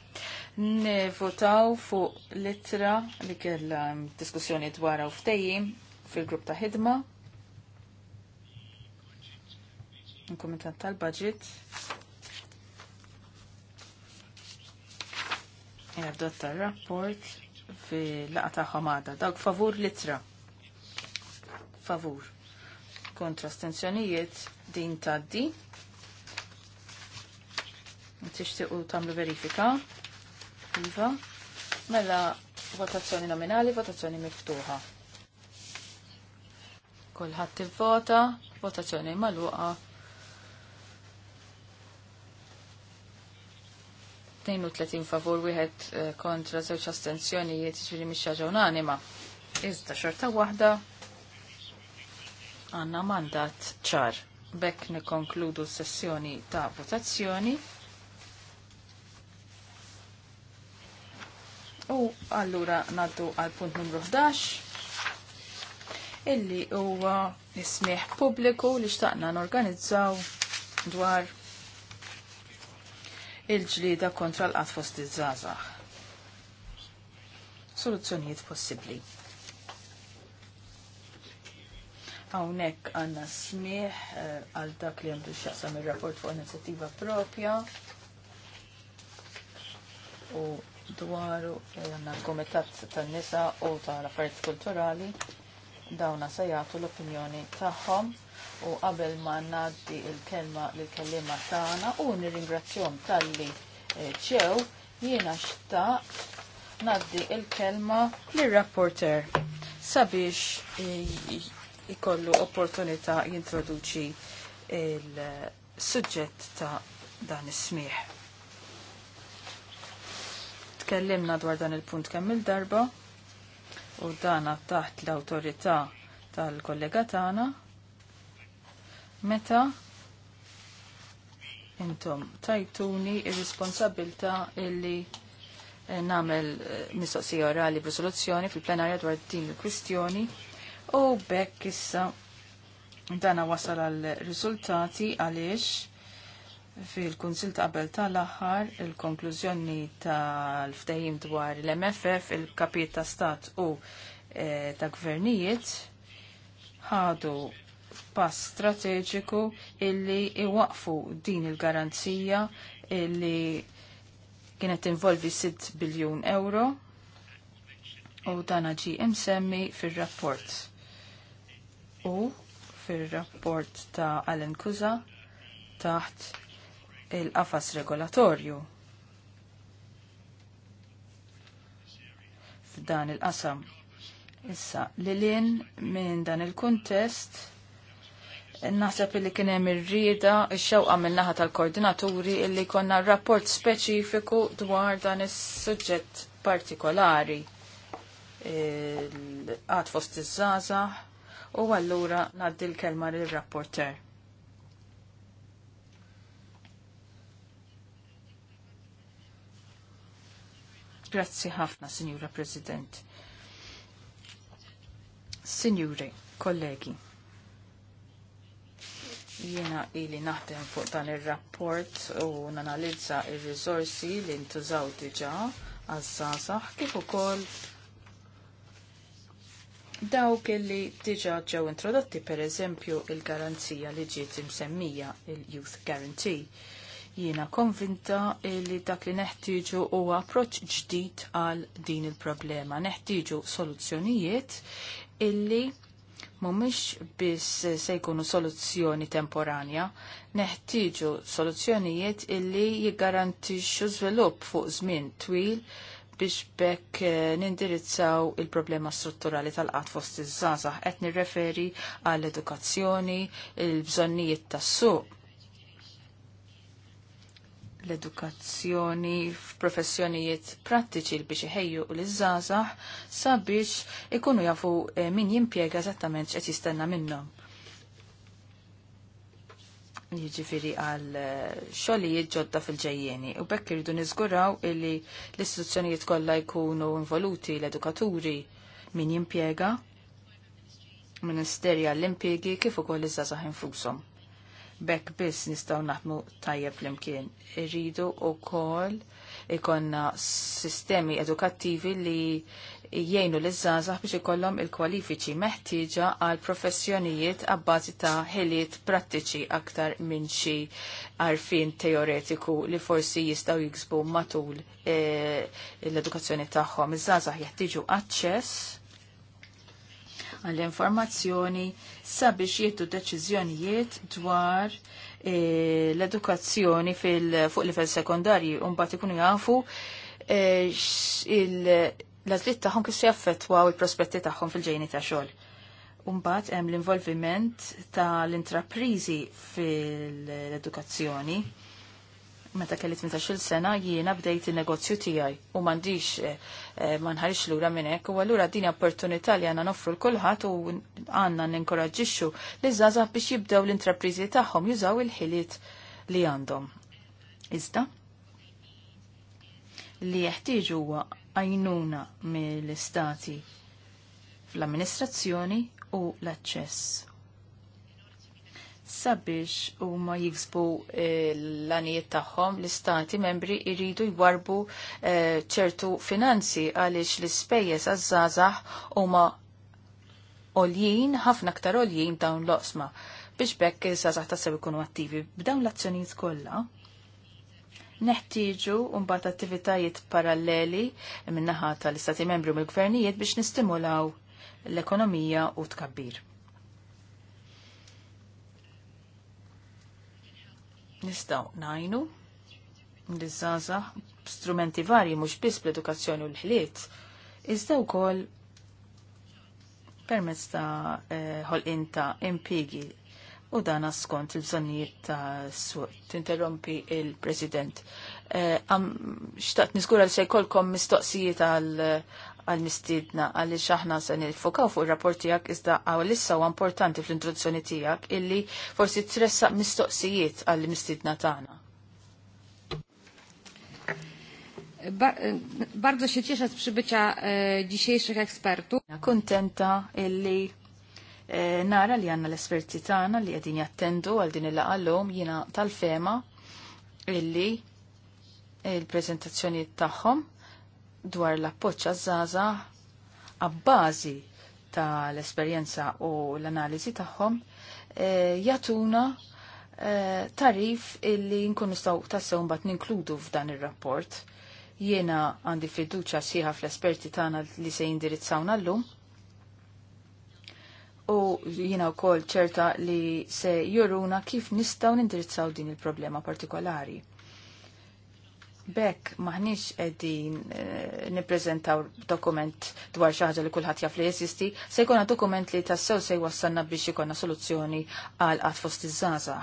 nivotaw fuq litra li kella diskussjoni dwar u fil-grupp ta' ħidma. Nkumitat tal-budget. Għadotta rapport fi laqa ta' ħamada. Dawk favur litra. Favur. Kontra stenzjonijiet din ta' di. Tixtiqu tamlu verifika. Iva. Mela votazzjoni nominali, votazzjoni miftuħa. Kolħat vota, votazzjoni maluqa 32 favur wieħed eh, kontra żewġ astenzjonijiet ġifieri mhix ħaġa unanima. Iżda xorta waħda għandna mandat ċar. Bekk nikkonkludu s-sessjoni ta' votazzjoni. U allura naddu għal punt numru 11 illi huwa ismieħ pubbliku li xtaqna norganizzaw dwar il-ġlida kontra l-qat fost iż Soluzzjonijiet possibbli. Hawnhekk għandna smieħ eh, għal dak li għandu x'jaqsam ir-rapport fuq inizjattiva propja u dwaru eh, għandna l-Kumitat tan-Nisa u tal-Affarijiet Kulturali dawna se jagħtu l-opinjoni tagħhom u qabel ma naddi il-kelma l-kellima tagħna u nirringrazzjom tal-li ċew eh, jiena xtaq naddi il-kelma lir-rapporter sabiex eh, ikollu opportunità jintroduċi il-suġġett ta' dan is-smieħ. Tkellimna dwar dan il-punt kemm il-darba u dana taħt l-awtorità tal-kollega tagħna Meta intom tajtuni ir-responsabilta illi eh, namel eh, mistoqsija orali b'risoluzzjoni fil-plenarja dwar din il-kwistjoni u bekk issa dana wasal għal riżultati għaliex fil-Kunsil ta' qabel tal-aħħar il-konklużjoni tal-ftehim dwar l-MFF il-kapiet ta' stat u eh, ta' gvernijiet ħadu pass strateġiku illi iwaqfu din il-garanzija illi kienet involvi 6 biljun euro u dana ġi imsemmi fil-rapport. U fil-rapport ta' Allen Kuza taħt il-qafas regolatorju. F'dan il-qasam. Issa, li lin minn dan il-kontest Naħseb li kien hemm ir-rieda x-xewqa min-naħa tal-koordinaturi illi konna rapport speċifiku dwar dan is-suġġett partikolari għad fost iż-żgħażagħ u allura ngħaddi l-kelma lill-rapporter. Grazzi ħafna, Sinjura President. Sinjuri, kollegi. Jiena ili naħdem fuq dan ir-rapport u nanalizza il-rizorsi li ntużaw diġà għaż-żgħażagħ kif ukoll dawk li diġà ġew introdotti pereżempju il-garanzija li ġiet imsemmija il-Youth Guarantee. Jiena konvinta li dak li neħtieġu huwa approċċ ġdid għal din il-problema. Neħtieġu soluzzjonijiet illi mumiex biss se jkunu soluzzjoni temporanja, neħtieġu soluzzjonijiet illi jiggarantixxu żvilupp fuq żmien twil biex bekk eh, nindirizzaw il-problema strutturali tal-qat fost iż żgħażagħ qed nirreferi għall edukazzjoni il-bżonnijiet tas-suq l-edukazzjoni f'professjonijiet prattiċi biex iħejju u l-żgħażagħ sabiex ikunu jafu eh, min jimpjega eżattament x'qed jistenna minnhom. Jiġifieri għal eh, xogħlijiet ġodda fil-ġejjeni u bekk irridu niżguraw illi l-istituzzjonijiet kollha jkunu involuti l-edukaturi min jimpjega ministerja l-impjegi kif ukoll iż-żgħażagħ infushom Bekk biss nistaw naħdmu tajjeb flimkien. Irridu u kol ikonna sistemi edukattivi li jgħinu l-izzazax biex ikollhom il-kwalifiċi meħtieġa għal professjonijiet għabbażi ta' ħiliet prattiċi aktar minn xi għarfien teoretiku li forsi jistgħu jiksbu matul e, l-edukazzjoni tagħhom. Iż-żgħażagħ jeħtieġu aċċess għall-informazzjoni sabiex jittu deċiżjonijiet dwar e, l-edukazzjoni fuq livell sekondarji u mbagħad ikunu jafu e, eh, l azlitt tagħhom kif se jaffettwaw il-prospetti tagħhom fil-ġejni ta' xogħol. Umbat hemm l-involviment tal-intraprizi fil-edukazzjoni meta kelli 18 sena jiena bdejt il-negozju tiegħi u m'għandix eh, eh, ma nħarix lura minn hekk u allura din opportunità li għandna noffru l kulħadd u għandna ninkoraġġixxu li żgħażagħ biex jibdew l-intrapriżi tagħhom jużaw il-ħiliet li għandhom. Iżda li jeħtieġu huwa għajnuna mill-istati fl-amministrazzjoni u l-aċċess sabiex huma jiksbu eh, l-għanijiet tagħhom l-istati membri jridu jwarbu eh, ċertu finanzi għaliex l-ispejjeż għaż u huma oljin ħafna aktar oljin dawn l-oqsma biex bekk iż-żgħażagħ sew ikunu attivi b'dawn l-azzjonijiet kollha. Neħtieġu mbagħad attivitajiet paralleli min-naħa tal-istati membri u mill-gvernijiet biex nistimulaw l-ekonomija u tkabbir. nistaw najnu l-izzaza strumenti varji mhux biss bl-edukazzjoni u l-ħiliet, iżda wkoll permezz ta' eh, ħolqien ta' impigi u dana skont il-bżonijiet ta' suq. Tinterrompi il-President. Eh, xtaqt niskura li sejkolkom mistoqsijiet għal-mistidna għalli xaħna se nifokaw fuq il-rapport tijak iżda għawlissa u importanti fl-introduzzjoni tijak illi forsi tressaq mistoqsijiet għal-mistidna tagħna. Eh, bardzo się cieszę z przybycia eh, dzisiejszych ekspertów. Kontenta illi Eh, nara li għanna l-esperti tagħna li qegħdin jattendu għal din il-laqallhom jiena tal-fema illi il prezentazzjoni tagħhom dwar l-appoċċ zaza żaża għabbażi tal-esperjenza u l-analiżi tagħhom eh, jatuna eh, tarif illi nkunu nistgħu tassew mbagħad ninkludu f'dan ir-rapport. Jiena għandi fiduċa sieħa fl-esperti tagħna li se jindirizzawna llum u jina u kol ċerta li se juruna kif nistaw nindirizzaw din il-problema partikolari. Bekk maħniċ edin e, niprezentaw dokument dwar xaħġa li kullħat jaf li jesisti, se jkonna dokument li tassew se jwassanna biex jkonna soluzzjoni għal fost iż-żaza.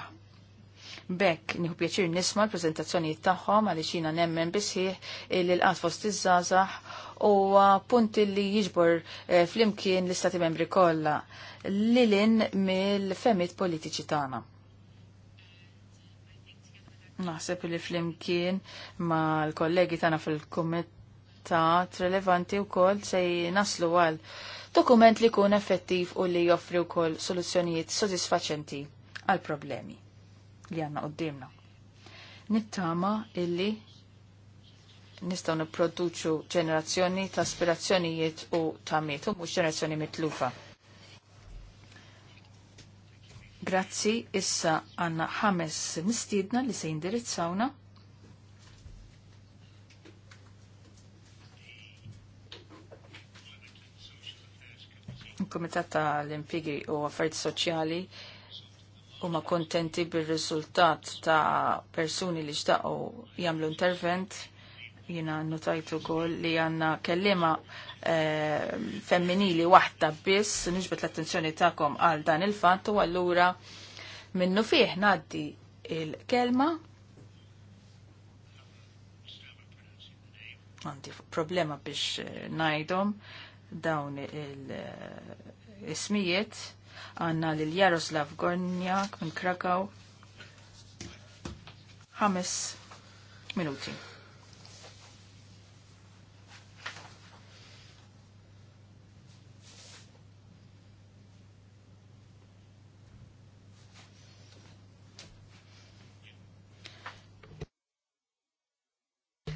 Bekk nieħu pjaċir nisma l-preżentazzjonijiet tagħhom għaliex nemmen bisħiħ il qat fost iż-żgħażagħ u punti li jiġbor eh, flimkien l-istati membri kollha lilin mill-femit politiċi tagħna. Naħseb li flimkien ma l-kollegi tagħna fil-kumitat relevanti wkoll se naslu għal dokument li kun effettiv u li joffri wkoll soluzzjonijiet sodisfaċenti għal problemi li għanna għoddimna. Nittama illi nistaw nipproduċu ġenerazzjoni ta' aspirazzjonijiet u ta' u mux ġenerazzjoni mitlufa. Grazzi, issa għanna ħames mistidna li se jindirizzawna. il Komitat tal-Impigi u Affarijiet Soċjali ma kontenti bir-riżultat ta' persuni li xtaqgħu jagħmlu intervent jina notajtu kol li għanna kellima eh, femminili wahda biss, nġbet l-attenzjoni ta'kom għal dan il-fat u għallura minnu fiħ naddi il-kelma. Għandi problema biex eh, najdom dawn il-ismijiet. Eh, Għanna lil Jaroslav Gornjak minn Krakaw. Ħames minuti.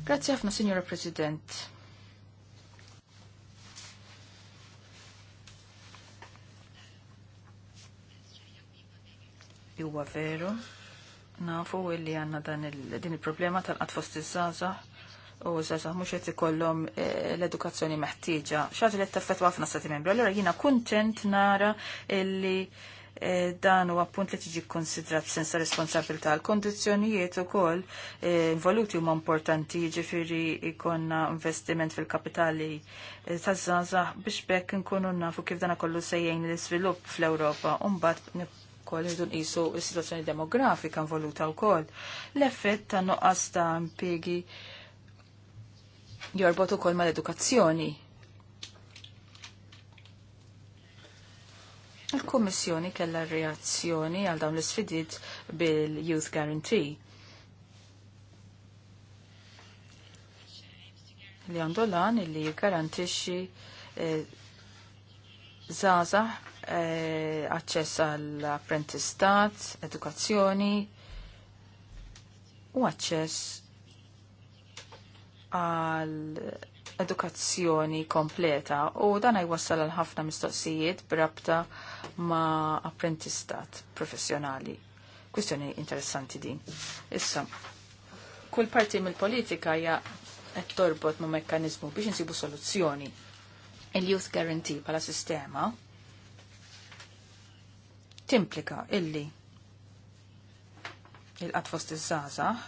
Grazie a Signora President. Huwa veru. Nafu illi għanna din il-problema tal-qatt fost iż-żgħażagħ u żgħażagħ mhux qed ikollhom eh, l-edukazzjoni meħtieġa. Xaġa li taffettwa ħafna stati membru. Allura jiena kuntent nara illi eh, dan huwa punt li tiġi konsidrat sensa responsabilità l kondizzjonijiet ukoll eh, involuti huma importanti jiġifieri ikonna investiment fil-kapitali taż-żgħażagħ biex bekk nkunu nafu kif dana kollu sejjejn l svilup fl-Ewropa u mbagħad ukoll irridu nqisu s-sitwazzjoni demografika involuta wkoll. L-effett ta' noqqas ta' impjiegi jorbot ukoll mal-edukazzjoni. Il-Kummissjoni kellha reazzjoni għal dawn l-isfidiet bil-Youth Guarantee. Li għandu lan li garantixxi eh, Eh, aċċess għall-apprentistat, edukazzjoni u aċċess għall edukazzjoni kompleta u dan jwassal għal ħafna mistoqsijiet brabta ma' apprentistat professjonali. Kwistjoni interessanti din. Issa, kull parti mill-politika hija qed torbot ma' mekkanizmu biex insibu soluzzjoni. Il-Youth Guarantee bħala sistema timplika illi il-qatfost iż-żazax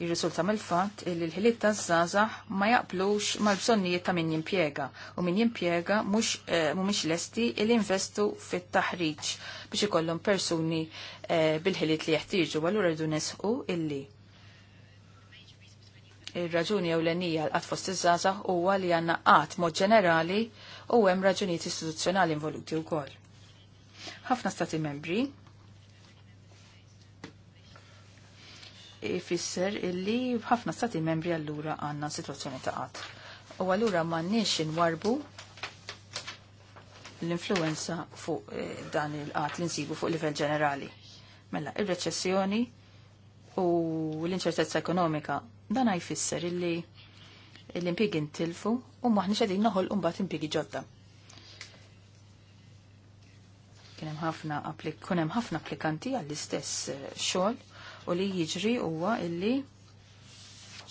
jirrisulta mill-fatt li l-ħiliet taż-żgħażagħ ma jaqblux mal-bżonnijiet ta' min jimpjega u min jimpjega mhux eh, mhumiex lesti li investu fit-taħriġ biex ikollhom persuni eh, bil ħilit li jeħtieġu allura rridu nesħu illi ir-raġuni ewlenija l qatfost iż-żgħażagħ huwa li għandna qatt mod ġenerali u hemm raġunijiet istituzzjonali involuti wkoll. Ħafna stati membri ifisser illi ħafna stati membri allura għanna situazzjoni ta' qatt. U allura m'għandniex warbu l-influenza fuq eh, dan il-qat li nsibu fuq livell ġenerali. Mela, ir-reċessjoni u l-inċertezza ekonomika dan jfisser illi l-impjegi ntilfu u maħni xedin noħol umbat impjegi ġodda. Kienem ħafna kunem ħafna applikanti għall-istess eh, xogħol u li jiġri huwa illi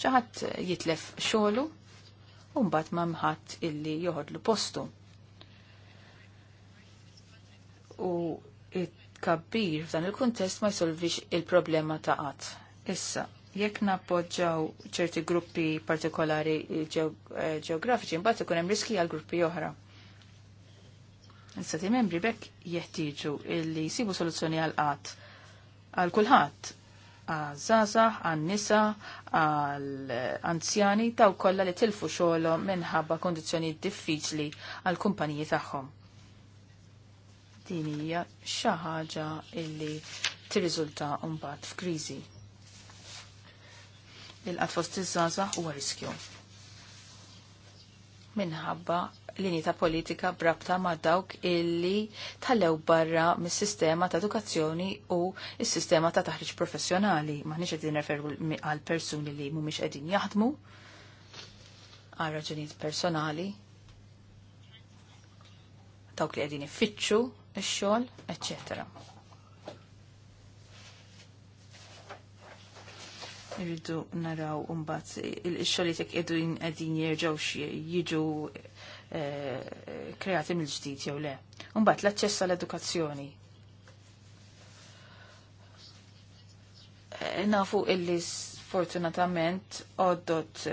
ċaħat jitlef xogħlu u mbagħad ma mħadd illi joħodlu postu. U it-kabbir f'dan il-kuntest ma jsolvix il-problema ta' qatt. Issa, jekk nappoġġaw ċerti gruppi partikolari eh, ġeografiċi, mbagħad ikun hemm riski għal gruppi oħra l membri bekk jeħtiġu illi jsibu soluzzjoni għal qat għal kulħadd zaza għan-nisa, għal-anzjani, eh, taw kolla li tilfu xolo minħabba kondizjoni diffiċli għal-kumpaniji tagħhom. Din hija xi ħaġa illi tirriżulta mbagħad f'kriżi. il qat fost iż-żgħażagħ huwa riskju minħabba linji ta' politika brabta ma' dawk illi tallew barra mis-sistema ta' edukazzjoni u s-sistema ta' taħriġ professjonali. nix qegħdin referu għal persuni li mhumiex qegħdin jaħdmu għal raġunijiet personali, dawk li qegħdin ifittxu ix-xogħol, eċċetera. Irridu naraw umbat il-xolitek edin edin jirġaw jiġu eh, kreati mill-ġdid jew le. Umbat l-aċċess għall-edukazzjoni. Eh, nafu illi sfortunatament oddot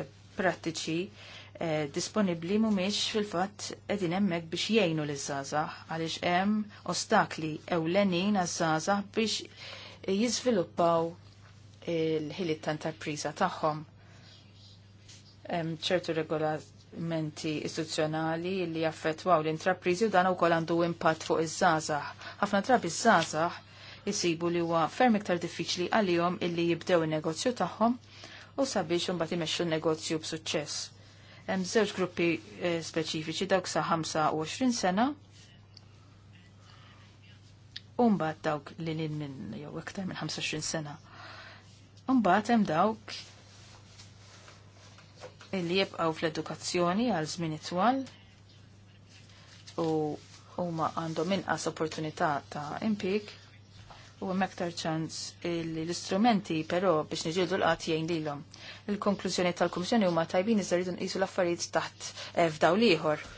prattiċi eh, disponibli mumiex fil-fatt edin emmek biex jgħinu l-żazax għaliex hemm ostakli ewlenin għaż-żazax biex jiżviluppaw il-ħiliet ta' interpriża tagħhom. ċertu regolamenti istituzzjonali li jaffettwaw l-intrapriżi u dan ukoll għandu impatt fuq iż-żgħażagħ. Ħafna drabi ż żgħażagħ jisibu li huwa ferm iktar diffiċli għalihom illi jibdew in-negozju tagħhom u sabiex imbagħad imexxu n-negozju b'suċċess. Hemm żewġ gruppi eh, speċifiċi dawk sa 25 sena u mbagħad dawk li lil minn jew iktar minn 25 sena. Mbagħad hemm dawk li jibqgħu fl-edukazzjoni għal żmien itwal u huma għandhom inqas opportunità ta' impik u hemm aktar ċans li l-istrumenti però biex niġildu l-qatt jgħin Il-konklużjoni tal-Kummissjoni huma tajbin iżda rridu nqisu l-affarijiet taħt f'daw ieħor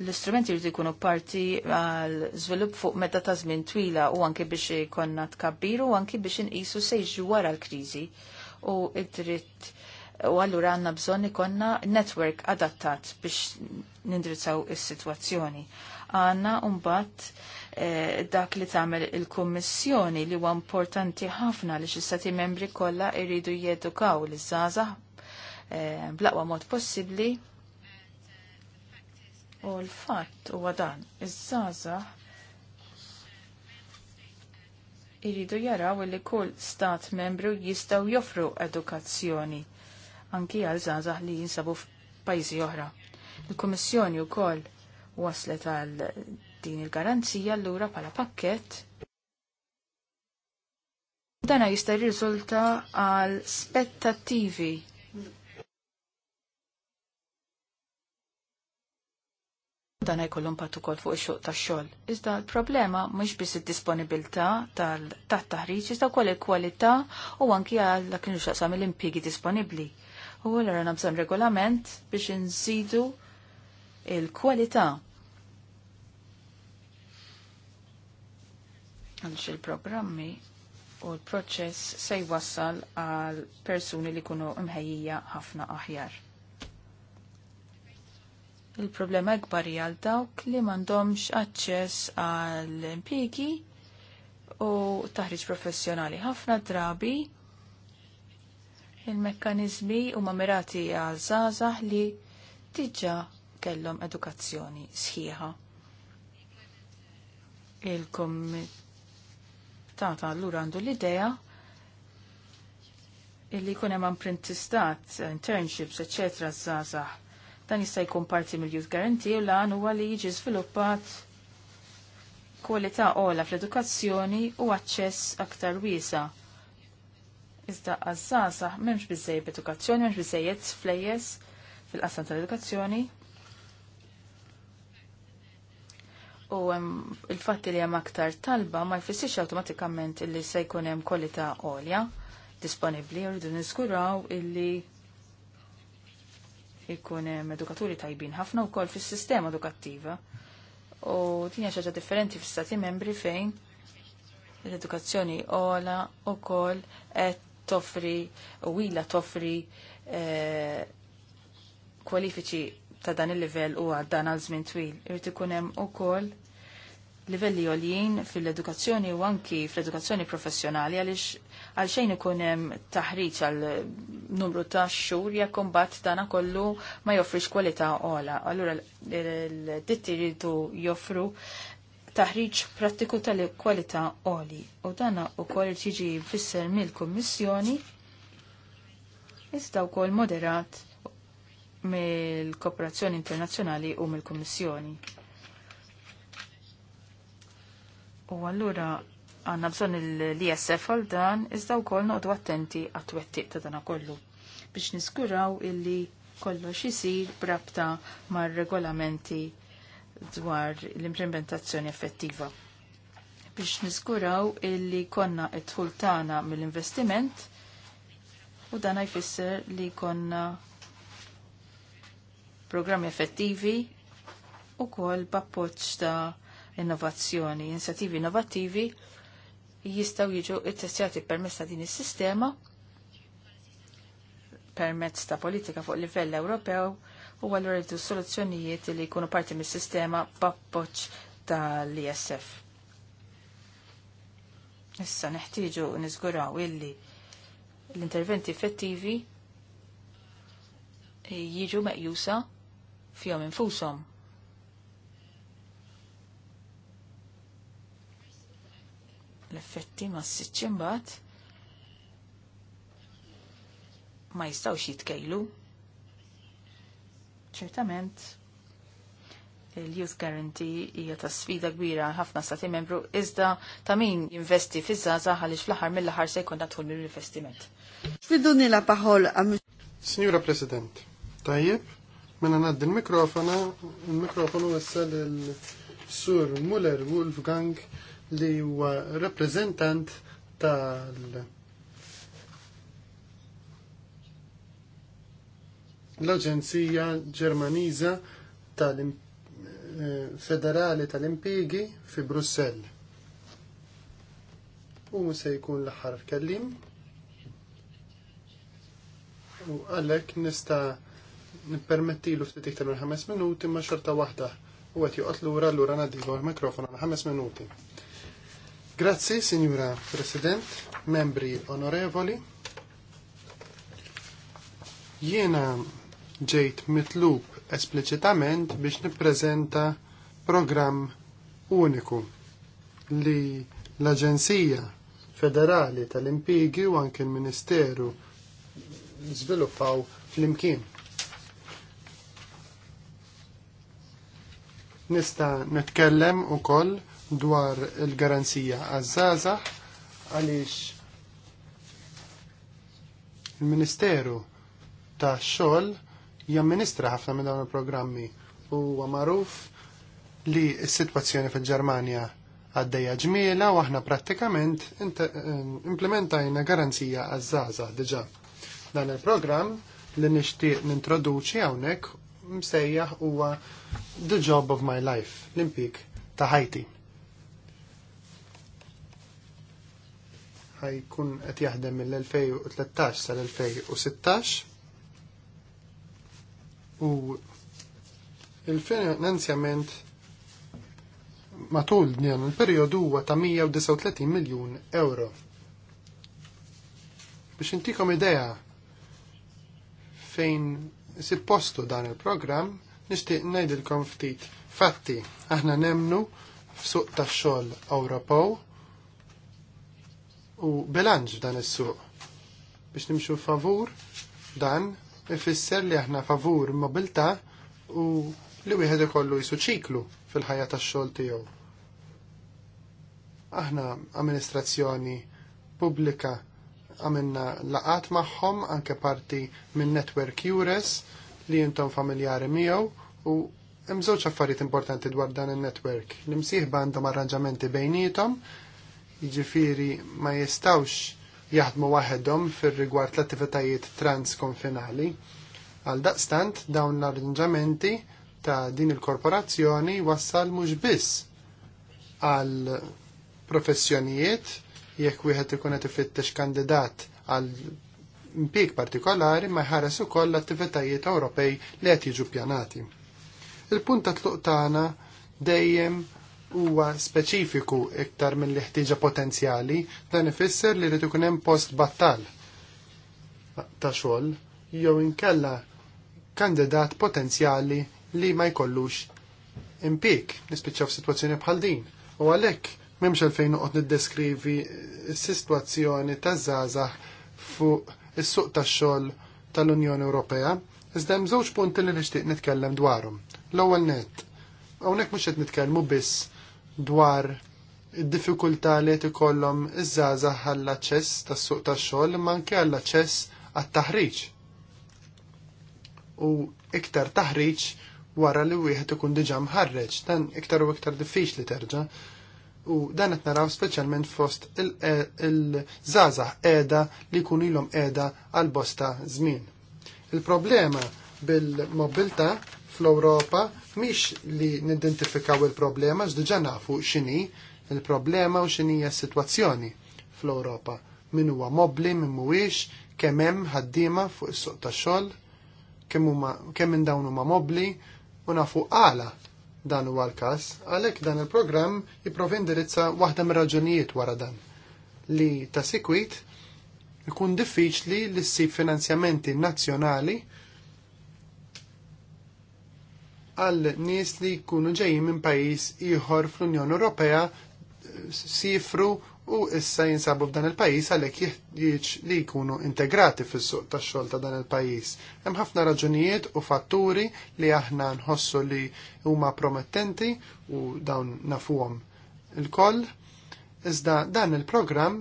l-istrumenti jridu jkunu parti għal żvilupp fuq medda ta' żmien twila u anke biex konna tkabbiru u anke biex inqisu sejġu wara l-kriżi u id-dritt u allura għanna bżonni konna network adattat biex nindrizzaw is-sitwazzjoni. Għanna umbat eh, dak li tagħmel il-Kummissjoni li huwa importanti ħafna li xistati membri kollha jridu jedukaw l żgħażagħ eh, blaqwa mod possibbli U l-fatt huwa dan, iż-żgħażagħ iridu jaraw li kull stat membru jistgħu joffru edukazzjoni anki għal żgħażagħ li jinsabu f'pajjiżi oħra. Il-Kummissjoni wkoll waslet għal din il-garanzija allura bħala pakket. Dana jista' jirriżulta għal spettattivi dan jkollhom pat ukoll fuq ix-xuq tax-xogħol. Iżda l-problema mhux biss id-disponibilità tat-taħriġ, iżda wkoll il-kwalità u anki għal dak li xaqsam l-impjiegi disponibbli. U allura nabżon regolament biex inżidu il-kwalità. Għalx il-programmi u l-proċess se jwassal għal persuni li kunu imħejjija ħafna aħjar. Il-problema ikbar hija għal dawk li m'għandhomx aċċess għal impjiegi u taħriġ professjonali. Ħafna drabi il-mekkanizmi huma mirati għal żgħażagħ li diġà kellhom edukazzjoni sħiħa. Il-komitata allura għandu l-idea li jkun hemm apprentistat, internships, eċċetera, żgħażagħ Dan jista' jkun parti mill-Youth Guarantee u lan huwa li jiġi żviluppat kwalità ogħla fl-edukazzjoni u aċċess aktar wiesa' Iżda għazzaza, memx bizzejiet edukazzjoni, memx bizzejiet flejjes fil-qasam tal-edukazzjoni. U il-fatti li hemm aktar talba ma jfissirx awtomatikament illi se jkun hemm kwalità għolja disponibbli u rridu niskuraw illi ikun hemm edukaturi tajbin ħafna wkoll fis-sistema edukattiva. U din hija ħaġa differenti fis-stati membri fejn l-edukazzjoni ola wkoll qed toffri u ila toffri e, kwalifiċi ta' dan il-livell u għaddan għal żmien twil. Irid ikun hemm ukoll livelli għoljien fil-edukazzjoni u anki fl-edukazzjoni professjonali għaliex għal xejn ikun hemm taħriġ għal numru ta' xhur jekk imbagħad dana kollu ma joffrix kwalità ogħla. Allura l-ditti jridu joffru taħriġ prattiku tal-kwalità oli u dana wkoll tiġi fisser mill-Kummissjoni iżda wkoll moderat mill-Kooperazzjoni Internazzjonali u mill-Kummissjoni. U allura għanna bżon l-ISF għal dan, iżda u noqdu attenti għat-twettiq ta' dana kollu biex niskuraw illi kollox jisir brabta mar regolamenti dwar l-implementazzjoni effettiva. Biex niskuraw illi konna it-tħul tagħna mill-investiment u dan jfisser li konna programmi effettivi u kol b'appoġġ ta' innovazzjoni, inizjattivi innovativi, innovativi jistaw jiġu it-testjati permess ta' din is-sistema permezz ta' politika fuq livell Ewropew u għallur jibdu soluzzjonijiet li jkunu parti mis sistema b'appoġġ tal-ISF. Issa neħtieġu niżguraw illi l-interventi effettivi jiġu meqjusa fihom infushom l-effetti ma s bat ma jistawx jitkejlu. ċertament, il-Youth Guarantee hija ta' sfida kbira ħafna stati membru iżda ta' min jinvesti fi żaza għaliex fl-aħħar mill-aħħar se jkun tadħol mill-investiment. Fiduni la paħol Signora President, tajjeb, mela naddi l-mikrofona, l mikrofonu issa l Sur Muller Wolfgang li huwa rappreżentant tal l-Aġenzija Ġermaniża tal-Federali eh, tal-Impjegi fi Brussell. U se jkun l-aħħar kellim. U għalhekk nista' nippermettilu ftit iktar minn ħames minuti ma' xorta waħda u qed joqgħod lura ura l l-mikrofon għal ħames minuti. Grazzi, Signora President, membri onorevoli. Jiena ġejt mitlub espliċitament biex nippreżenta programm uniku li l-Aġenzija Federali tal-Impigi u anke l-Ministeru żviluppaw fl-imkien. Nista' nitkellem ukoll dwar il-garanzija għazzaza għaliex il-Ministeru ta' xogħol jamministra ħafna minn dawn il-programmi u magħruf li s-sitwazzjoni fil-Ġermanja għaddejja ġmiela u aħna prattikament implementajna garanzija għazzaza diġa. Dan il-programm li nixtieq nintroduċi hawnhekk msejjaħ huwa The Job of My Life, l-impik ta' Ħajti. ħajkun qed jaħdem mill-2013 sal-2016 u il-finanzjament matul dnjan il-perjodu huwa ta' 139 miljun euro. Biex intikom idea fejn sippostu dan il-programm, nixtieq ngħidilkom ftit fatti aħna nemnu f'suq tax-xogħol Ewropew u bilanġ dan is-suq. Biex nimxu favur dan ifisser li aħna favur mobilta u li wieħed ikollu jisu ċiklu fil-ħajja tax-xogħol tiegħu. Aħna amministrazzjoni pubblika għamilna laqat magħhom anke parti minn Network Jures li intom familjari miegħu u hemm żewġ affarijiet importanti dwar dan in netwerk L-imsieħba għandhom arranġamenti bejnietom jiġifieri ma jistawx jaħdmu waħedhom fir-rigward l-attivitajiet transkonfinali. Għal daqstant dawn l-arranġamenti ta' din il-korporazzjoni wassal mhux biss għal professjonijiet jekk wieħed ikun qed ifittex kandidat għal impik partikolari ma jħares ukoll l-attivitajiet Ewropej li qed jiġu pjanati. Il-punt ta' tluq tagħna dejjem huwa speċifiku iktar mill ħtieġa potenzjali, dan ifisser li rrid ikun hemm post battal ta' xogħol jew inkella kandidat potenzjali li ma jkollux impik nispiċċaw f'sitwazzjoni bħal din. U għalhekk m'hemmx għalfejn noqgħod niddeskrivi s-sitwazzjoni taż-żgħażagħ fuq is-suq tax-xogħol tal-Unjoni Ewropea, iżda hemm żewġ punti li nixtieq nitkellem dwarhom. L-ewwel nett, hawnhekk mhux qed nitkellmu biss dwar id-diffikultà li qed ikollhom iż-żgħażagħ għall-aċċess tas-suq tax-xogħol imma anke għall-aċċess għat-taħriġ. U iktar taħriġ wara li wieħed ikun diġà mħarreġ, dan iktar u iktar diffiċli terġa' u dan qed naraw speċjalment fost il-żgħażagħ qiegħda li jkun ilhom qiegħda għal bosta żmien. Il-problema bil-mobilità fl-Ewropa mhix li nidentifikaw il-problema x'diġà nafu x'inhi il-problema u xini s-sitwazzjoni fl-Ewropa. Min huwa mobli, min mhuwiex, kemm hemm ħaddiema fuq is-suq tax-xogħol, kemm minn dawn huma mobli u nafu għala dan huwa l-każ, għalhekk dan il-programm jipprovi indirizza waħda mir-raġunijiet wara dan li ta' sikwit ikun diffiċli li ssib finanzjamenti nazzjonali għal nies li jkunu ġejjin minn pajjiż ieħor fl-Unjoni Ewropea sifru u issa jinsabu f'dan il-pajis għalhekk jieċ li jkunu integrati fis-suq tax-xogħol ta' dan il-pajis. Hemm ħafna raġunijiet u fatturi li aħna nħossu li huma promettenti u dawn nafuhom il-koll. Iżda dan il-programm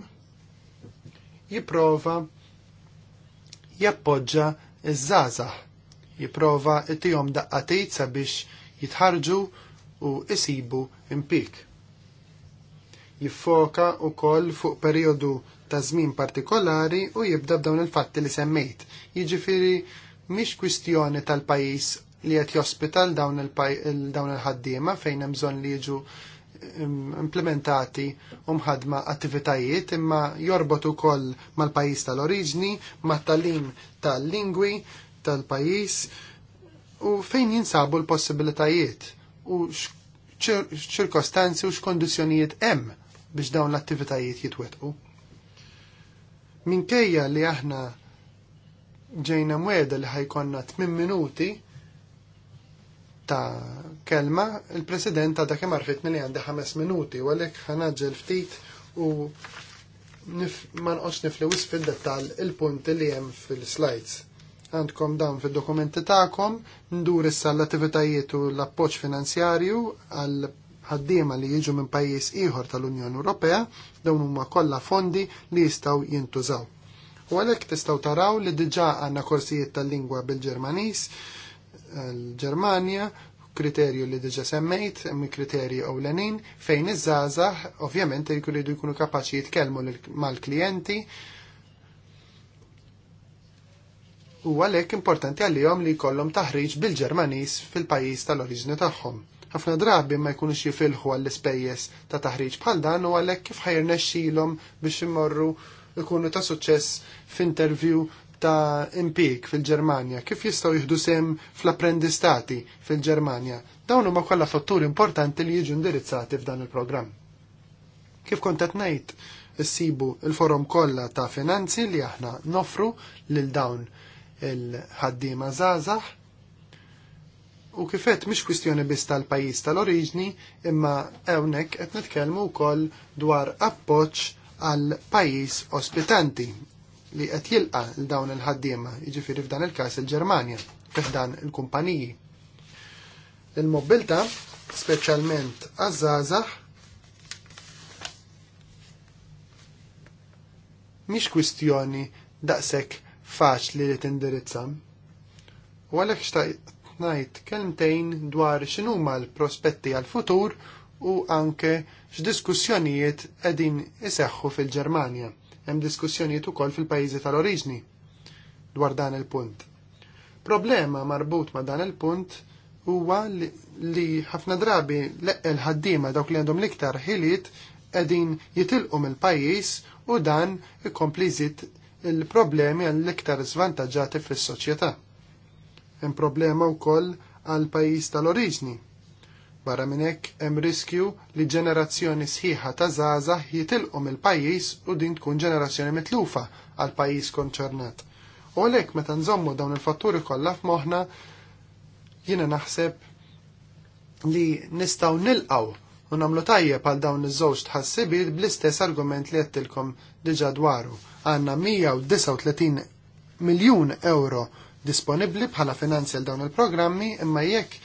jipprova jappoġġa iż-żgħażagħ jipprova ittihom daqqatejt sabiex jitħarġu u isibu impik. Jiffoka u koll fuq periodu ta' żmien partikolari u jibda b'dawn il-fatti li semmejt. Jiġifieri mhix kwistjoni tal-pajjiż li qed jospital dawn il-ħaddiema fejn hemm bżonn li jiġu implementati u mħadma attivitajiet imma jorbotu ukoll mal-pajjiż tal-oriġni, mat-talim tal-lingwi, tal-pajjiż u fejn jinsabu l-possibilitajiet u x'ċirkostanzi u x'kondizzjonijiet hemm biex dawn l-attivitajiet jitwetqu. Minkejja li aħna ġejna mweda li ħajkonna 8 minuti ta' kelma, il-President għadda kem arfitni li għandi 5 minuti, u għalhekk ħanaġġel ftit u ma nqos nifli wisq fid-dettall il-punti li hemm fil-slides għandkom dan fil-dokumenti ta'kom, ndur issa l-attivitajiet u l-appoċ finanzjarju għal ħaddiema li jiġu minn pajjiż ieħor tal-Unjoni Ewropea, dawn huma kollha fondi li jistgħu jintużaw. U għalhekk tistgħu taraw li diġà għandna korsijiet tal-lingwa bil-Ġermaniż, l-Ġermanja, kriterju li diġa semmejt, mi kriterji ewlenin, fejn iż-żgħażagħ ovvjament jkunu jkunu kapaċi jitkellmu mal-klijenti, u għalhekk importanti għalihom li jkollhom taħriġ bil-Ġermaniż fil-pajjiż tal oriġni tagħhom. Ħafna drabi ma jkunux jifilħu għall-ispejjeż ta' taħriġ bħal dan u għalhekk kif xilom biex imorru ikunu ta' suċċess f'intervju ta' impik fil ġermanja kif jistaw jihdu sem fl-apprendistati fil ġermanja Dawn huma kollha fatturi importanti li jiġu indirizzati f'dan il-programm. Kif kont ngħid issibu il-forum kollha ta' finanzi li aħna nofru lil dawn il-ħaddima zazax u kifet mish kwistjoni biss tal-pajis tal-oriġni imma ewnek qed nitkellmu wkoll dwar appoġġ għal pajis ospitanti li qed jilqa' l dawn il-ħaddiema, jiġifieri f'dan il-każ il-Ġermanja, kif dan il-kumpaniji. Il-mobilta, speċjalment għaż-żgħażagħ, mhix kwistjoni daqshekk faċli li tindirizza. U għalhekk xtajt ngħid kelmtejn dwar x'inhuma l-prospetti għal-futur u anke x'diskussjonijiet qegħdin iseħħu fil-Ġermanja. Hemm diskussjonijiet ukoll fil-pajjiżi tal-oriġni dwar dan il-punt. Problema marbut ma' dan il-punt huwa li ħafna drabi l ħaddiema dawk li għandhom l-iktar ħiliet qegħdin jitilqu mill-pajjiż u dan ikompli il-problemi għall-iktar zvantagġati fis-soċjetà. Hemm problema wkoll għal pajjiż tal-oriġni. Barra minn hekk hemm riskju li ġenerazzjoni sħiħa ta' żgħażagħ jitilqu mill-pajjiż u din tkun ġenerazzjoni mitlufa għal pajjiż konċernat. U għalhekk meta nżommu dawn il-fatturi kollha f'moħħna jiena naħseb li nistgħu nilqaw u nagħmlu tajjeb għal dawn iż-żewġ tħassibiet bl-istess argument li għedtilkom diġà dwaru. Għanna 139 miljun euro disponibbli bħala finanzi għal dawn il-programmi imma jekk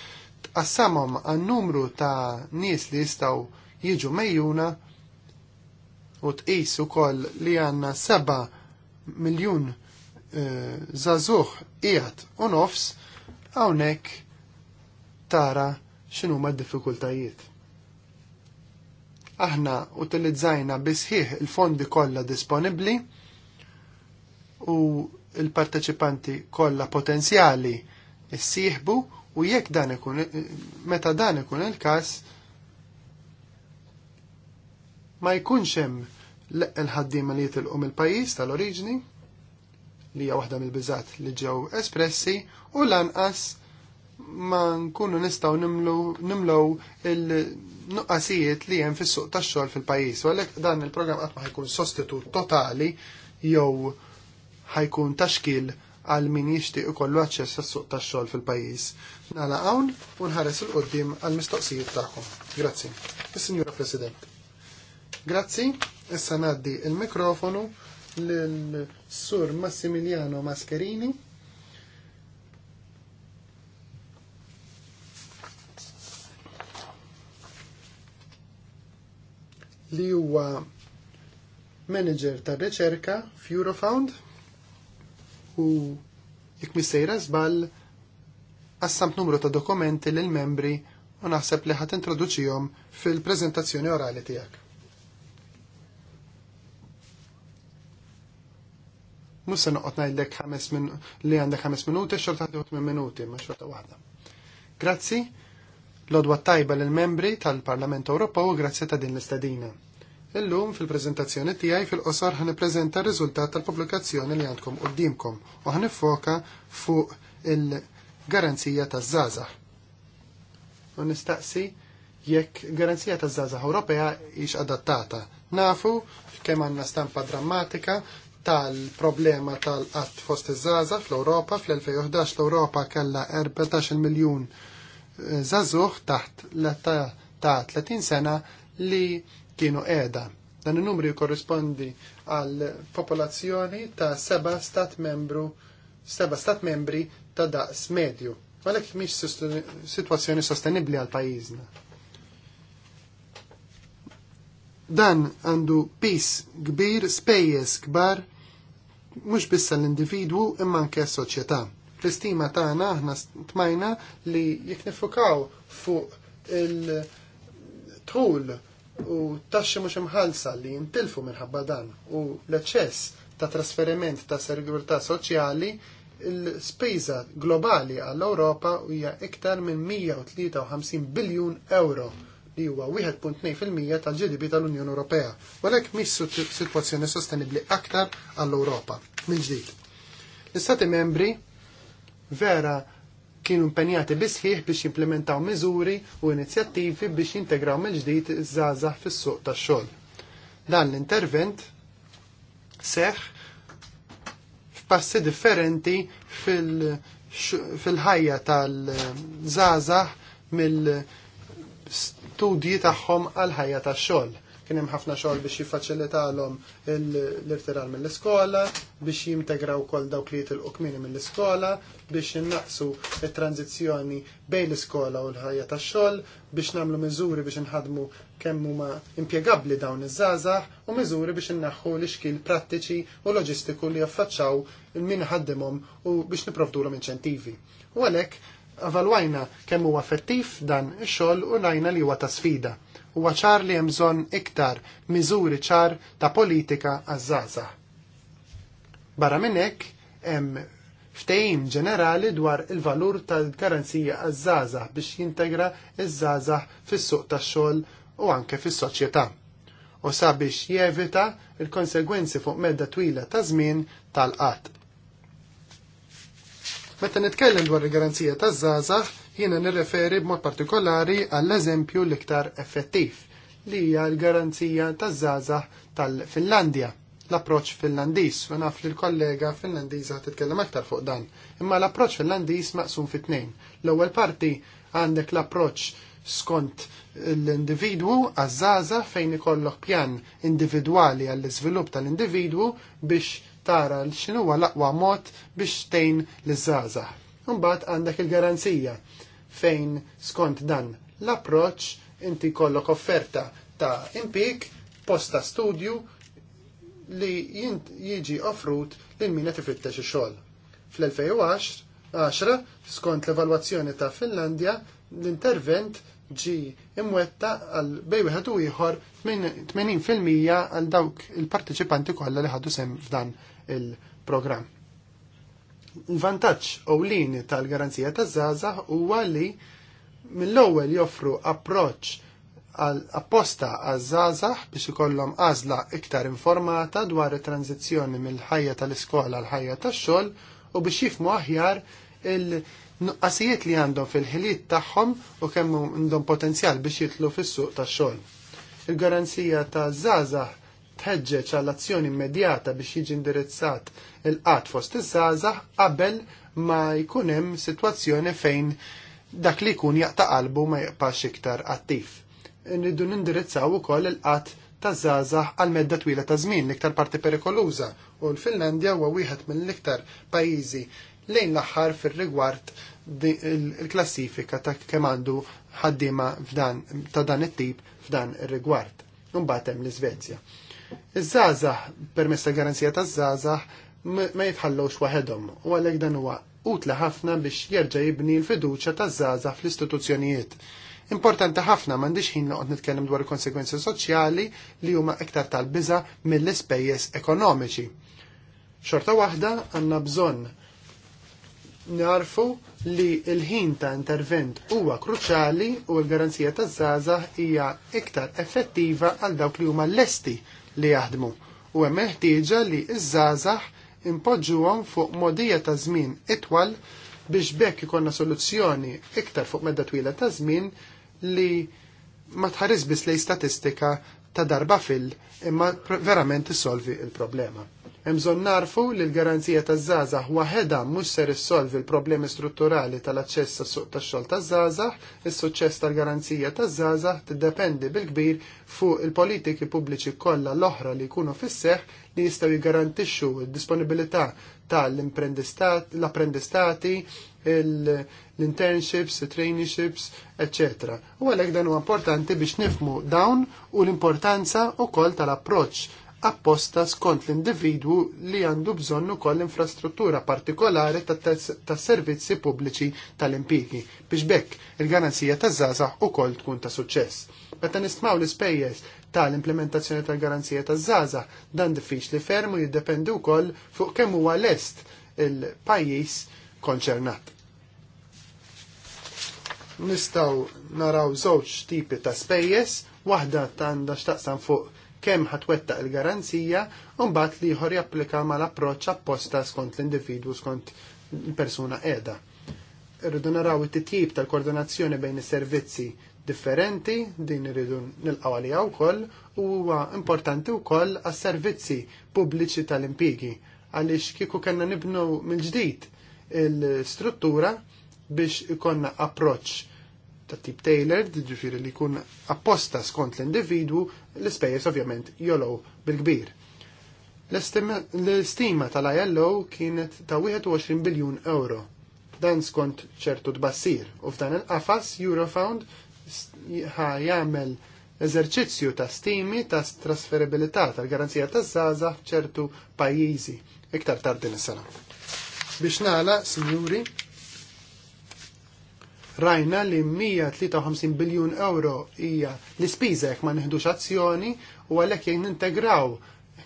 tqassamhom għan numru ta' nies li jistgħu jiġu mejjuna u tqis ukoll li għandna 7 miljun zazuħ eh, qiegħed u nofs hawnhekk tara x'inhuma d-diffikultajiet aħna utilizzajna bisħiħ il-fondi kollha disponibbli u il-parteċipanti kollha potenzjali issieħbu u jekk dan ikun meta dan ikun il-każ ma jkunx hemm il-ħaddiema li jitilqu mill-pajjiż tal-oriġni li hija waħda mill-biżat li ġew espressi u lanqas ma nkunu nistaw nimlu, nimlu il nuqqasijiet li hemm fis-suq tax-xogħol fil-pajjiż. U għalhekk dan il-programm qatt ma ħajkun sostitut totali jew ħajkun taxkil għal min jixtieq ikollu aċċess għas-suq tax-xogħol fil-pajjiż. Nagħla hawn u nħares il qudiem għall mistoqsijiet tagħkom. Grazzi. Is-Sinjura President. Grazzi, issa ngħaddi il-mikrofonu lil Sur Massimiliano Mascherini li huwa manager ta' reċerka f'Eurofound u jekk mistejra żball qassamt numru ta' dokumenti lil membri u naħseb li ħadd introduċihom fil-preżentazzjoni orali tiegħek. Mhux se noqgħod ngħidlek ħames li għandek ħames minuti, xorta ħadd minuti, ma xorta waħda. Grazzi. Lodwa tajba l-membri tal-Parlament Ewropew grazzi ta' din l-istadina. Illum fil-prezentazzjoni tiegħi fil-qosor ħan ippreżenta r-riżultat tal-pubblikazzjoni li għandkom qudiemkom u ħan foka fuq il-garanzija taż-żgħażagħ. U nistaqsi jekk garanzija taż-żgħażagħ Ewropea hix adattata. Nafu kemm għandna stampa drammatika tal-problema tal-qatt fost iż-żgħażagħ fl-Ewropa fl-2011 l-Ewropa kellha 14 miljun zazuħ taħt ta' 30 sena li kienu qiegħda. Dan in-numri korrispondi għal popolazzjoni ta' seba stat membru seba stat membri ta' daqs medju. Għalhekk mhix sitwazzjoni sostenibbli għal pajjiżna. Dan għandu pis kbir, spejjeż kbar, mhux biss l individwu imma anke s-soċjetà. Fl-istima tagħna aħna tmajna li jekk nifukaw fuq il-tul u taxxi mhux imħallsa li jintilfu minħabba dan u l-eċċess ta' trasferiment ta' sigurtà soċjali il-spiża globali għall-Ewropa hija iktar minn 153 biljun euro li huwa 1.2% tal-GDP tal-Unjoni Ewropea. Walek mis situazzjoni sostenibbli aktar għall-Ewropa. Mill ġdid. L-Istati membri vera kienu impenjati bisħiħ biex jimplementaw miżuri u inizjattivi biex integraw mill-ġdid iż-żgħażagħ fis-suq tax-xogħol. Dan l-intervent seħ f'passi differenti fil-ħajja tal-żgħażagħ mill-studji tagħhom għal ħajja tax-xogħol Kien hemm ħafna xogħol biex jiffaċilitalhom l irtiral mill-iskola, biex jintegraw wkoll dawk li jitilqu kmini mill-iskola, biex innaqsu t-tranzizzjoni bejn l-iskola u l-ħajja tax-xogħol, biex nagħmlu miżuri biex inħadmu kemm huma impjegabbli dawn iż-żgħażagħ u miżuri biex innaħħu l-ixkil prattiċi u loġistiku li jaffaċċaw min ħaddimhom u biex niprovdulhom inċentivi. U għalhekk avalwajna kemm huwa effettiv dan ix-xogħol u rajna li huwa ta' sfida huwa ċar li hemm bżonn iktar miżuri ċar ta' politika għaż Barra minn hekk hemm ftehim ġenerali dwar il-valur tal-garanzija għaż biex jintegra iż-żgħażagħ fis-suq tax-xogħol u anke fis-soċjetà u sabiex jevita il-konsegwenzi fuq medda twila ta' żmien tal-qatt. Meta nitkellem dwar il-garanzija taż-żgħażagħ, jiena nirreferi b'mod partikolari għall-eżempju l-iktar effettiv li hija l-garanzija taż-żgħażagħ tal-Finlandja l-approċ finlandiż u naf li l-kollega finlandiża titkellem aktar fuq dan. Imma l-approċ finlandiż maqsum fit tnejn. L-ewwel parti għandek l-approċ skont l-individwu għazzaza fejn ikollok pjan individwali għall-iżvilupp tal-individwu biex tara l-xinu l-aqwa mod biex tejn l-żaza. Imbagħad għandek il-garanzija fejn skont dan l-approċ inti kollok offerta ta' impik, posta studju li jiġi offrut lil min qed ifittex ix-xogħol. Fl-2010 skont l-evalwazzjoni ta' Finlandja l-intervent ġi imwetta għal bej wieħed u ieħor 80% għal dawk il-partiċipanti kollha li ħadu sem f'dan il-programm vantaġġ ewlieni tal-garanzija ta' zaza huwa li mill-ewwel joffru approċċ apposta għaż-żgħażagħ biex ikollhom għażla iktar informata dwar it-tranzizzjoni mill-ħajja tal-iskola għal ħajja tax-xogħol u biex jifmu aħjar il-nuqqasijiet li għandhom fil-ħiliet tagħhom u kemm għandhom potenzjal biex jitlu fis-suq tax-xogħol. Il-garanzija ta' żgħażagħ tħeġġeġ għall-azzjoni immedjata biex jiġi indirizzat il-qat fost iż-żgħażagħ qabel ma jkun hemm sitwazzjoni fejn dak li jkun jaqta' qalbu ma jqpax iktar attiv. Nridu nindirizzaw ukoll il-qatt ta' żgħażagħ għal medda twila ta' żmien l-iktar parti perikoluża u l-Finlandja huwa wieħed mill-iktar pajjiżi lejn l-aħħar fir-rigward il-klassifika ta' kemm għandu ħaddiema ta' dan it-tip f'dan ir-rigward. Mbagħad hemm l-Iżvezja. Iż-żgħażagħ permezz ta' garanzija taż-żgħażagħ ma jitħallux waħedhom u għalhekk dan huwa utla ħafna biex jerġa' jibni l-fiduċja taż-żgħażagħ fl-istituzzjonijiet. Importanti ħafna m'għandix ħin noqgħod nitkellem dwar il-konsekwenzi soċjali li huma iktar tal-biża' mill-ispejjeż ekonomiċi. Xorta waħda għandna bżonn narfu li l ħin ta' intervent huwa kruċjali u l-garanzija ta' żgħażagħ hija iktar effettiva għal dawk li huma lesti li jaħdmu u hemm meħtieġa li iż-żgħażagħ impoġġuhom fuq modija ta' żmien itwal biex bekk ikonna soluzzjoni iktar fuq medda twila ta' żmien li ma tħares biss lej statistika ta' darba fil imma verament isolvi il-problema. Imżon narfu li l-garanzija ta' zazax waħeda mux ser issolvi l-problemi strutturali tal-aċċess tas suq tax xogħol ta' zazax, il suċċess tal-garanzija ta' zazax tiddependi bil-kbir fuq il-politiki pubbliċi kollha l-oħra li jkunu fis-seħ li jistgħu jgarantixxu d-disponibilità tal-apprendistati, l-internships, traineeships, etc. U għalhekk dan huwa importanti biex nifmu dawn u l-importanza wkoll tal-approċċ apposta skont l-individwu li għandu bżonn ukoll infrastruttura partikolari ta' servizzi pubbliċi tal impiegi biex bekk il-garanzija ta' u ukoll tkun ta' suċċess. Meta nismaw l-ispejjeż tal-implementazzjoni tal-garanzija ta' zazax dan diffiċli ferm u jiddependi wkoll fuq kemm huwa lest il-pajjiż konċernat. Nistaw naraw żewġ tipi ta' spejjeż, waħda għandha xtaqsam fuq kemm ħatwettaq il-garanzija u mbagħad li jħor japplika mal-approċċ apposta skont l-individwu skont il-persuna qiegħda. Irridu naraw it-titjib tal-koordinazzjoni bejn is-servizzi differenti din irridu nilqgħu għaliha wkoll u huwa importanti wkoll għas-servizzi pubbliċi tal-impigi għaliex kieku kellna nibnu mill-ġdid il-struttura biex ikonna approċċ ta' tip tailored, ġifiri li kun apposta skont l-individu, l-spejjeż ovvjament jolow bil-kbir. L-istima tal-ILO kienet ta' 21 biljun euro. Dan skont ċertu tbassir u f'dan il-qafas Eurofound ħa jagħmel eżerċizzju ta' stimi ta' trasferibilità tal-garanzija ta' zaza f'ċertu pajjiżi iktar tard din is-sena. Biex nagħlaq, sinjuri, rajna li 153 biljun euro hija l jekk ma neħdux azzjoni u għalhekk jgħin nintegraw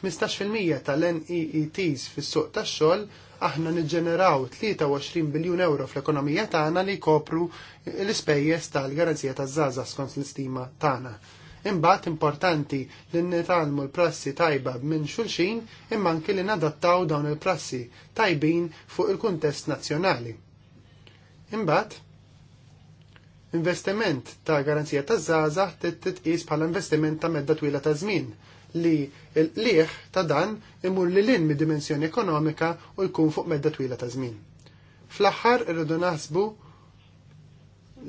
15% tal-NEETs fis-suq tax-xogħol aħna niġġeneraw 23 biljun euro fl-ekonomija tagħna li jkopru l-ispejjeż tal-garanzija taż-żgħażagħ skont l-istima tagħna. Imbagħad importanti li nitalmu l-prassi tajba minn xulxin imma anke li nadattaw dawn il-prassi tajbin fuq il-kuntest nazzjonali. Imbagħad investiment ta' garanzija ta' zaza titqis bħala investiment ta' medda twila ta' żmien li l-liħ ta' dan imur li l-in mid dimensjoni ekonomika u jkun fuq medda twila ta' żmien. Fl-aħħar irridu naħsbu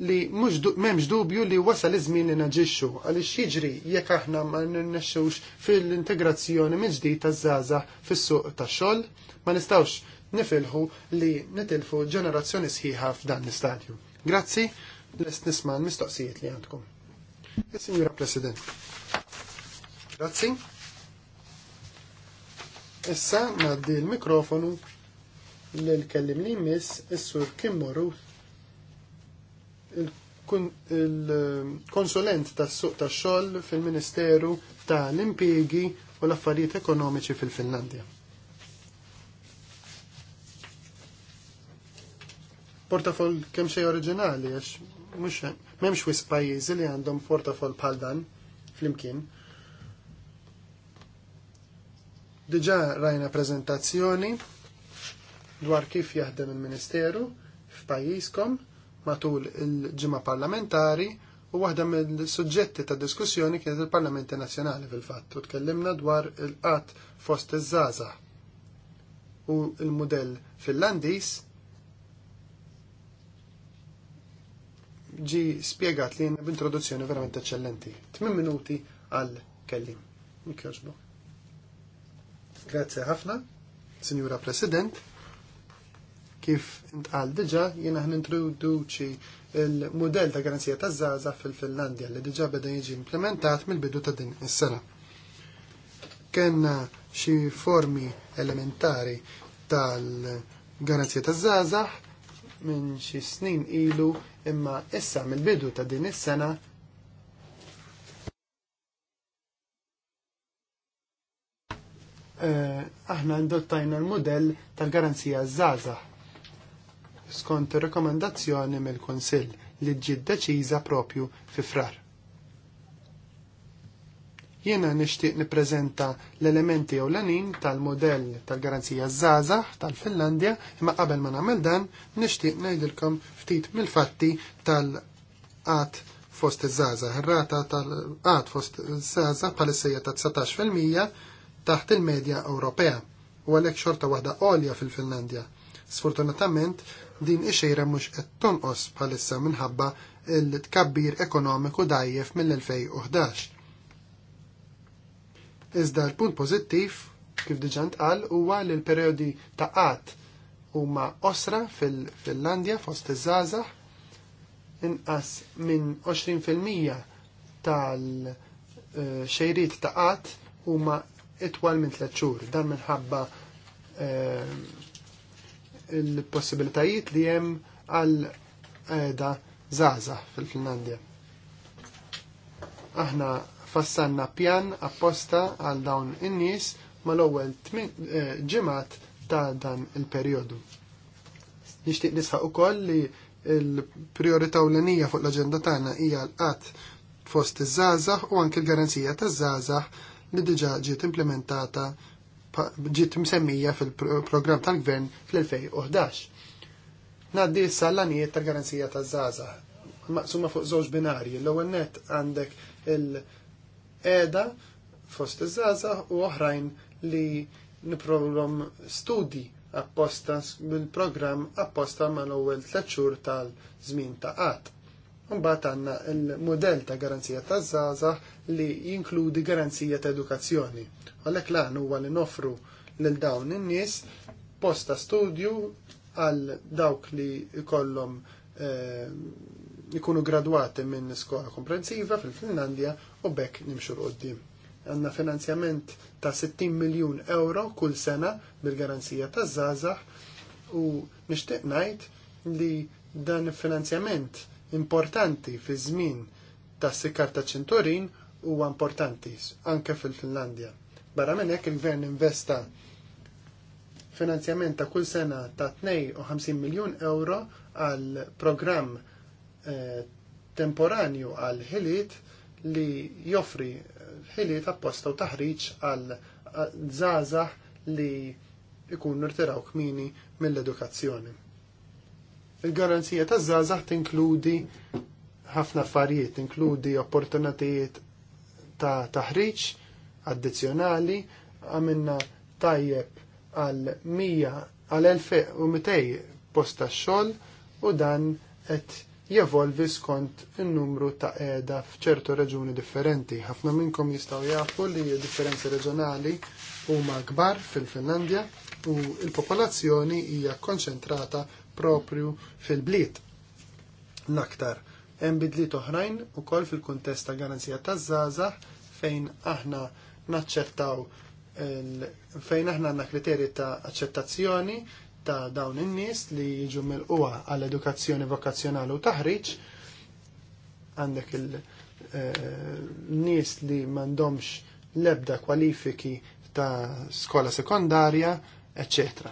li m'hemmx dubju li wasal iż-żmien li naġixxu għaliex jiġri jekk aħna ma nirnexxux fil-integrazzjoni minn ġdid taż-żgħażagħ fis-suq tax-xogħol, ma nistgħux nifilħu li nitilfu ġenerazzjoni sħiħa f'dan l-istadju. Grazzi lest nisma' mistoqsijiet li għandkom. Signora President. Grazzi. Issa naddi l-mikrofonu l-kellim li jmiss is-sur Kim Morru il-konsulent tas-suq tax-xogħol fil-Ministeru tal impiegi u l-Affarijiet Ekonomiċi fil-Finlandja. Portafol kemm xej oriġinali għax mux memx wis pajjiżi li għandhom portafol bħal dan flimkien. Diġà rajna prezentazzjoni dwar kif jaħdem il-Ministeru f'pajjiżkom matul il-ġimgħa parlamentari u waħda mill-suġġetti ta' diskussjoni kienet il-Parlamenti Nazzjonali fil-fatt u tkellimna dwar il-qatt fost iż żaza u l-mudell Finlandiż ġi spiegat li b'introduzzjoni verament eccellenti. 8 minuti għal kellim. Mikjoġbo. Grazie ħafna, Signora President. Kif intqal diġa, jena ħan introduċi il-modell ta' garanzija ta' zaza fil-Finlandja li diġa beda jiġi implementat mill-bidu ta' din is-sena. Kenna xi formi elementari tal-garanzija ta' zaza minn xi snin ilu imma issa mill-bidu ta' din is-sena eh, aħna ndottajna l-modell tal-garanzija żgħażagħ skont ir rekomendazzjoni mill-Kunsill li ġiet deċiża propju fi frar. Jiena nixtieq nippreżenta l-elementi ewlenin tal-modell tal-garanzija żgħażagħ tal-Finlandja, imma qabel ma nagħmel dan nixtieq ngħidilkom ftit mill-fatti tal qat fost iż-żgħażagħ. Ir-rata tal qat fost iż-żgħażagħ bħalissejja ta' 19% taħt il-medja Ewropea u għalhekk xorta waħda għolja fil-Finlandja. Sfortunatament din ixejra mhux qed tonqos bħalissa minħabba il-tkabbir ekonomiku dajjef mill-2011 Iżda l-punt pożittiv, kif diġà ntqal, huwa li l-perjodi ta' qatt huma osra fil-Finlandja fost iż-żgħażagħ inqas minn 20% tal-xejrit eh, ta' qatt huma itwal minn tliet xhur dan minħabba eh, il-possibilitajiet li hemm għal qiegħda eh, żgħażagħ fil-Finlandja aħna fassanna pjan apposta għal dawn in-nies mal-ewwel eh, ġimgħat ta' dan il-perjodu. Nixtieq nisħaq ukoll li l-priorità ewlenija fuq l-aġenda tagħna hija l-qatt fost iż-żgħażagħ u anke l-garanzija taż-żgħażagħ li diġà ġiet implementata ġiet msemmija fil-programm tal-gvern fl-2011. Naddi issa l-għanijiet tal-garanzija taż-żgħażagħ maqsuma fuq żewġ binarji. L-ewwel nett għandek il- edha fost iż-żaza u oħrajn li niprovlom studi apposta bil-program apposta mal-ewwel tliet xhur tal-żmien ta' qatt. Mbagħad għandna l-mudell ta' garanzija taż żaza li jinkludi garanzija ta' edukazzjoni. Għalhekk lan huwa li nofru lil dawn in-nies posta studju għal dawk li jkollhom eh, ikunu gradwati minn skola komprensiva fil-Finlandja u bekk nimxu l-qoddim. Għanna finanzjament ta' 60 miljun euro kull sena bil-garanzija ta' zazax u nishtiq ngħid li dan il-finanzjament importanti fi żmien ta' sikkar ta' ċinturin huwa importanti anke fil-Finlandja. Barra minn hekk il-gvern investa finanzjament ta' kull sena ta' 52 miljun euro għal programm Eh, temporanju għal ħiliet li joffri ħiliet apposta u taħriġ għal żgħażagħ li ikunu rtiraw kmini mill-edukazzjoni. Il-garanzija ta' żgħażagħ tinkludi ħafna affarijiet, tinkludi opportunitajiet ta' taħriġ addizzjonali għamilna tajjeb għal 100 għal 1200 posta xogħol u dan qed jevolvi skont in-numru ta' edha f'ċertu reġuni differenti. Ħafna minnkom jistgħu jafu li differenzi reġjonali huma kbar fil-Finlandja u l-popolazzjoni hija konċentrata propju fil-bliet. L-aktar hemm bidliet oħrajn ukoll fil-kuntest ta' garanzija taż-żgħażagħ fejn aħna naċċertaw fejn aħna għandna kriterji ta' aċċettazzjoni ta' dawn in-nies li jiġu mill-qwa għall-edukazzjoni vokazzjonali u taħriġ għandek il-nies eh, li m'għandhomx l-ebda kwalifiki ta' skola sekondarja, eccetera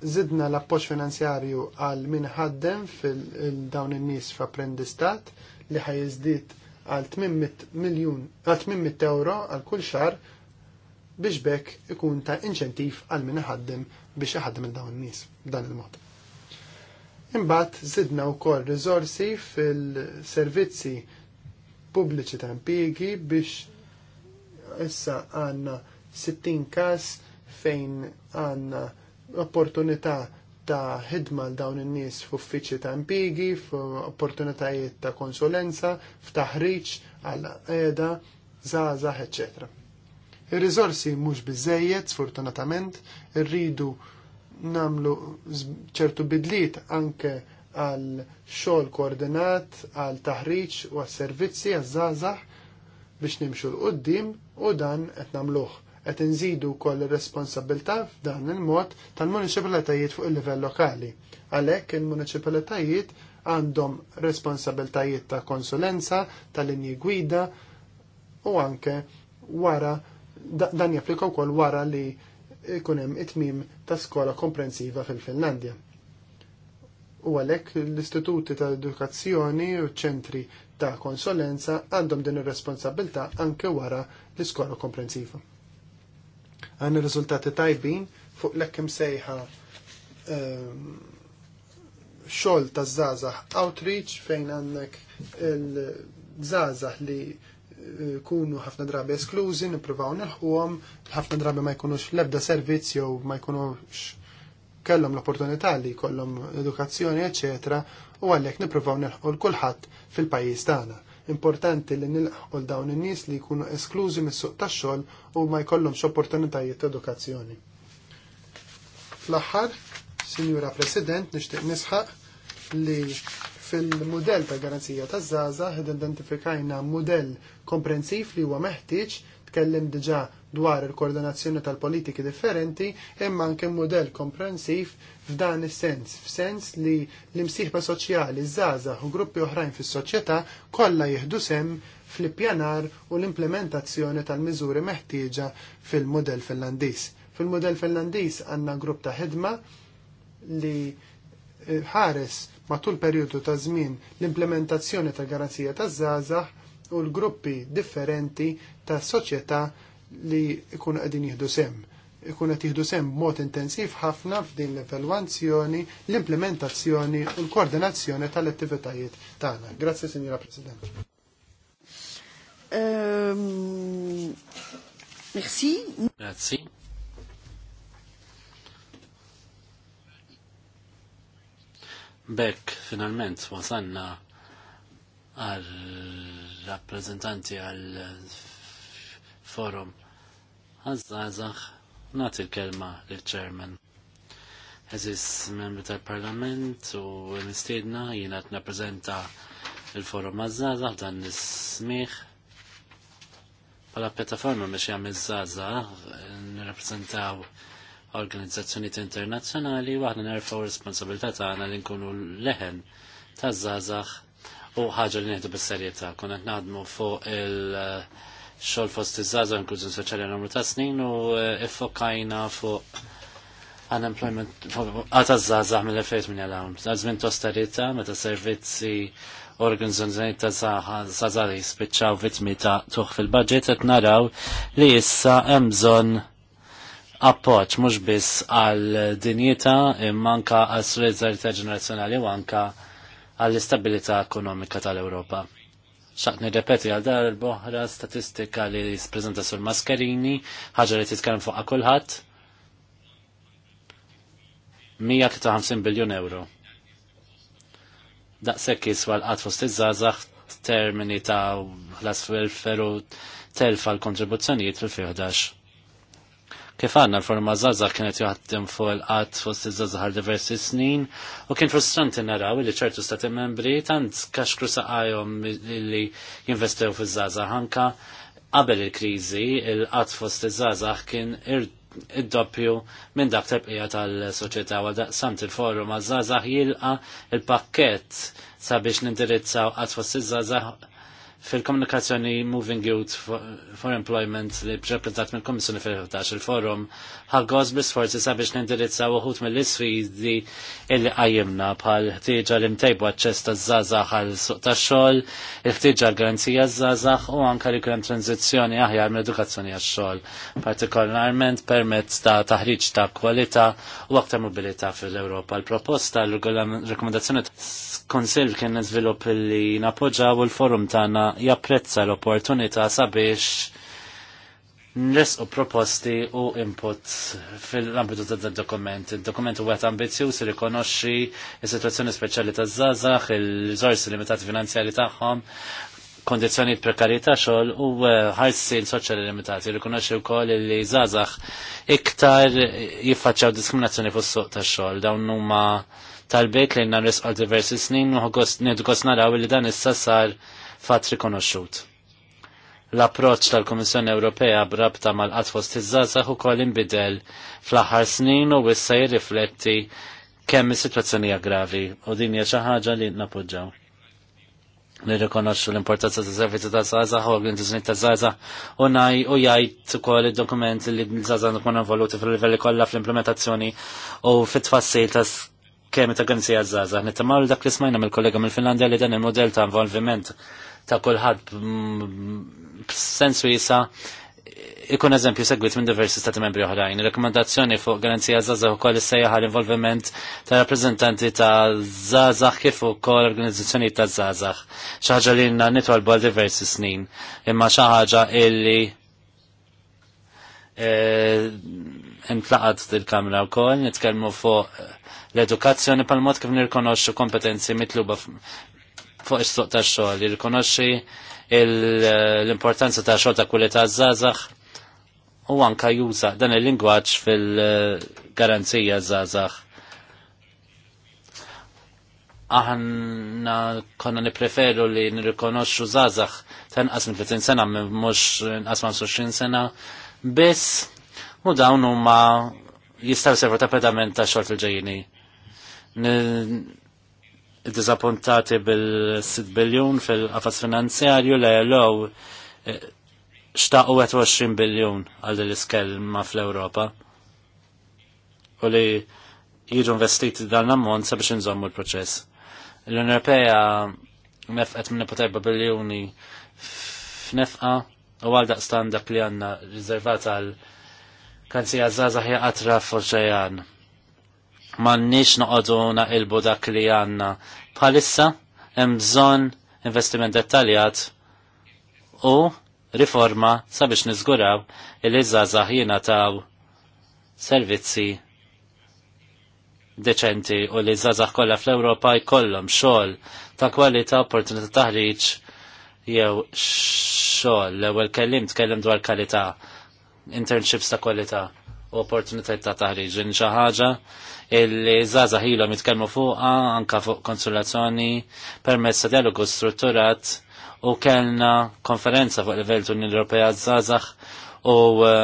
zidna l-appoċ finanzjarju għal min ħaddem fil-dawn in-nies f'apprendistat li ħajżdied għal 800 miljun għal 800 euro għal kull xar biex bekk ikun ta' inċentiv għal min ħaddem biex ħadd minn dawn nies b'dan il-mod. Imbagħad żidna wkoll riżorsi fil-servizzi pubbliċi ta' impjiegi biex issa għandna 60 każ fejn għandna opportunità ta' ħidma l dawn in-nies f'uffiċċji ta' impjiegi, f'opportunitajiet ta' konsulenza, f'taħriġ għal qiegħda, żgħażagħ, eċċetera ir rizorsi mhux biżejjed sfortunatament, irridu namlu ċertu bidliet anke għal xogħol koordinat, għal taħriġ u għal servizzi għal żgħażagħ biex nimxu l qudiem u dan qed nagħmluh. Qed inżidu wkoll ir-responsabilità f'dan il-mod tal-municipalitajiet fuq il-livell lokali. Għalhekk il-municipalitajiet għandhom responsabiltajiet ta' konsulenza, ta' linji gwida u anke wara dan japplika wkoll wara li jkun hemm it-tmim ta' skola komprensiva fil-Finlandja. U għalhekk l-istituti ta' edukazzjoni u ċentri ta' konsolenza għandhom din ir-responsabilità anke wara l-iskola komprensiva. Għan riżultati tajbin fuq l-ekkim sejħa ehm, xol ta' zazah outreach fejn għandek il zazah li kunu ħafna drabi esklużi, nippruvaw nilħuhom, ħafna drabi ma jkunux l-ebda servizz jew ma jkunux kellhom l-opportunità li jkollhom edukazzjoni, eċetera, u għalhekk nippruvaw nilħu l-kulħadd fil-pajjiż tagħna. Importanti li nilħu dawn in-nies li jkunu esklużi mis-suq tax-xogħol u ma jkollhomx opportunitajiet ta' edukazzjoni. Fl-aħħar, Sinjura President, nixtieq nisħaq li Fil-modell ta' garanzija ta' zaza ħed identifikajna modell komprensiv li huwa meħtieġ tkellim diġa dwar il-koordinazzjoni tal-politiki differenti imma anke modell komprensiv f'dan is-sens, f'sens li l-imsieħba soċjali, żgħażagħ u gruppi oħrajn fis-soċjetà kollha jieħdu sem fl-ippjanar u l-implementazzjoni tal-miżuri meħtieġa fil-modell finlandiż. Fil-modell finlandiż għandna grupp ta' ħidma li ħares matul perjodu ta' żmien l-implementazzjoni ta' garanzija ta' żgħażagħ u l-gruppi differenti ta' soċjetà li jkunu qegħdin jieħdu sem. Ikun qed jieħdu sem b'mod intensiv ħafna f'din l-evalwazzjoni, l-implementazzjoni u l-koordinazzjoni tal-attivitajiet tagħna. Grazzi, signora President. Um, merci. Grazzi. Bekk finalment wasanna għal rappresentanti għal forum għazzazax nati l-kelma l-ċermen. Eżis membri tal-parlament u mistidna jina t-neprezenta il-forum għazzazax dan nismiħ pala pjattaforma biex jgħamil zaza nirrappresentaw organizzazzjoniet internazzjonali u aħna nerfaw responsabilità tagħna li nkunu leħen taż-żgħażagħ u ħaġa li neħdu bis-serjetà. Kun qed naħdmu fuq il-xogħol fost iż-żgħażagħ inklużjoni soċjali numru ta' snin u eh, ifokajna fuq unemployment għata żgħażagħ mill-2008 hawn. Għażmin tostarita meta servizzi organizzazzjoni ta' li spiċċaw vitmi ta' tuħ fil-budget qed naraw li issa hemm bżonn appoġġ mhux biss għal dinjeta imma anke għas solidarità ġenerazzjonali u anke għall-istabilità ekonomika tal-Ewropa. Xaq nirrepeti għal dar il-boħra statistika li s-prezenta sul maskerini ħaġa li titkellem fuqha kulħadd. 150 biljun euro. Daqshekk jiswa l-qatt fost iż-żgħażagħ termini ta' l fil-feru telfa l-kontribuzzjonijiet fil fiħdax Kif għanna l-forma zaza kienet juħattim fuq il-qat fost iż-żazahar diversi snin u kien frustranti naraw li ċertu stati membri tant kaxkru saqajhom li jinvestew fiż zaza ħanka qabel il-kriżi il-qat fost iż-żazah kien id-doppju minn dak tebqija tal-soċieta u daqsamt il-forum għazzazax jilqa il-pakket sabiex nindirizzaw għatfos iż-żazax Fil-komunikazzjoni Moving Youth for Employment li prezentat mill komissjoni fil-11 il-forum ħaggoż bl-sforzi sabiex nindirizzaw uħut mill-isfidi illi għajimna bħal ħtieġa li mtejbu aċċess taż zazax għal suq tax-xogħol, il-ħtieġa l-garanzija żgħażagħ u anke li kien tranzizzjoni aħjar mill-edukazzjoni għax-xogħol, partikolarment permezz ta' taħriġ ta' kwalità u aktar mobilità fil europa L-proposta l-rekomendazzjoni konsil kien nizvilup li napoġa u l-forum tana japprezza l-opportunità sabiex nresqu proposti u input fil-ambitu ta' dokument. Il-dokument huwa ambizzjuż li rikonoxxi is-sitwazzjoni speċjali taż-żgħażagħ, il-riżorsi limitati finanzjali tagħhom, kondizjoni prekarita xol u eh, ħarsin soċjali limitati. Rikonoxi u koll li zazax iktar jiffaċċaw diskriminazzjoni fuq suq ta' xol. Dawn huma talbiet li nna risqal diversi snin u għost naraw li dan issa sar fatt rikonoxxut. L-approċċ tal-Kummissjoni Ewropea brabta mal qatfos tiż iż-żgħażagħ ukoll inbidel fl-aħħar snin u issa jirrifletti kemm is-sitwazzjonija gravi u din hija xi ħaġa li nappoġġaw nirrikonoxxu l-importanza ta' servizzi ta' żgħażagħ u l-intizjoni ta' żgħażagħ u naj u jgħid ukoll id-dokument li żgħażagħ nkun involuti fil-livelli kollha fl-implementazzjoni u fit-tfassil ta' kemm it għanzija żgħażagħ. Nittamaw dak li smajna mill-kollega mill-Finlandja li dan il-modell ta' involviment ta' kulħadd b'sensu jisa ikun eżempju segwit minn diversi stati membri oħrajn. Rekomendazzjoni fuq garanzija zazax ukoll issejjaħ l-involviment ta' rappreżentanti ta' zazah kif ukoll organizzazzjoni ta' zazah. Xi li lna għal diversi snin, imma xi ħaġa illi eh, intlaqat il-kamra wkoll, nitkellmu fuq l-edukazzjoni pal mod kif nirkonoxu kompetenzi mitluba fuq is-suq tax-xogħol, jirrikonoxxi eh, l-importanza ta' xogħol ta' kwalità żgħażagħ u anka juża dan il-lingwaġġ fil-garanzija żgħażagħ. Aħna konna nipreferu li nirrikonoxxu żgħażagħ ta' nqas minn 30 sena minn mhux nqas ma' 20 sena biss u dawn huma jistgħu servu tapetament pedament ta' xogħol fil-ġejjini dizappuntati bil-6 biljun fil-qafas finanzjarju li jellow u 20 biljun għal l-iskel ma fl-Europa u li jiġu investiti dan l-ammont sabiex nżommu l-proċess. L-Unjoni Ewropea nefqet minn potajba biljuni f'nefqa u għal daqstan dak li għanna rizervata għal kanzija zazah jaqatra forċajan mannix noqodu naqilbu dak li għanna. Bħalissa, hemm bżonn investiment dettaljat u riforma sabiex niżguraw il żgħażagħ jingħataw servizzi deċenti u li zazax kollha fl-Ewropa jkollhom xogħol ta' kwalità opportunità taħriġ jew xogħol l-ewwel kellim tkellem dwar kwalità internships ta' kwalità u opportunitajiet ta' taħriġ. Xi ħaġa il-żaza ħilu mitkelmu fuqa anka fuq konsulazzjoni permezz ta' dialogu strutturat u kellna konferenza fuq livell Unjoni Ewropea żazax u eh,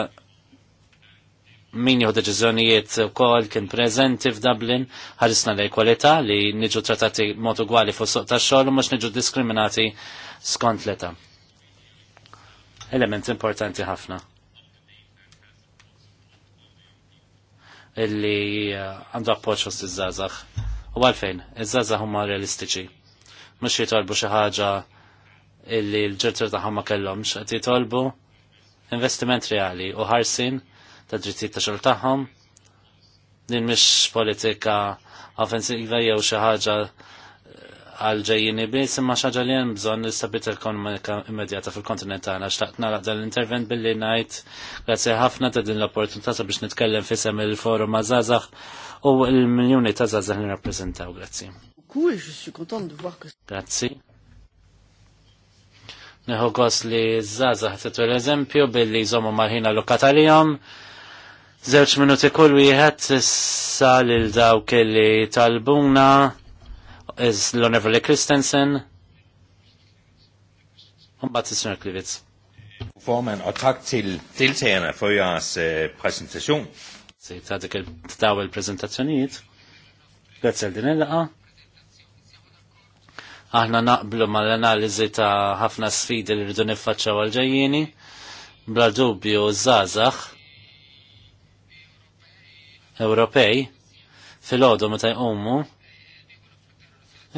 min jieħu deċiżjonijiet wkoll kien preżenti f'Dublin ħarisna l kwalità li niġu trattati mod ugwali fuq suq tax-xogħol u mhux niġu diskriminati skont l-età. Element importanti ħafna. illi eh, għandu appoċ fost iż-żazax. U għalfejn, iż-żazax huma realistiċi. Mux jitolbu xi ħaġa illi l-ġertur tagħhom ma kellhomx, qed jitolbu investiment reali u ħarsin ta' drittijiet ta' xogħol tagħhom. Din mhix politika offensiva jew xi ħaġa għal ġejjini biss imma xaġa li hemm bżonn nistabit il-ekonomika immedjata fil-kontinent tagħna xtaqt nagħlaq dan l-intervent billi ngħid grazzi ħafna ta' din l-opportunità sabiex nitkellem fisem il-forum ma' żgħażagħ u l-miljuni ta' żgħażagħ li nirrappreżentaw. Grazzi. Grazzi. Neħu gos li żgħażagħ titu l-eżempju billi jżommu mal-ħin allokat Zewċ minuti kull wieħed issa lil dawk li talbuna is l-Onorevoli Christensen. Mbagħad is-Sr. Klivitz. Formand, og tak til deltagerne for jeres øh, præsentation. Se, tak til dav el præsentationiet. Grazie din il-laqa. Aħna naqblu mal-analiżi ta' ħafna sfidi li rridu niffaċċaw għal-ġejjieni, bla dubju żgħażagħ Ewropej fil-għodu meta jqumu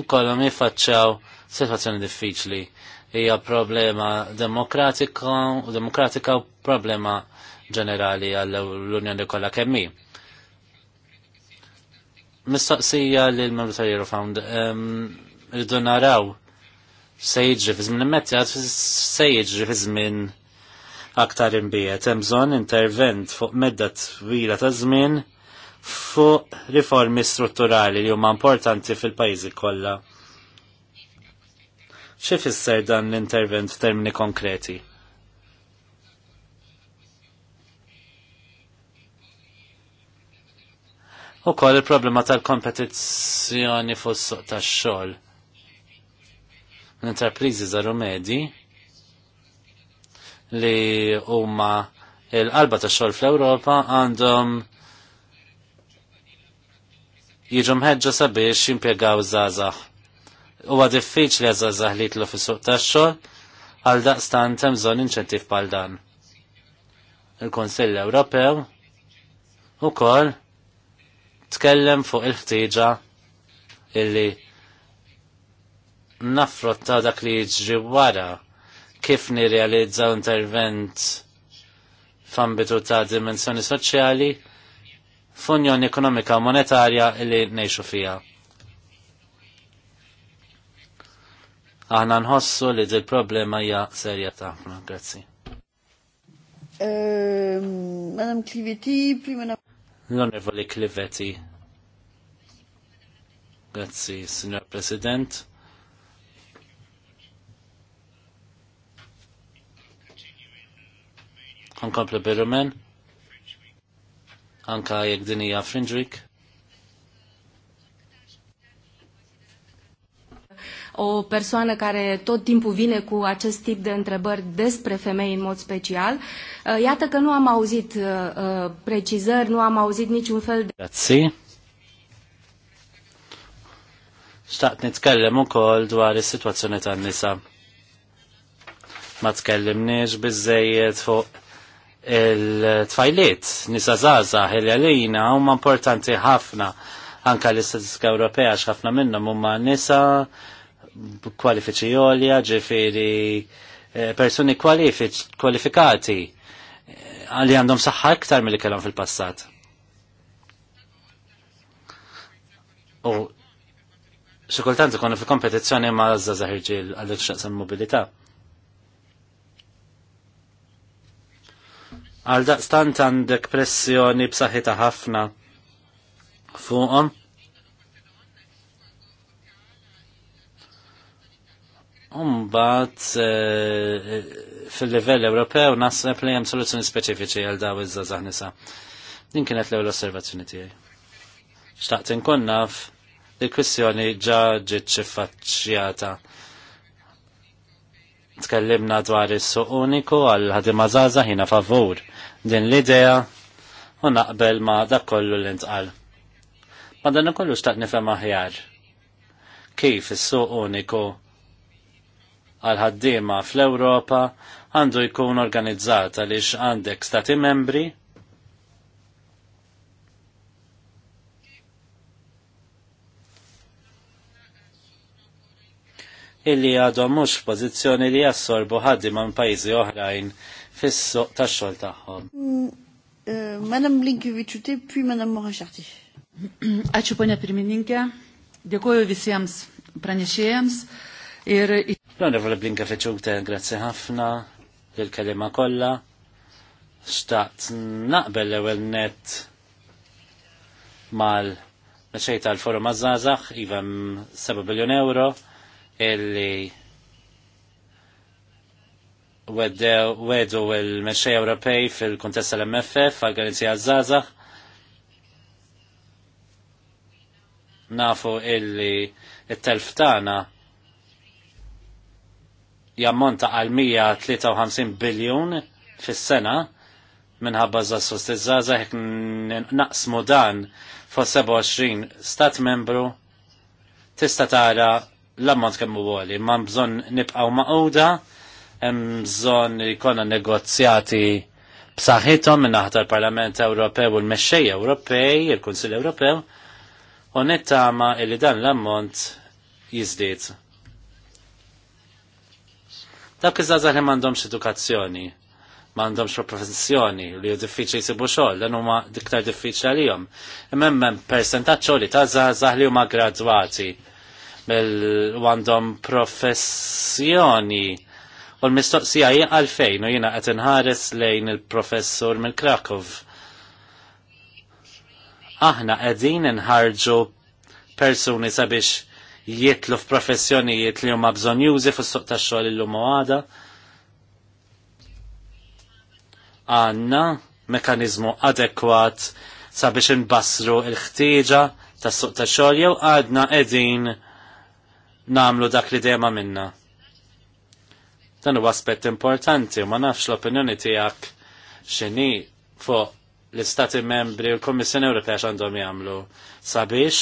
ikollhom jiffaċċjaw sitwazzjoni diffiċli. Hija problema demokratika u demokratika u problema ġenerali għall-Unjoni kollha kemm hi. Mistoqsija l membru tal-Eurofound irdu naraw se jiġri fi żmien immedjat se jiġri fi żmien aktar imbiet. Hemm bżonn intervent fuq medda twila ta' żmien fuq riformi strutturali li huma importanti fil-pajjiżi kollha. Xi fisser dan l-intervent f'termini konkreti? U koll il-problema tal-kompetizzjoni fuq suq tax-xogħol. l interprizi żaru medi li huma l-qalba tax-xogħol fl-Ewropa għandhom um, jiġu mħedġa sabiex jimpiegaw zazax. Huwa diffiċli għazazah li tlu fi suq tax-xogħol għal daqstan hemm bżonn inċentiv bħal dan. Il-Konsill Ewropew ukoll tkellem fuq il-ħtieġa illi naffrotta dak li jiġri wara kif nirrealizzaw intervent f'ambitu ta' dimensjoni soċjali f'unjoni ekonomika monetarja li nejxu fija. Aħna nħossu li dil problema hija serja taħna. Grazzi. Ehm, Madam Clivetti, prima L-Onorevoli Kliveti. Grazzi, Signor President. Għankomplu bil-Rumen anka jekk din hija fringrik. o persoană care tot timpul vine cu acest tip de întrebări despre femei în mod special. Uh, iată că nu am auzit uh, uh, precizări, nu am auzit niciun fel de... Grazie. Xtaqt nitkellem ukoll dwar is-sitwazzjoni tan-nisa. Ma tkellimniex biżejjed fuq il-tfajliet nisa zaza ħeljalina huma importanti ħafna anka l-istatistika Ewropea x'ħafna minnhom huma nisa kwalifiċi għolja, ġifiri eh, persuni kwalifikati eh, li għandhom saħħa iktar mill kellhom fil-passat. U xikultanti konna fil kompetizzjoni ma' ħirġil għal-xaqsan mobilita' Għal daqstant għandek pressjoni b'saħħita ħafna fuqhom. Umbat eh, eh, fil-livell Ewropew nasab li hemm soluzzjoni speċifiċi għal daw iż-żazax nisa. Din kienet l-ewwel osservazzjoni tiegħi. Xtaqt inkun naf li kwissjoni ġa ġiet xiffaċċjata Tkellimna dwar is-suq uniku għal ħadima zaza ħina favur din l-idea u naqbel ma dak kollu li ntqal. Ma dan kollu xtaq nifhem aħjar. Kif is-suq uniku għal ħaddiema fl-Ewropa għandu jkun organizzat għaliex għandek stati membri illi għadhom mux pozizjoni li jassorbu ħaddi man pajzi oħrajn fissu ta' xol fis-suq tax-xogħol tagħhom. Mm, eh, Madam Blinkevičiūtė, puis Madam Morašartė. Ačiū, ponia pirmininkė. Dėkuoju visiems pranešėjams. Ir... L-Onorevole Blinkevičiūtė, grazie ħafna, l kelima kolla. Xtaqt naqbel l-ewwel net mal meċejt tal forum għazzazax, jivem 7 biljon euro, illi wedu il-mexxej Ewropej fil kuntess tal-MFF għal garanzija żgħażagħ. Nafu illi it-telf tagħna jammonta għal 153 biljun fis-sena minħabba żassost sosti żgħażagħ hekk naqsmu dan fost 27 stat membru tista' tara l-ammont kemmu u għoli, ma' bżon nibqaw maqoda, hemm bżon jkollna negozjati b'saħħithom minn aħtar parlament Ewropew u l-mexxej Ewropej, il-Kunsill Ewropew, u nittama illi dan l-ammont jiżdied. Dak iż-żgħażagħ li m'għandhomx edukazzjoni m'għandhomx professjoni li hu diffiċli jsibu xogħol, dan huma diktar diffiċli għalihom. Imma hemm persentaġġ li ta' żgħażagħ li huma gradwati mill għandhom professjoni. U l-mistoqsija hija għalfejn u jiena qed inħares lejn il-professur mill krakow Aħna qegħdin inħarġu persuni sabiex jitlu f'professjonijiet li huma bżonn jużi fis-suq tax-xogħol illum u għada. Għandna mekanizmu adekwat sabiex inbassru l-ħtieġa tas-suq tax-xogħol jew għadna qegħdin namlu dak li dema minna. Dan huwa aspett importanti ma nafx l-opinjoni tiegħek x'inhi fuq l-Istati membri u l-Kommissjoni Ewropea għandhom jagħmlu sabiex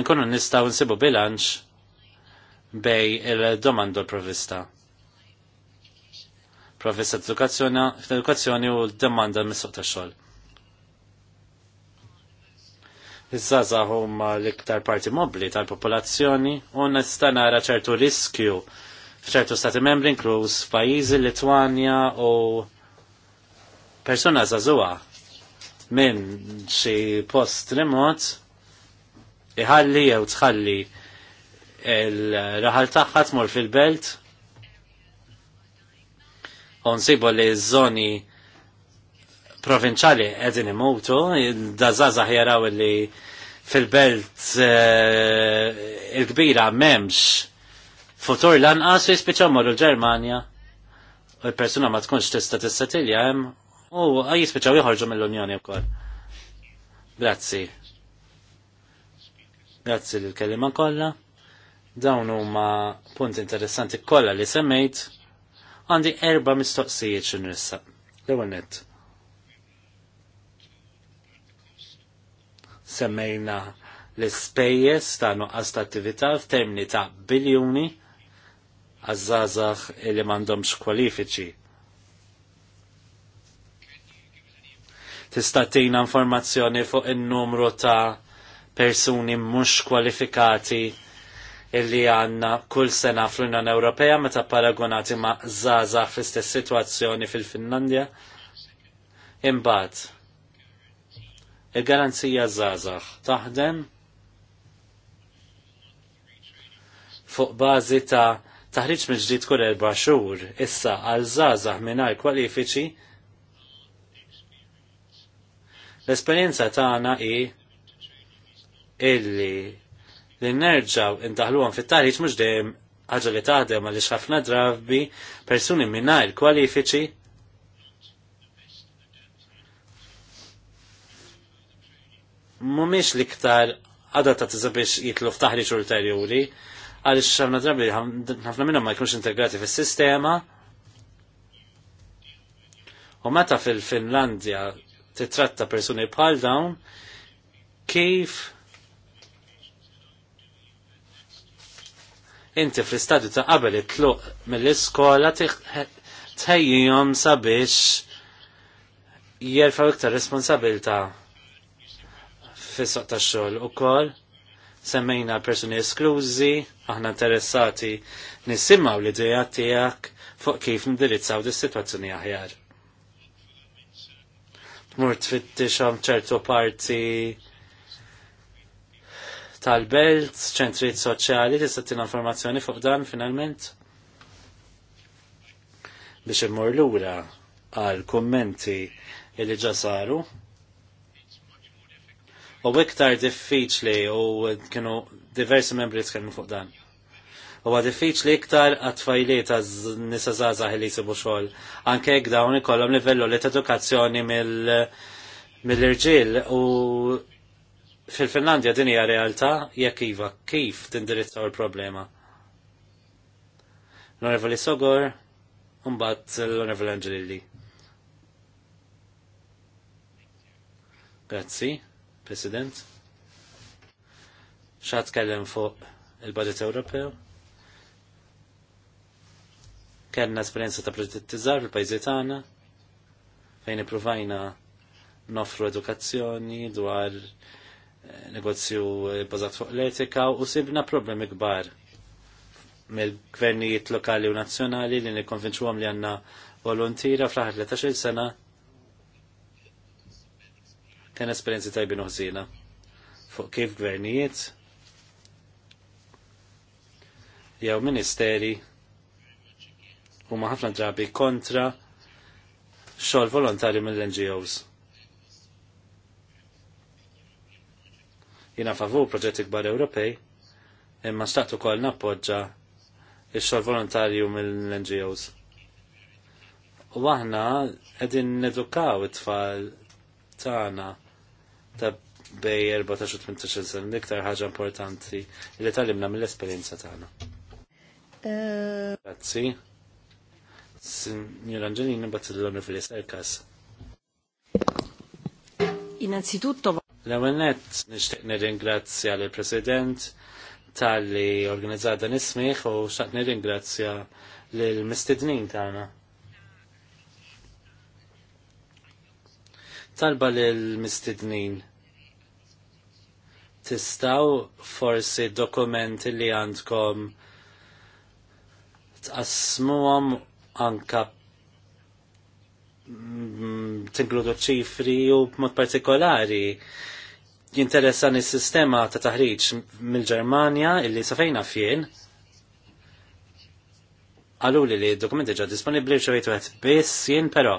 nkunu nistgħu nsibu bilanċ bej il-domandu provista. Provista edukazzjoni u d-demanda mis-suq xogħol Iż-żaza huma l-iktar parti mobli tal-popolazzjoni u nista' nara ċertu riskju f'ċertu stati membri inkluż pajjiżi Litwanja u persuna żagħżugħa minn xi post remot iħalli jew tħalli il-raħal tagħha tmur fil-belt u nsibu li ż-żoni provinċali edin imutu, dażaza jaraw li fil-belt eh, il-kbira memx futur lanqas u jispiċaw morru l-Ġermanja u l-persuna ma tkunx tista tissatilja hemm u jispiċaw joħorġu mill-Unjoni wkoll. Grazzi. Grazzi l kelima kollha. Dawn huma punt interessanti kollha li semmejt. Għandi erba' mistoqsijiet x'inressaq. L-ewwel nett semmejna l-spejjes ta' nuqqas ta' attività f'termini ta' biljuni għazzazax li m'għandhomx kwalifiċi. Tista' tina informazzjoni fuq in-numru ta' persuni mhux kwalifikati illi għanna kull sena fl-Unjoni Ewropea meta paragonati ma' zaza fl-istess situazzjoni fil-Finlandja. Imbagħad Il-garanzija zazax taħdem fuq bażi ta' taħriġ mill-ġdid kull erba' issa għal żgħażagħ mingħajr kwalifiċi l-esperjenza tagħna hi illi li nerġaw indaħluhom fit-taħriġ mhux dejjem ħaġa li taħdem għaliex ħafna drabi persuni mingħajr kwalifiċi mumiex liktar adattati sabiex jitlu f'taħriġ ulterjuri, għaliex ħafna drabi ħafna minnhom ma jkunux integrati fis-sistema. U meta fil-Finlandja titratta persuni bħal dawn, kif inti fl-istadju ta' qabel it mill-iskola tħejjihom sabiex jerfaw iktar responsabilta' fis-soq tax-xogħol ukoll. Semmejna persuni esklużi, aħna interessati nisimgħu l-idea tiegħek fuq kif ndirizzaw dis-sitwazzjoni aħjar. Tmur tfittix ċertu parti tal-belt, ċentrit soċjali, tista' tina informazzjoni fuq dan finalment? Biex immur lura għal kummenti illi ġasaru. saru u iktar diffiċli u kienu diversi membri jitkellmu fuq dan. U diffiċli iktar għatfajli ta' nisa zaza li jisibu xogħol. Anke jekk dawn ikollhom livellu li ta' edukazzjoni mill-irġiel u fil-Finlandja din hija realtà jekk iva kif tindirizzaw il-problema. L-Onorevoli Sogor, mbagħad l-Onorevoli Angelilli. Grazzi. President. Xa kellem fuq il-Budget Ewropew. Kellna esperienza ta' proġettizzar fil-pajzi tagħna fejn ippruvajna nofru edukazzjoni dwar eh, negozju bazat fuq l-etika u sibna problemi kbar mill-gvernijiet lokali u nazzjonali li nikkonvinċuhom li għanna volontira fl-ħar 13 sena Kien esperienzi tajbin uħżina fuq kif gvernijiet jew ministeri huma ħafna drabi kontra xogħol volontarju mill-NGOs. Jiena favur proġetti kbar Ewropej, imma xtaqt ukoll nappoġġa il xogħol volontarju mill-NGOs. U aħna qegħdin nedukaw it-tfal tagħna ta' bej 14-18 sena, l-iktar ħaġa importanti li talimna mill-esperienza tagħna. Eh. Grazzi. Signor Angelini, bazzilloni fil-serkas. Innanzitutto... L-għamennet nishtiq nir-ingrazzja l-President tal-li organizzata nismiħ u xaqt nir-ingrazzja l-mistednin tagħna. Talba l-mistednin tistaw forsi dokumenti li għandkom tqasmuhom anka mm, tinkludu ċifri u b'mod partikolari jinteressan is-sistema ta' taħriġ mill-Ġermanja illi safejna fien għalu li li dokumenti ġa disponibli ċoħitu għet biss jien pero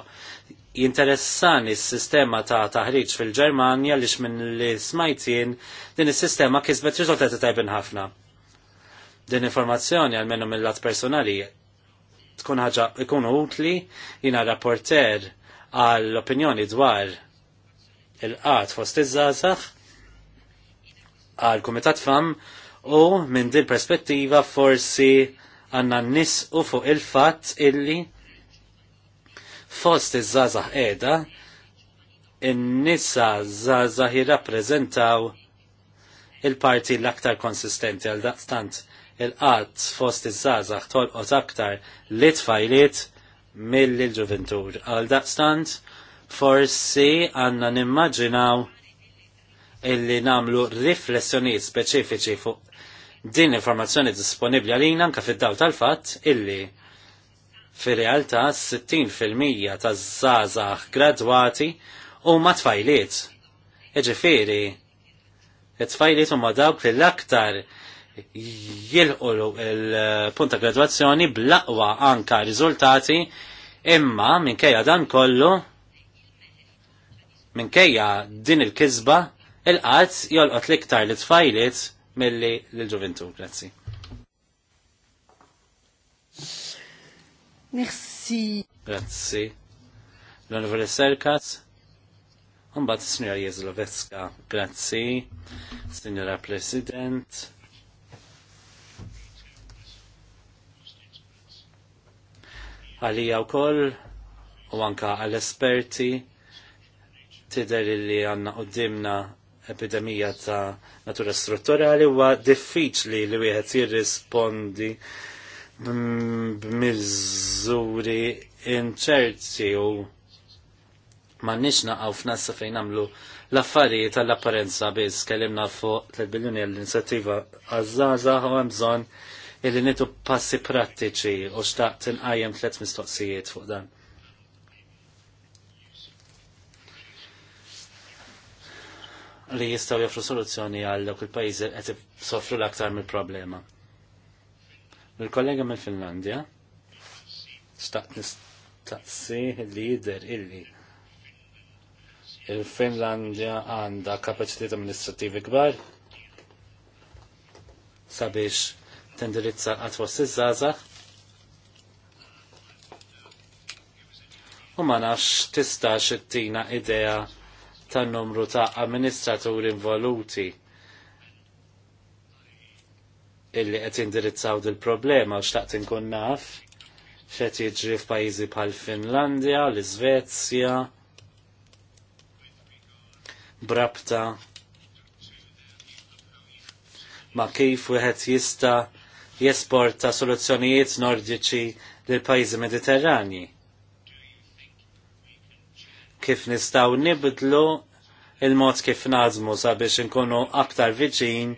jinteressani s-sistema ta' taħriġ fil-Ġermanja li minn li smajtien din is-sistema kisbet riżultati tajbin ħafna. Din informazzjoni għalmenu mill-lat personali tkun ħaġa ikun utli jina rapporter għall opinjoni dwar il-qat fost iż-żazax għal kumitat fam u minn din perspettiva forsi għanna nis u fuq il-fat illi fost iż-żazah qiegħda in-nisa żazah jirrappreżentaw il-parti l-aktar konsistenti għal daqstant il-qatt fost iż-żazah tolqot aktar li tfajliet mill-ġuventur. Għal daqstant forsi għanna nimmaġinaw illi namlu riflessjonijiet speċifiċi fuq din informazzjoni disponibli għalina anka fid-daw tal-fatt illi Fil-realtà 60% ta' żgħażagħ gradwati huma tfajliet. Jiġifieri, tfajliet tfajliet huma dawk li l-aktar jilqu il-punta graduazzjoni blaqwa anka riżultati imma minkejja dan kollu minkejja din il-kizba il-qatt jolqot liktar li tfajliet milli ġuventu Grazie. Merci. Grazzi. L-Onorevole Un bat signora Jezlovetska. Grazie. Grazzi. President. Għalija wkoll u anka għall-esperti tidher li għandna dimna epidemija ta' natura strutturali huwa diffiċli li wieħed jirrispondi Mm, b'miżuri inċerti u ma nix naqaw f'nassa fejn għamlu l-affarijiet tal-apparenza biss kellimna fuq 3 biljoni l-inizjattiva għazzaza u għamżon illi nitu passi prattiċi u xtaqt tinqajjem tliet mistoqsijiet fuq dan. li jistaw jafru soluzzjoni għal dok il-pajjiżi qed soffru l-aktar mill-problema. Il-kollega mill-Finlandja staqt nistaqsi lider illi il-Finlandja għanda kapacitet amministrativi kbar sabiex tendirizza għatwas iż-żaza u ma nafx tista' xittina idea tan numru ta' amministraturi involuti illi qed indirizzaw il problema u xtaqt inkun naf x'qed jiġri f'pajjiżi bħal Finlandja, l-Iżvezja, brabta ma kif wieħed jista' jesporta soluzzjonijiet nordiċi lil pajjiżi Mediterrani? Kif nistgħu nibdlu il-mod kif nażmu sabiex inkunu aktar viġin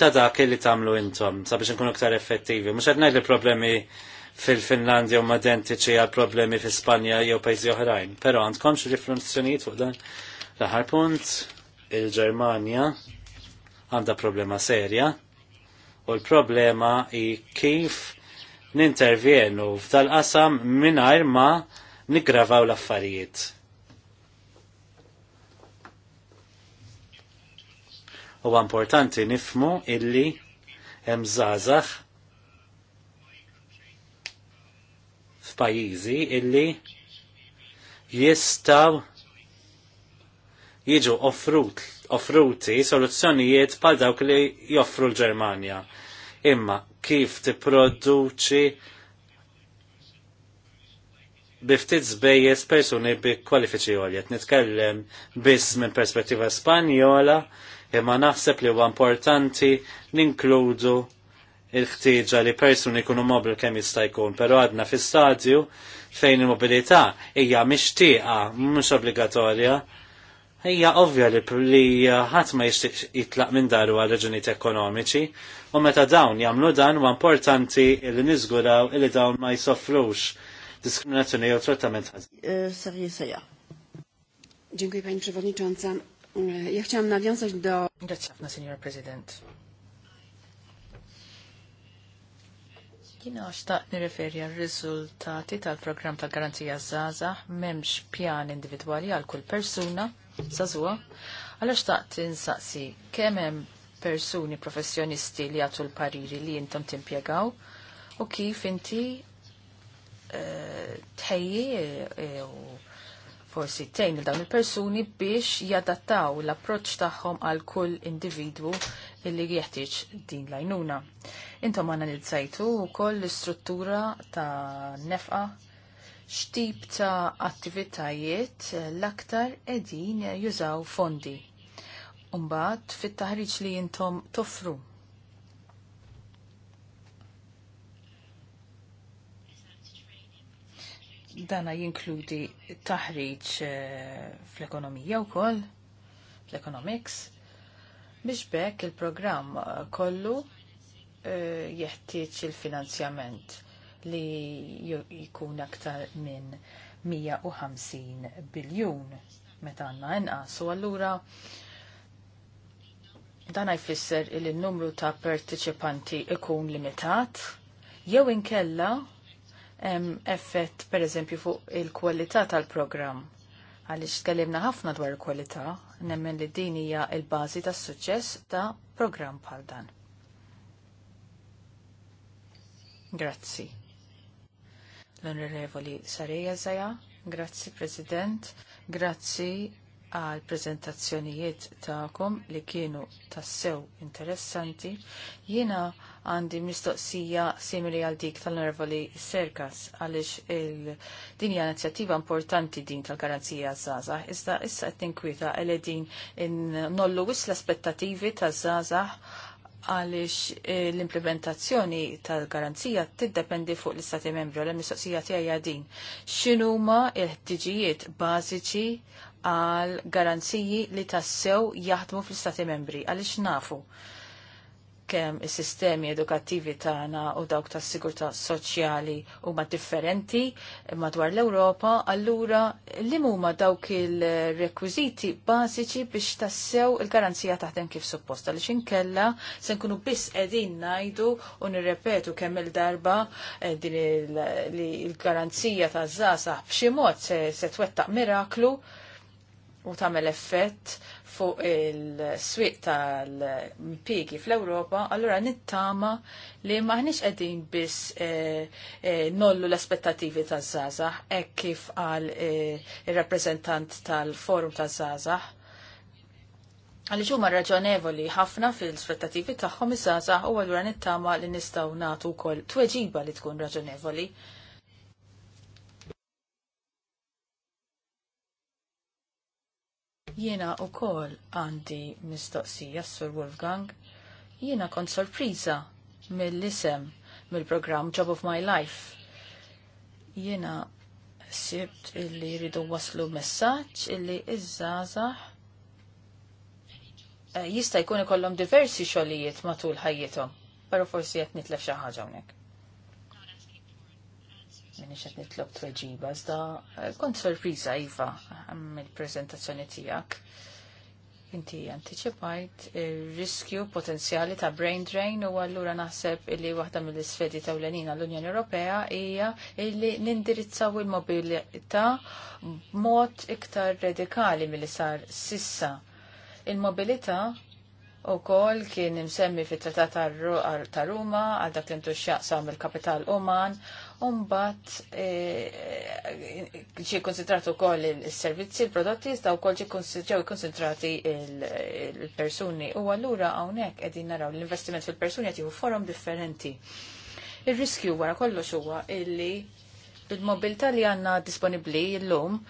ta' dak li tagħmlu intom sabiex nkunu aktar effettivi. Mhux qed ngħid li problemi fil-Finlandja huma identiċi għal problemi fi Spanja jew pajjiżi oħrajn. Però għandkomx riflessjonijiet fuq dan l-aħħar punt il-Ġermanja għandha problema serja u l-problema i kif nintervjenu f'dal-qasam mingħajr ma niggravaw l-affarijiet Huwa importanti nifmu illi hemm żgħażagħ f'pajjiżi illi jistaw jiġu offrut, offruti soluzzjonijiet pal dawk li joffru l-Ġermanja. Imma kif tipproduċi biftit zbejjes persuni bi kwalifiċi għoljet. Nitkellem biss minn perspettiva spanjola imma naħseb li huwa importanti ninkludu il-ħtieġa li persuni jkunu mobil kemm jista' jkun, però għadna fi stadju fejn il-mobilità hija mixtieqa, mhux obbligatorja, hija ovvja li ħadd ma jixtieq jitlaq minn daru għal raġunijiet ekonomiċi, u meta dawn jagħmlu dan huwa importanti li niżguraw li dawn ma jsofrux diskriminazzjoni jew trattament ħażin. Eh, Dziękuję Pani Przewodnicząca. Ja chciałam nawiązać do... Grazie, Signora President. Jina xtaqt nirreferi għal riżultati tal-programm ta' garanzija Zaza memx pjan individwali għal kull persuna Zazua, għal xtaqt insaqsi kemm hemm persuni professjonisti li għatu l-pariri li intom timpjegaw u kif inti eh, tħejji eh, u forsi tejn il dawn il-persuni biex jadattaw l-approċ tagħhom għal kull individwu illi jeħtieġ din l nil Intom analizzajtu wkoll l-istruttura ta' nefqa x'tip ta' attivitajiet l-aktar qegħdin jużaw fondi. Umbagħad fit-taħriġ li intom toffru dana jinkludi taħriġ eh, fl-ekonomija u koll, fl-economics, biex bekk il-programm kollu eh, jeħtieġ il-finanzjament li jkun aktar minn 150 biljun meta għanna inqas. U allura dan jfisser il-numru ta' partiċipanti ikun limitat jew inkella effett per eżempju fuq il-kwalità tal-programm. Għaliex tkellimna ħafna dwar il-kwalità, nemmen li din hija l-bażi tas-suċċess ta' programm bħal dan. Grazzi. L-Onorevoli Sareja Zaja, grazzi President, grazzi għal prezentazzjonijiet ta'kom li kienu tassew interessanti. Jiena għandi mistoqsija simili għal dik tal-nervoli serkas għalix il-dinja inizjattiva importanti din tal-garanzija zaza. Iżda issa qed tinkwita għal din nollu wis l-aspettativi taż Zaza għalix eh, l-implementazzjoni tal-garanzija tiddependi fuq l-istati membri għal mistoqsija tiegħi din. X'inhuma l-ħtiġijiet bażiċi għal garanziji li tassew jaħdmu fl-istati membri għalix nafu kemm is-sistemi edukattivi tagħna u dawk tas-sigurtà soċjali huma differenti madwar l-Ewropa, allura li huma dawk il-rekwiżiti bażiċi biex tassew il-garanzija taħdem kif supposta għaliex inkella se nkunu biss qegħdin ngħidu u nirrepetu kemm il-darba eh, din il-garanzija taż-żgħażagħ b'xi mod se twettaq miraklu u tagħmel effett fuq il-swiq tal-impiegi fl-Europa, allora nittama li maħniċ qegħdin biss eh, eh, nollu l-aspettativi ta' Zazax, hekk kif qal eh, il-rappresentant tal-forum ta' Zazax. Għalli huma raġonevoli ħafna fil-aspettativi tagħhom iż-żazax u allura nittama li nistgħu nagħtu wkoll tweġiba li tkun raġonevoli. Jiena u kol għandi mistoqsija s-sur Wolfgang. Jiena kont sorpriza mill-isem mill-program Job of My Life. Jiena sibt illi rridu waslu messaċ illi iż-żazax eh, jista' jkun ikollhom diversi xogħlijiet matul ħajjithom, però forsi qed nitlef xi ħaġa hawnhekk minni xed nitlob tweġiba, zda eh, kont sorpriza Iva mill-prezentazzjoni tijak. Inti anticipajt il-riskju potenzjali ta' brain drain u għallura naħseb illi waħda mill-isfedi ta' l-lenin l unjoni Ewropea hija illi nindirizzaw il-mobilità mod iktar radikali mill sar sissa. Il-mobilità u kol kien imsemmi fit-Tratat ta' Ruma għal dak l sa' il-kapital Oman Umbat, ġi u koll il-servizzi, il-prodotti, staw koll ġi konsentrati il-personi. U għallura għawnek edin naraw l-investiment fil-personi għati forum differenti. Il-riskju wara kollox huwa illi il mobilta li għanna disponibli l-lum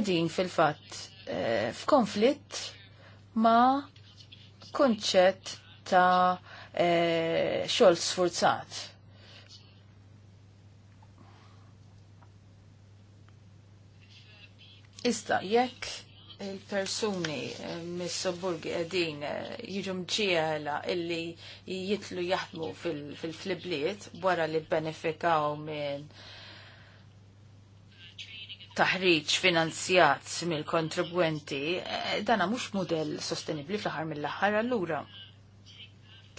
edin fil-fat eh, f'konflitt ma konċet ta' eh, xol sfurzat Iżda jekk il-persuni eh, mis-sobburgi qegħdin eh, jiġu ġiela illi jitlu jaħdmu fil-flibliet wara li benefikaw minn taħriġ finanzjat mill-kontribwenti, eh, dana mhux model sostenibbli fl-aħħar mill-aħħar allura.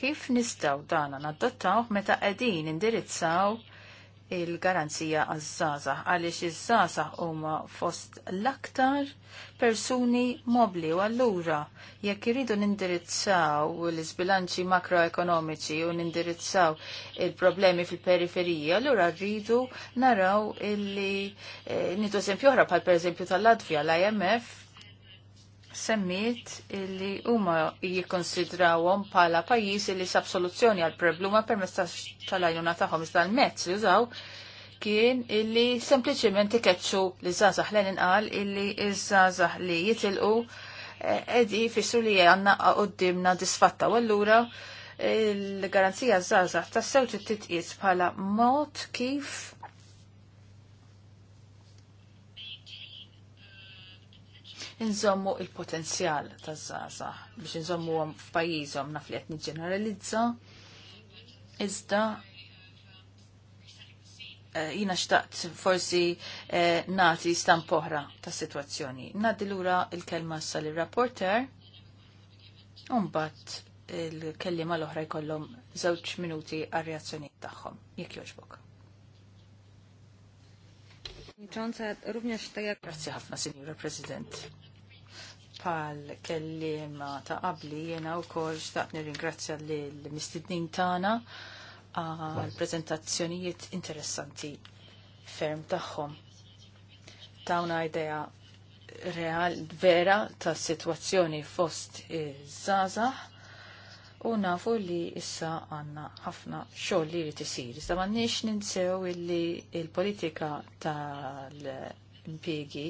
Kif nistaw dana naddattaw meta qegħdin indirizzaw il-garanzija għazzaza għaliex iż-żaza huma fost l-aktar persuni mobli u allura jekk iridu nindirizzaw l-isbilanċi makroekonomiċi u nindirizzaw il-problemi fil-periferija, allura rridu naraw illi eh, nitu eżempju oħra bħal per eżempju tal-Latvja l-IMF semmiet li huma jikkonsidrawhom bħala pajjiż li sab soluzzjoni għal problema permezz tal-għajnuna tagħhom iżda l-mezz li użaw kien illi sempliċiment ikeċċu li żgħażagħ l inqal illi ż-żgħażagħ li jitilqu eh, qegħdi jfissru li għandna qudiemna disfatta u allura l-garanzija żgħażagħ tas-sew titqies bħala mod kif nżommu il-potenzjal taż zaza biex nżommuhom f'pajjiżhom naf li qed niġġeneralizza. Iżda eh, jina xtaqt forsi eh, nati stamp oħra ta' situazzjoni. Nadilura lura il-kelma sal il-rapporter, unbat il-kellima l-oħra jkollhom żewġ minuti għal reazzjonijiet tagħhom. Jekk jogħġbok. Grazie ħafna, Signora President pal ma ta' qabli jena u kol xtaqt nir-ingrazzja li l-mistidnin tana għal-prezentazzjonijiet interessanti ferm taħħom. una idea real vera ta' situazzjoni fost zaza u nafu li issa għanna ħafna xogħol li jrid isir. Iżda nix ninsew illi l-politika tal impiegi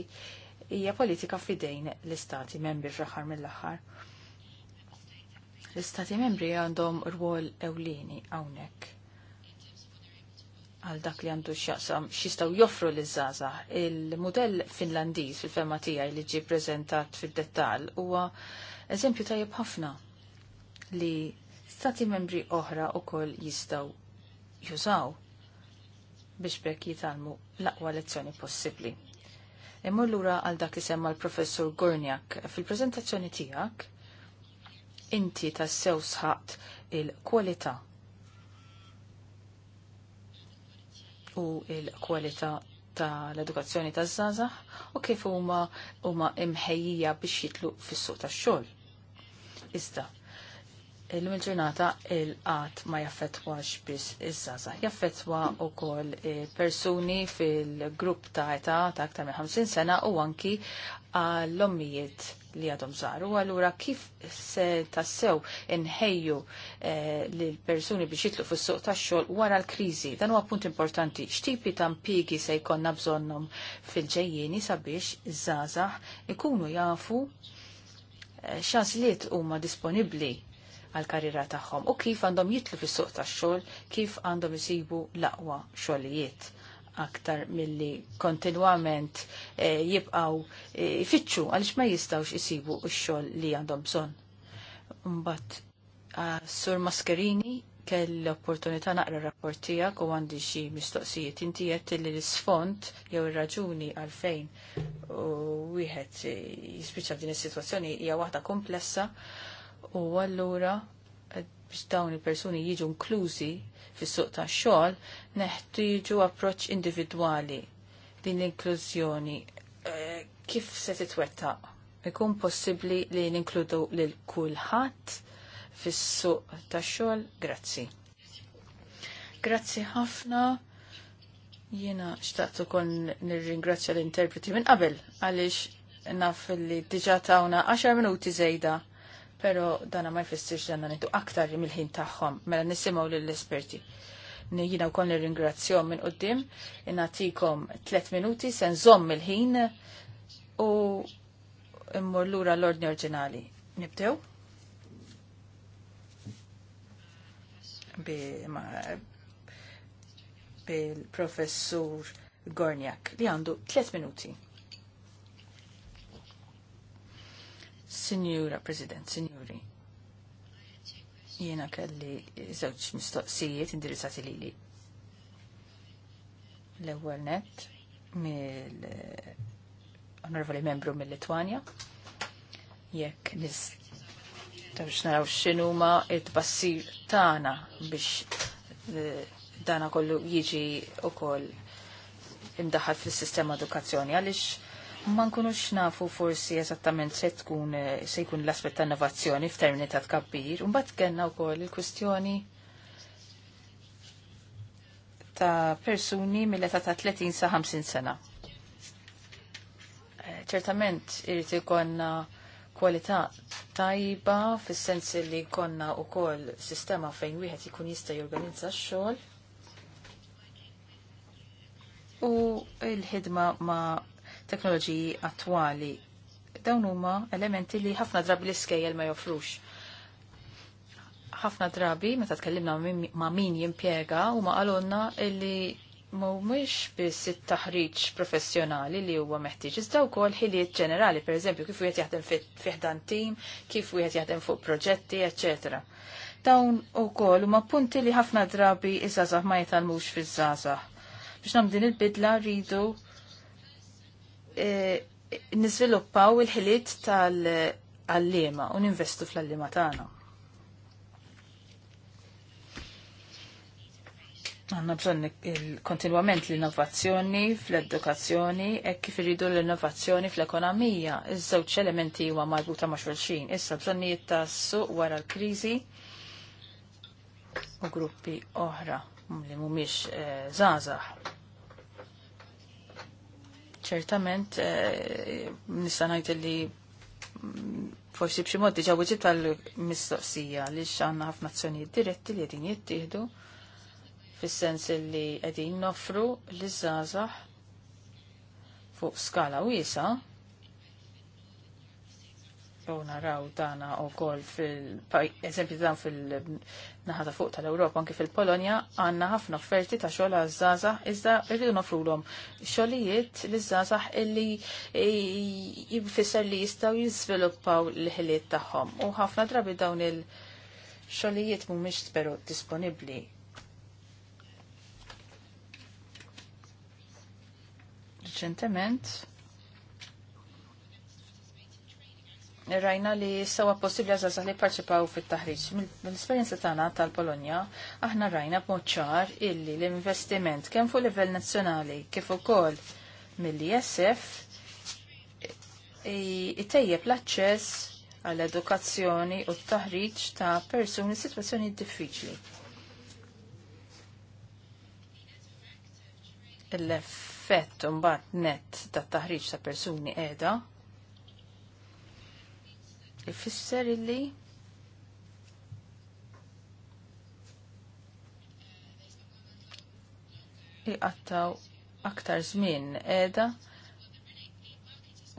hija politika fidejn l-istati membri fl-aħħar mill-aħħar. L-istati membri għandhom rwol ewlieni hawnhekk għal dak li għandu xjaqsam xistaw joffru l izzaza Il-modell finlandiż fil-femma tiegħi li ġi prezentat fil-dettal huwa eżempju tajjeb ħafna li stati membri oħra u koll jistaw jużaw biex bekk jitalmu l-aqwa lezzjoni possibli l lura għal dak li semma l-professur Gorniak. Fil-prezentazzjoni tijak, inti tassew sħat il kualita u il-kualità tal-edukazzjoni taż-żgħażagħ u kif huma huma imħejjija biex jitlu fis-suq tax-xogħol. Iżda, Il-lum il-ġurnata il-qat ma jaffetwax biss iż-żaza. Jaffetwa wkoll persuni fil-grupp ta' età ta' aktar minn 50 sena u anki għall-ommijiet li għadhom żaru. Allura kif se tassew inħejju eh, l persuni biex jitlu fis-suq tax-xogħol wara l-kriżi. Dan huwa punt importanti. X'tipi ta' impjiegi se jkollna bżonnhom fil-ġejjieni sabiex iż-żgħażagħ ikunu jafu eh, xans liet huma disponibbli għal-karriera tagħhom u kif għandhom jitlu fis-suq tax-xogħol, kif għandhom isibu l-aqwa xogħlijiet aktar milli kontinwament jibqgħu eh, jibqaw eh, għaliex ma jistawx isibu x-xogħol li għandhom bżonn. Mbagħad ah, Sur Mascherini kell l-opportunità naqra rapport tiegħek u għandi xi mistoqsijiet inti qed li l-isfond jew ir-raġuni għalfejn u wieħed eh, jispiċċa f'din is-sitwazzjoni hija waħda komplessa u allura biex dawn il-persuni jiġu inklużi fis-suq tax-xogħol neħtieġu approċċ individwali din l-inklużjoni eh, kif se titwettaq? Ikun possibbli li ninkludu lil kulħadd fis-suq tax-xogħol? Grazzi. Grazzi ħafna. Jiena xtaqt ukoll nirringrazzja l-interpreti minn qabel għaliex naf li diġà tawna 10 minuti żejda pero dana ma jfissirx danna nitu aktar mill-ħin tagħhom mela nisimgħu lill-esperti. Nijina u konni ringrazzjom minn qoddim, natikom tlet minuti sen zom mil ħin u immur lura l-ordni oriġinali. Nibdew? Bil-professur Gorniak li għandu tlet minuti. Signora President, Signori, jiena kelli żewġ mistoqsijiet indirizzati lili. L-ewwel net mill onorevoli membru mill-Litwanja jekk nistgħux naraw x'inhuma t-tbassir tagħna biex eh, dana kollu jiġi wkoll imdaħħal fis-sistema edukazzjoni għaliex ma nkunux nafu forsi eżattament se tkun eh, se jkun l-aspett ta' innovazzjoni f'termini ta' tkabbir, mbagħad kellna wkoll il-kwistjoni ta' persuni mill-età ta' 30 sa' 50 sena. Eh, ċertament irid ikonna kwalità tajba fis-sens li konna wkoll sistema fejn wieħed ikun jista' jorganizza x-xogħol u l-ħidma ma' teknoloġiji attwali. Dawn huma elementi li ħafna drabi l-iskejjel ma joffrux. Ħafna drabi, meta tkellimna ma' min jimpjega, u ma' għalonna illi mhumiex biss it-taħriġ professjonali li huwa meħtieġ, iżda wkoll ħiliet ġenerali, pereżempju kif wieħed jaħdem fiħdan tim, kif wieħed jaħdem fuq proġetti, eċetera. Dawn ukoll huma punti li ħafna drabi iż-żazax ma jitalmux fiż-żazax biex din il-bidla rridu Eh, niżviluppaw il-ħiliet tal-allima u ninvestu fl-allima tagħna. Għanna bżonni kontinuament l-innovazzjoni fl-edukazzjoni e kif iridu l-innovazzjoni fl-ekonomija. Iż-żewġ elementi huwa marbuta ma' xulxin. Issa bżonni jittassu wara l-kriżi u gruppi oħra li mhumiex eh, żgħażagħ ċertament eh, nista' ngħid li forsi b'xi mod diġà wiġġi tal-mistoqsija li għandna ħafna azzjonijiet diretti li qegħdin jittieħdu fis-sens li qegħdin noffru li żgħażagħ fuq skala wiesa' nistgħu naraw dana wkoll fil-eżempju dan fil-naħata fuq tal-Ewropa anki fil-Polonja għandna ħafna offerti ta' xogħol għaż-żgħażagħ iżda rridu nofrulhom xogħlijiet li żgħażagħ illi jifisser li jistgħu jiżviluppaw l-ħiliet tagħhom u ħafna drabi dawn il-xogħlijiet mhumiex speru disponibbli reċentement rajna li sewa possibli għazazah li parċipaw fit-taħriġ. Mill-esperienza tagħna tal polonia aħna rajna b'moċċar illi l-investiment kemm fuq livell nazzjonali kif ukoll mill-ISF itejjeb l-aċċess għall-edukazzjoni u t-taħriġ ta' persuni situazzjoni diffiċli. L-effett mbagħad net tat-taħriġ ta' persuni qiegħda ifisser illi iqattaw aktar żmien qiegħda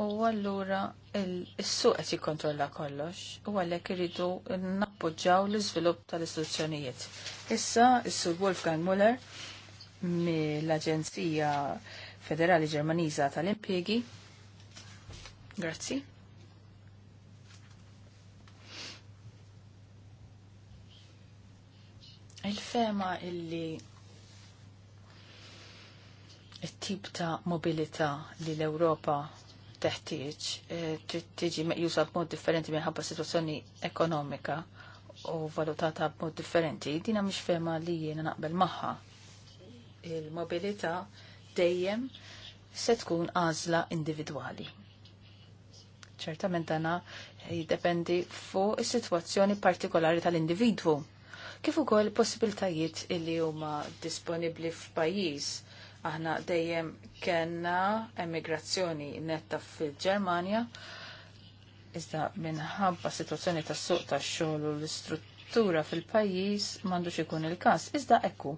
u allura il suq qed jikkontrolla kollox u għalhekk iridu nappoġġjaw l-iżvilupp tal-istituzzjonijiet. Issa is-Sur Wolfgang Muller mill-Aġenzija Federali Ġermaniża tal-Impjegi. Grazzi. Il-fema illi it-tip ta' mobilità li l-Ewropa teħtieġ eh, trid tiġi meqjusa b'mod differenti minħabba situazzjoni ekonomika u valutata b'mod differenti, dina mhix fema li jiena naqbel magħha. Il-mobilità dejjem se tkun għażla individwali. Ċertament dana jiddependi fuq is-sitwazzjoni partikolari tal-individwu kif ukoll possibiltajiet illi huma disponibbli f'pajjiż aħna dejjem kellna emigrazzjoni netta fil-Ġermanja iżda minħabba situazzjoni tas-suq tax-xogħol u l-istruttura fil-pajjiż m'għandux ikun il-każ iżda ekku.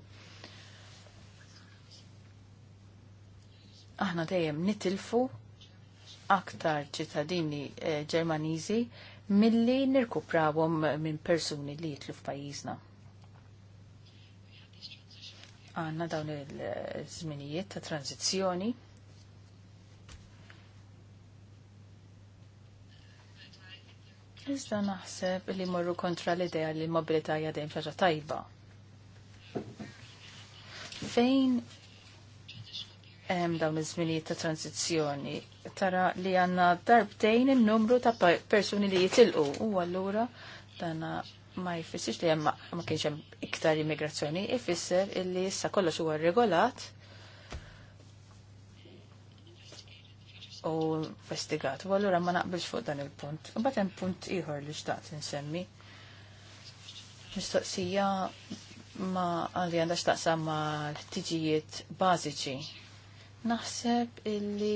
Aħna dejjem nitilfu aktar ċittadini eh, Ġermaniżi milli nirkuprawhom minn persuni li jitlu f'pajjiżna għanna dawn il-żminijiet ta' tranzizjoni. Iżda naħseb li morru kontra l-idea li l-mobilità jadem xaġa tajba. Fejn hemm dawn iż-żminijiet ta' tranzizzjoni tara li għandna darbtejn in-numru ta' persuni li jitilqu u allura dana ma jfissirx li jemma ma kienx hemm iktar immigrazzjoni, ifisser illi issa kollox huwa regolat u investigat. U allura ma naqbilx fuq dan il-punt. U hemm punt ieħor li xtaqt insemmi. Mistoqsija ma għalli għandha xtaqsam ma l-ħtiġijiet bażiċi. Naħseb illi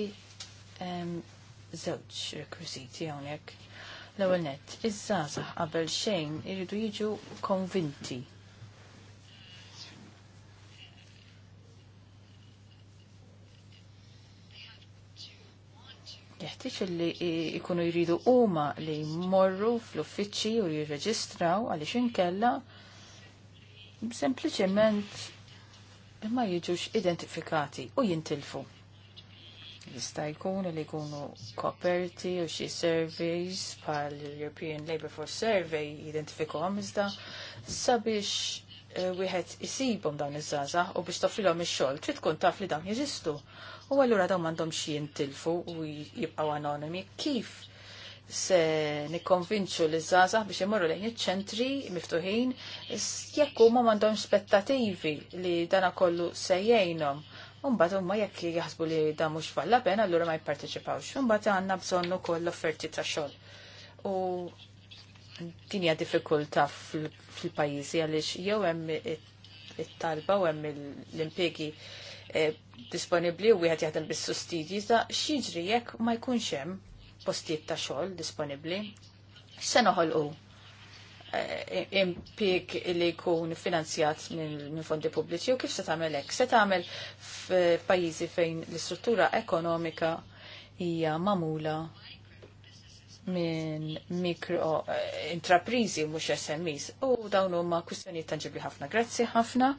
żewġ rekwiżiti hawnhekk L-ewwel nett, iż-żgħażagħ qabel xejn iridu jiġu konvinti. Jeħtieġ li ikunu jridu huma li jmorru fl-uffiċċji u jirreġistraw għaliex inkella sempliċement ma jiġux identifikati u jintilfu. Jista' jkun li jkunu koperti u xi surveys pal European Labour Force Survey identifikhom iżda sabiex eh, wieħed isibhom dawn iż-żgħażagħ u biex tofilhom ix-xogħol trid tkun taf li dawn jeżistu. U allura dawn m'għandhomx jintilfu u jibqgħu anonimi. Kif se nikkonvinċu li żgħażagħ biex imorru lejn iċ-ċentri miftuħin jekk huma m'għandhomx spettattivi li dan kollu se jgħinhom Umbat umma jekk jaħsbu li da mhux falla pena, allura ma jipparteċipawx. Umbat għandna bżonnu koll l-offerti ta' xogħol. U din hija diffikultà fil-pajjiżi għaliex jew hemm it-talba u hemm l-impjegi eh, disponibbli u wieħed jaħdem bis-sustidji, da x'jiġri jekk ma jkunx hemm postijiet ta' xogħol disponibbli, x'se noħolqu? Eh, impik li jkun finanzjat minn fondi pubbliċi u kif se tagħmel hekk? Se tagħmel f'pajjiżi fejn l-istruttura ekonomika hija mamula minn mikro eh, intraprizi mhux SMEs u dawn huma kwistjonijiet tanġibli ħafna. Grazzi ħafna.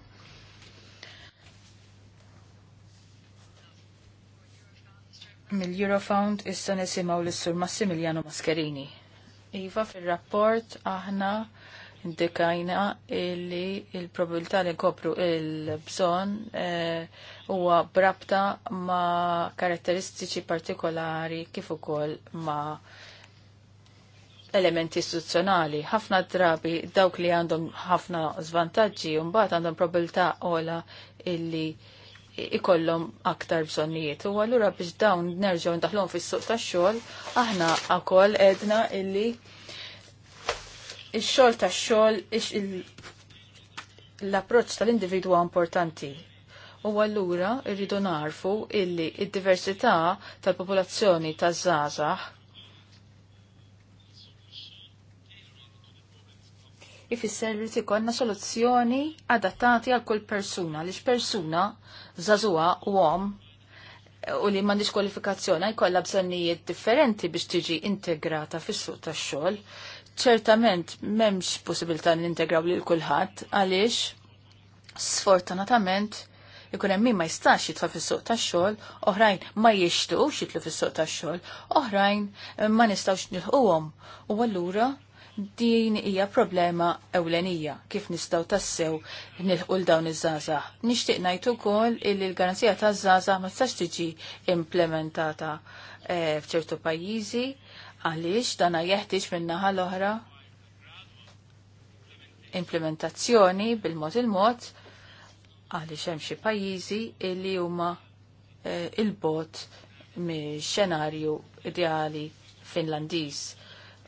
Mill-Eurofound issa nisimgħu lis sur Massimiliano Mascherini. Iva, fil-rapport aħna indikajna li il-probabilità li nkopru il-bżon eh, huwa eh, brabta ma' karatteristiċi partikolari kif ukoll ma' elementi istituzzjonali. ħafna drabi dawk li għandhom ħafna zvantaġġi u mbagħad għandhom probabilità ola illi ikollhom aktar bżonnijiet. U allura biex dawn nerġgħu ndaħlhom fis-suq tax-xogħol, aħna wkoll edna illi ix-xogħol tax-xogħol l-approċċ tal-individwu importanti. U allura rridu narfu illi id-diversità tal-popolazzjoni taż-żgħażagħ ifisser li tikonna soluzzjoni adattati għal kull persuna, lix persuna zazua u għom u li mandiġ kwalifikazzjoni jkollha bżonnijiet differenti biex tiġi integrata fis-suq tax-xogħol. Ċertament m'hemmx possibilità nintegraw lil kulħadd għaliex sfortunatament ikun hemm min ma jistax jitfa' fis-suq tax-xogħol, oħrajn ma jixtuqux jitlu fis-suq tax-xogħol, oħrajn ma nistgħux nilħquhom. U allura din hija problema ewlenija kif nistgħu tassew nilħu dawn iż-żgħażagħ. Nixtieq ngħid ukoll li l-garanzija taż-żgħażagħ ma tistax tiġi implementata eh, f'ċertu pajjiżi għaliex dan jeħtieġ min-naħa l-oħra implementazzjoni bil-mod il-mod għaliex hemm xi pajjiżi li huma eh, il-bot mix-xenarju ideali Finlandiż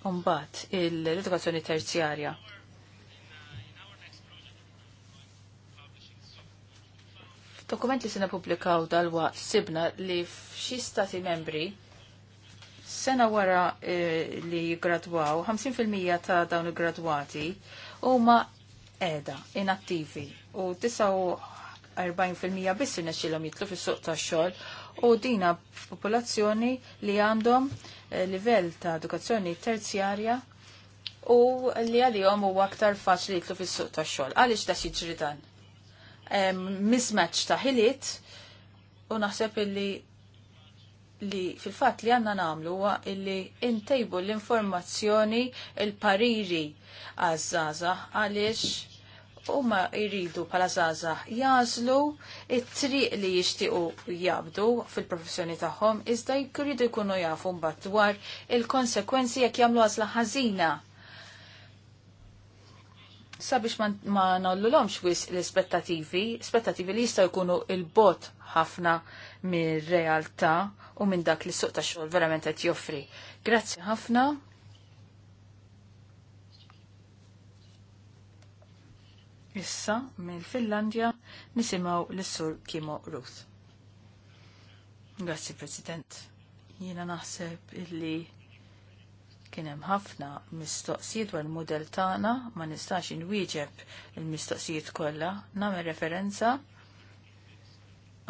Umbat, l-edukazzjoni terzjarja. Dokument li sena publikaw dal-waqt sibna li f'xi stati membri sena wara eh, li gradwaw, 50% ta' dawn il-gradwati huma edha, inattivi, u 49% biss irnexxilhom jitlu fis-suq tax-xogħol u dina popolazzjoni li għandhom eh, livell ta' edukazzjoni terzjarja u li għalihom huwa aktar faċli jitlu fis-suq tax-xogħol. Għaliex da jiġri dan? Mismatch ta' ħiliet u naħseb li li fil-fatt li għanna namlu huwa illi intejbu l-informazzjoni il-pariri għazzaza għaliex huma jridu bħala żgħażagħ jażlu it-triq li jixtiequ jabdu fil-professjoni tagħhom iżda jridu jkunu jafu mbagħad dwar il-konsekwenzi jekk jagħmlu għażla ħażina. Sabiex ma nollulhomx wis l-ispettativi, spettativi li jistgħu jkunu il-bot ħafna mir-realtà u minn dak li suq tax-xogħol verament qed joffri. Grazzi ħafna. Issa, mill Finlandja, nisimaw l-sur Kimo Ruth. Grazzi, President. Jina naħseb illi kienem ħafna mistoqsijiet għal model tagħna ma nistax inwieġeb il-mistoqsijiet kollha, nagħmel referenza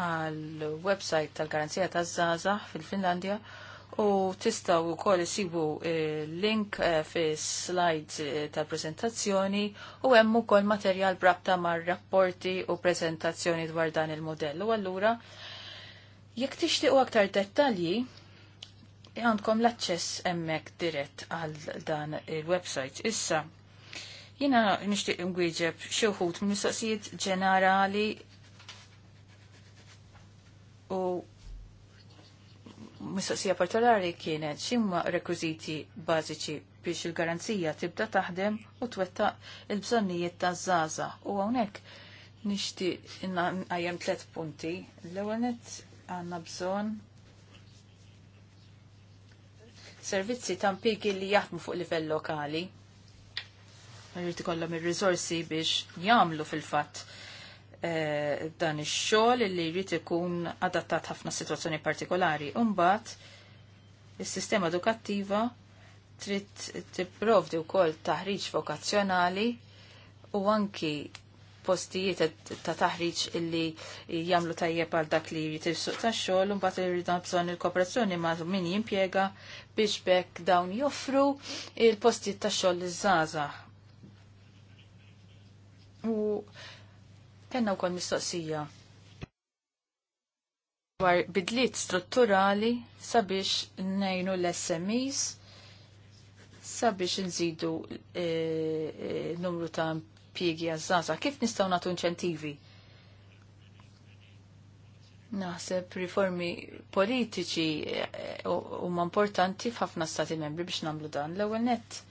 għal website tal-Garanzija taż żgħażagħ fil-Finlandja U tistaw u koll sibu eh, link eh, fi slides eh, tal-prezentazzjoni u hemm kol materjal brabta mar rapporti u prezentazzjoni dwar dan il-modell. U allura jekk tixtiequ aktar dettalji għandkom l-aċċess hemmhekk dirett għal dan il-website. Issa, jiena nixtieq ngwieġeb xi wħud mistoqsijiet ġenerali u mistoqsija partikolari kienet x'imma rekwiżiti bażiċi biex il-garanzija tibda taħdem u twetta il-bżonnijiet ta' żaża. U hawnhekk nixtieq ngħajjem tliet punti. L-ewwel nett għandna bżonn servizzi ta' impjiegi li jaħdmu fuq livell lokali. Rrid ikollhom ir-riżorsi biex jagħmlu fil-fatt Eh, dan ix-xogħol li jrid ikun adattat ħafna situazzjoni partikolari. Umbagħad is-sistema edukattiva trid tipprovdi wkoll taħriġ vokazzjonali u anki postijiet ta' taħriġ illi jamlu tajjeb għal dak li jrid il-suq ta' xogħol imbagħad irridu bżonn il-kooperazzjoni ma' min jimpjega biex bekk dawn joffru il-postijiet ta' xogħol iż-żgħażagħ. U u kon mistoqsija Għar bidliet strutturali sabiex nejnu l-SMEs sabiex nżidu e, e, numru ta' impjiegi għazzaza. Kif nistgħu nagħtu inċentivi? Naħseb riformi politiċi e, huma importanti f'ħafna stati membri biex nagħmlu dan l-ewwel nett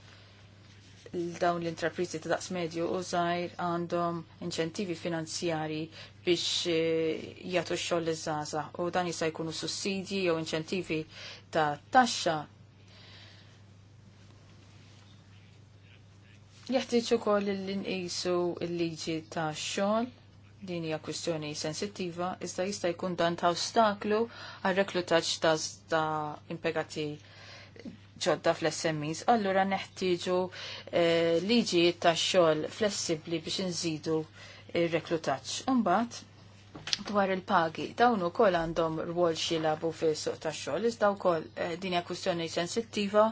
dawn l intrapriżi ta' daqs medju u zaħir għandhom inċentivi finanzjari biex eh, jgħatu xoll l żgħażagħ u dan jista' jkunu sussidji jew inċentivi ta' taxxa. Jeħtieġ ukoll l-inqisu l-liġi ta' xogħol din hija kwistjoni sensittiva iżda jista' jkun dan ta' ostaklu għal reklutaġġ ta' impegati ġodda fl-SMEs, allura neħtieġu eh, liġijiet liġi ta' xogħol flessibli biex nżidu il reklutaġġ Imbagħad dwar il-pagi, dawn ukoll għandhom rwol xilabu fis-suq tax-xogħol, iżda wkoll eh, din hija kwistjoni sensittiva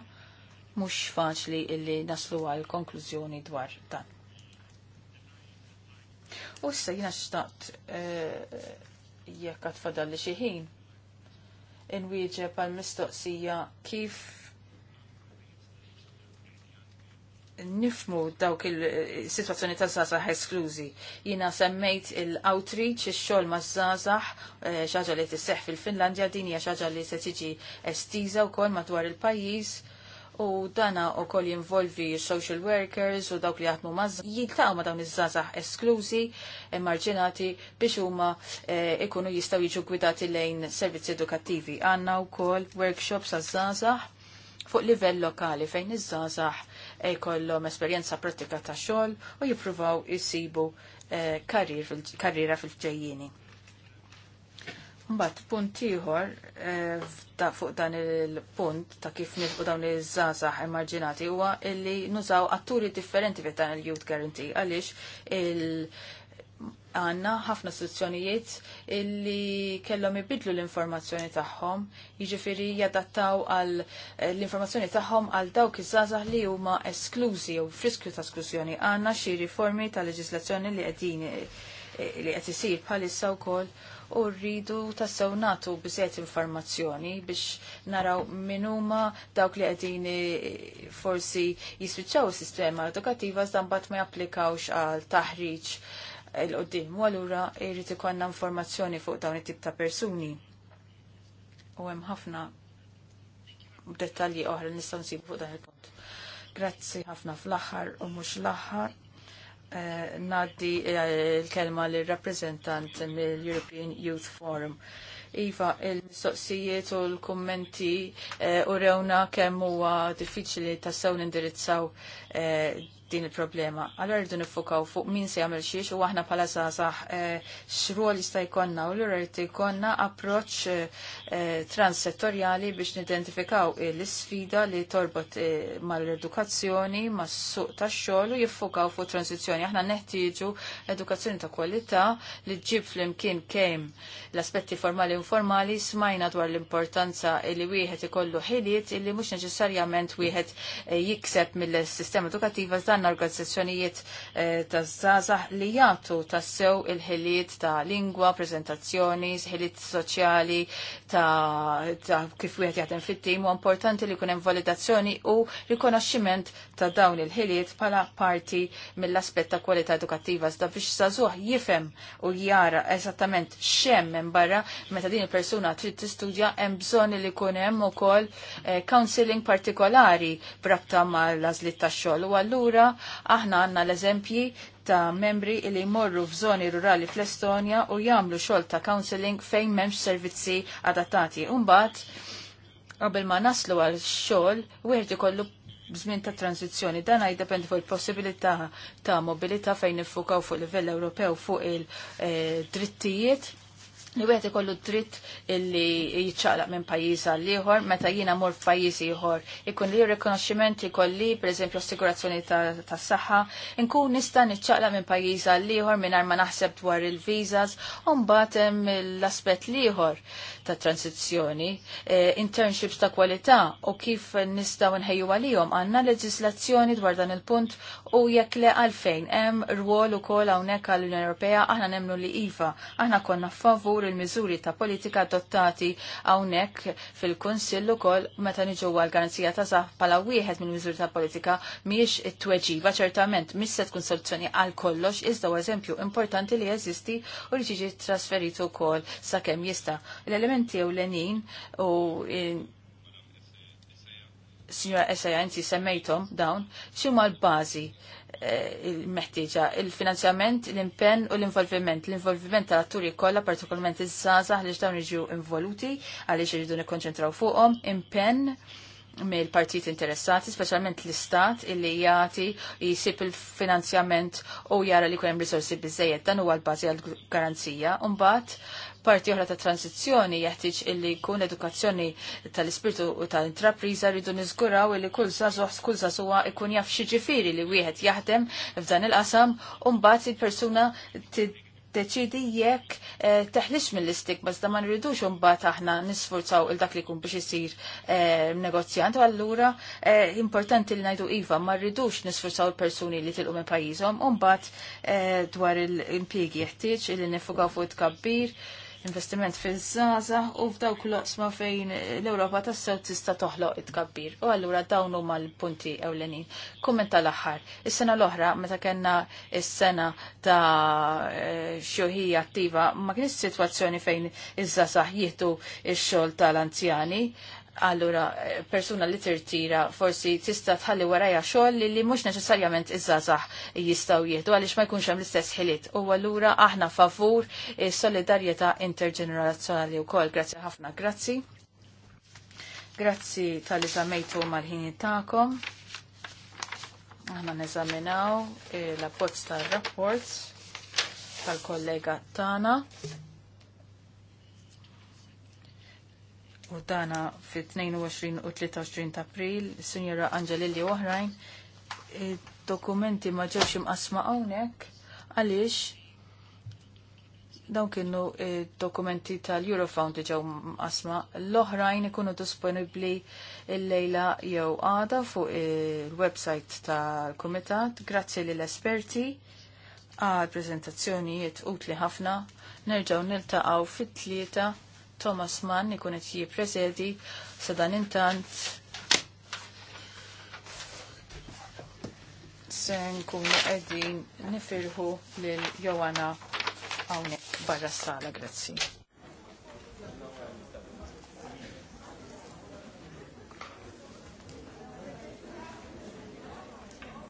mhux faċli illi naslu għal konklużjoni dwar dan. U issa jina xtaqt eh, jekk tfadalli li xieħin. Inwieġeb għal mistoqsija kif nifmu dawk il-situazzjoni ta' zazax esklużi. Jina semmejt il-outreach, il-xol ma' zazax, eh, xaġa li t-seħ fil-Finlandja, din hija xaġa li se tiġi estiza u kol madwar il-pajis. U dana u koll jinvolvi social workers u dawk li għatmu maż jiltaw ma dawn iż-żazax esklużi, eh, marġinati biex huma eh, ikunu jistaw jiġu gwidati lejn servizzi edukattivi. Għanna u koll workshops għaż-żazax fuq livell lokali fejn iż-żazax jkollhom e esperjenza pratika ta' xogħol u jippruvaw isibu e, karriera fil-ġejjini. Mbagħad punt ieħor e, fuq dan il-punt ta' kif nilqu dawn iż-żgħażagħ emarġinati huwa illi nużaw atturi differenti fi dan il-Youth Guarantee għaliex il-, għanna ħafna soluzzjonijiet illi kellhom ibidlu l-informazzjoni tagħhom, jiġifieri jadattaw għal eh, l-informazzjoni tagħhom għal dawk iż-żgħażagħ li huma esklużi jew friskju ta' esklużjoni. Għandna xi riformi ta' leġislazzjoni li qegħdin eh, li qed isir bħalissa wkoll u rridu tassew nagħtu biżejjed informazzjoni biex naraw min huma dawk li qegħdin eh, forsi jispiċċaw is-sistema edukattiva żdan ma japplikawx għal taħriġ l-qoddim. U allura jrid ikonna informazzjoni fuq dawn it-tip ta' persuni. U hemm ħafna dettalji oħra nistgħu nsibu fuq dan il-punt. Grazzi ħafna fl-aħħar u mhux l-aħħar. Eh, naddi eh, l-kelma l-rappresentant mill-European Youth Forum. Iva, il-mistoqsijiet u l-kommenti eh, u rewna kemm huwa diffiċli tassew nindirizzaw din il-problema. Allora rridu nifukaw fuq min se jagħmel xiex u aħna bħala saħ eh, x'rwol jista' jkollna u lura rrid jkollna approċċ eh, transsettorjali biex nidentifikaw l-isfida li torbot eh, mal-edukazzjoni, mas-suq tax-xogħol u jiffukaw fuq transizzjoni. Aħna neħtieġu edukazzjoni ta' kwalità li ġib flimkien kemm l-aspetti formali u informali smajna dwar l-importanza li wieħed ikollu ħiliet illi mhux neċessarjament wieħed jikseb mill-sistema edukattiva għandna organizzazzjonijiet eh, ta' zazah li jagħtu tassew il-ħiliet ta' lingwa, prezentazzjoni, ħiliet soċjali ta', kif wieħed jaħdem fit-tim u importanti li jkun hemm validazzjoni u rikonoxximent ta' dawn il-ħiliet bħala parti mill-aspett ta' kwalità edukattiva iżda biex żagħżugħ jifhem u jara eżattament xemm minn barra meta din il-persuna trid tistudja hemm bżonn li jkun hemm ukoll eh, counseling partikolari brabta mal-għażliet tax-xogħol u allura aħna għanna l-eżempji ta' membri li jmorru f'żoni rurali fl-Estonja u jagħmlu xogħol ta' counseling fejn m'hemmx servizzi adattati. Umbat, qabel ma naslu għal xogħol wieħed ikollu bżmin ta' tranzizjoni. Dan jiddependi fuq il-possibilità ta' mobilità fejn nifukaw fuq livell Ewropew fuq il-drittijiet. Eh, li wieħed ikollu dritt illi jiċċaqlaq minn pajjiż għal ieħor meta jiena mor f'pajjiż ieħor. Ikun li r-rikonoxximenti kolli, pereżempju assigurazzjoni tas-saħħa, inkun nista' niċċaqla minn pajjiż għal ieħor mingħajr ma naħseb dwar il-viżas u mbagħad hemm l-aspett l ieħor ta' transizjoni, eh, internships ta' kwalità u kif nistaw nħejju għalihom għandna leġislazzjoni dwar dan il-punt u jekk le għalfejn hemm rwol ukoll hawnhekk għall-Unjoni Ewropea aħna nemmnu li iva, aħna konna favur il-miżuri ta' politika adottati hawnhekk fil-Kunsill ukoll meta niġu għal garanzija ta' saħ bħala wieħed mill-miżuri ta' politika mhijiex it-tweġiba ċertament mis se tkun soluzzjoni għal kollox iżda eżempju importanti li jeżisti u li tiġi trasferitu wkoll sakemm jista'. L-element l u l u signora Esaja, inti semmejtom dawn, xumma l-bazi eh, il-meħtieġa, il-finanzjament, l-impenn u l-involviment. L-involviment tal-atturi kollha partikolment iż-żgħażagħ għaliex dawn jiġu involuti, għaliex iridu nikkonċentraw fuqhom, impenn mill-partit interessati, specialment l-istat illi jagħti jisib il-finanzjament u jara li kujem risorsi biżejjed dan huwa l-bażi għall-garanzija. Mbagħad parti oħra ta' transizzjoni jeħtieġ illi jkun edukazzjoni tal-ispirtu u tal-intrapriża rridu niżguraw illi kull żagħżugħ kull żagħżugħa ikun jaf xi li wieħed jaħdem f'dan il-qasam u mbagħad il-persuna deċidi jekk eh, teħlix mill-istikma, da ma nridux mbagħad aħna nisforzaw il dak li jkun biex isir eh, negozjant, u allura eh, importanti li ngħidu iva ma rridux nisforzaw il-persuni li tilqu minn pajjiżhom, u dwar il-impjiegi jeħtieġ li nifugaw fuq it-kabbir investiment fiż-żaza u f'dawk l-oqsma fejn l-Ewropa tassew tista' toħloq it-kabbir. U allura dawn huma l-punti ewlenin. Kumment tal-aħħar. Is-sena l-oħra meta kellna is-sena ta' eh, xjoħija attiva ma kienx sitwazzjoni fejn iż żasaħ jieħdu x-xogħol tal-anzjani allura eh, persuna li tirtira forsi tista tħalli waraja xogħol li, li mhux neċessarjament iż-żgħażagħ jistgħu jieħdu għaliex ma jkunx hemm l-istess ħiliet. U allura aħna favur eh, solidarjetà interġenerazzjonali wkoll. Grazzi ħafna, grazzi. Grazzi tal-li żamejtu mal ħini tagħkom. Aħna neżaminaw eh, l appozz tar-rapport tal-kollega tagħna. u dana fit-22 u 23 ta' april, Sinjora Angelilli oħrajn, eh, dokumenti ma ġewx imqasma hawnhekk għaliex dawn kienu eh, dokumenti tal-Eurofound ġew mqasma l-oħrajn ikunu disponibbli il lejla jew għada fuq il-website tal-Kumitat. Grazzi lill esperti għal prezentazzjonijiet utli ħafna. Nerġgħu niltaqgħu fit-tlieta Thomas Mann ikun qed jippreżedi sa dan intant se nkunu qegħdin nifirħu lil Jowana hawnhekk barra s-sala, grazzi.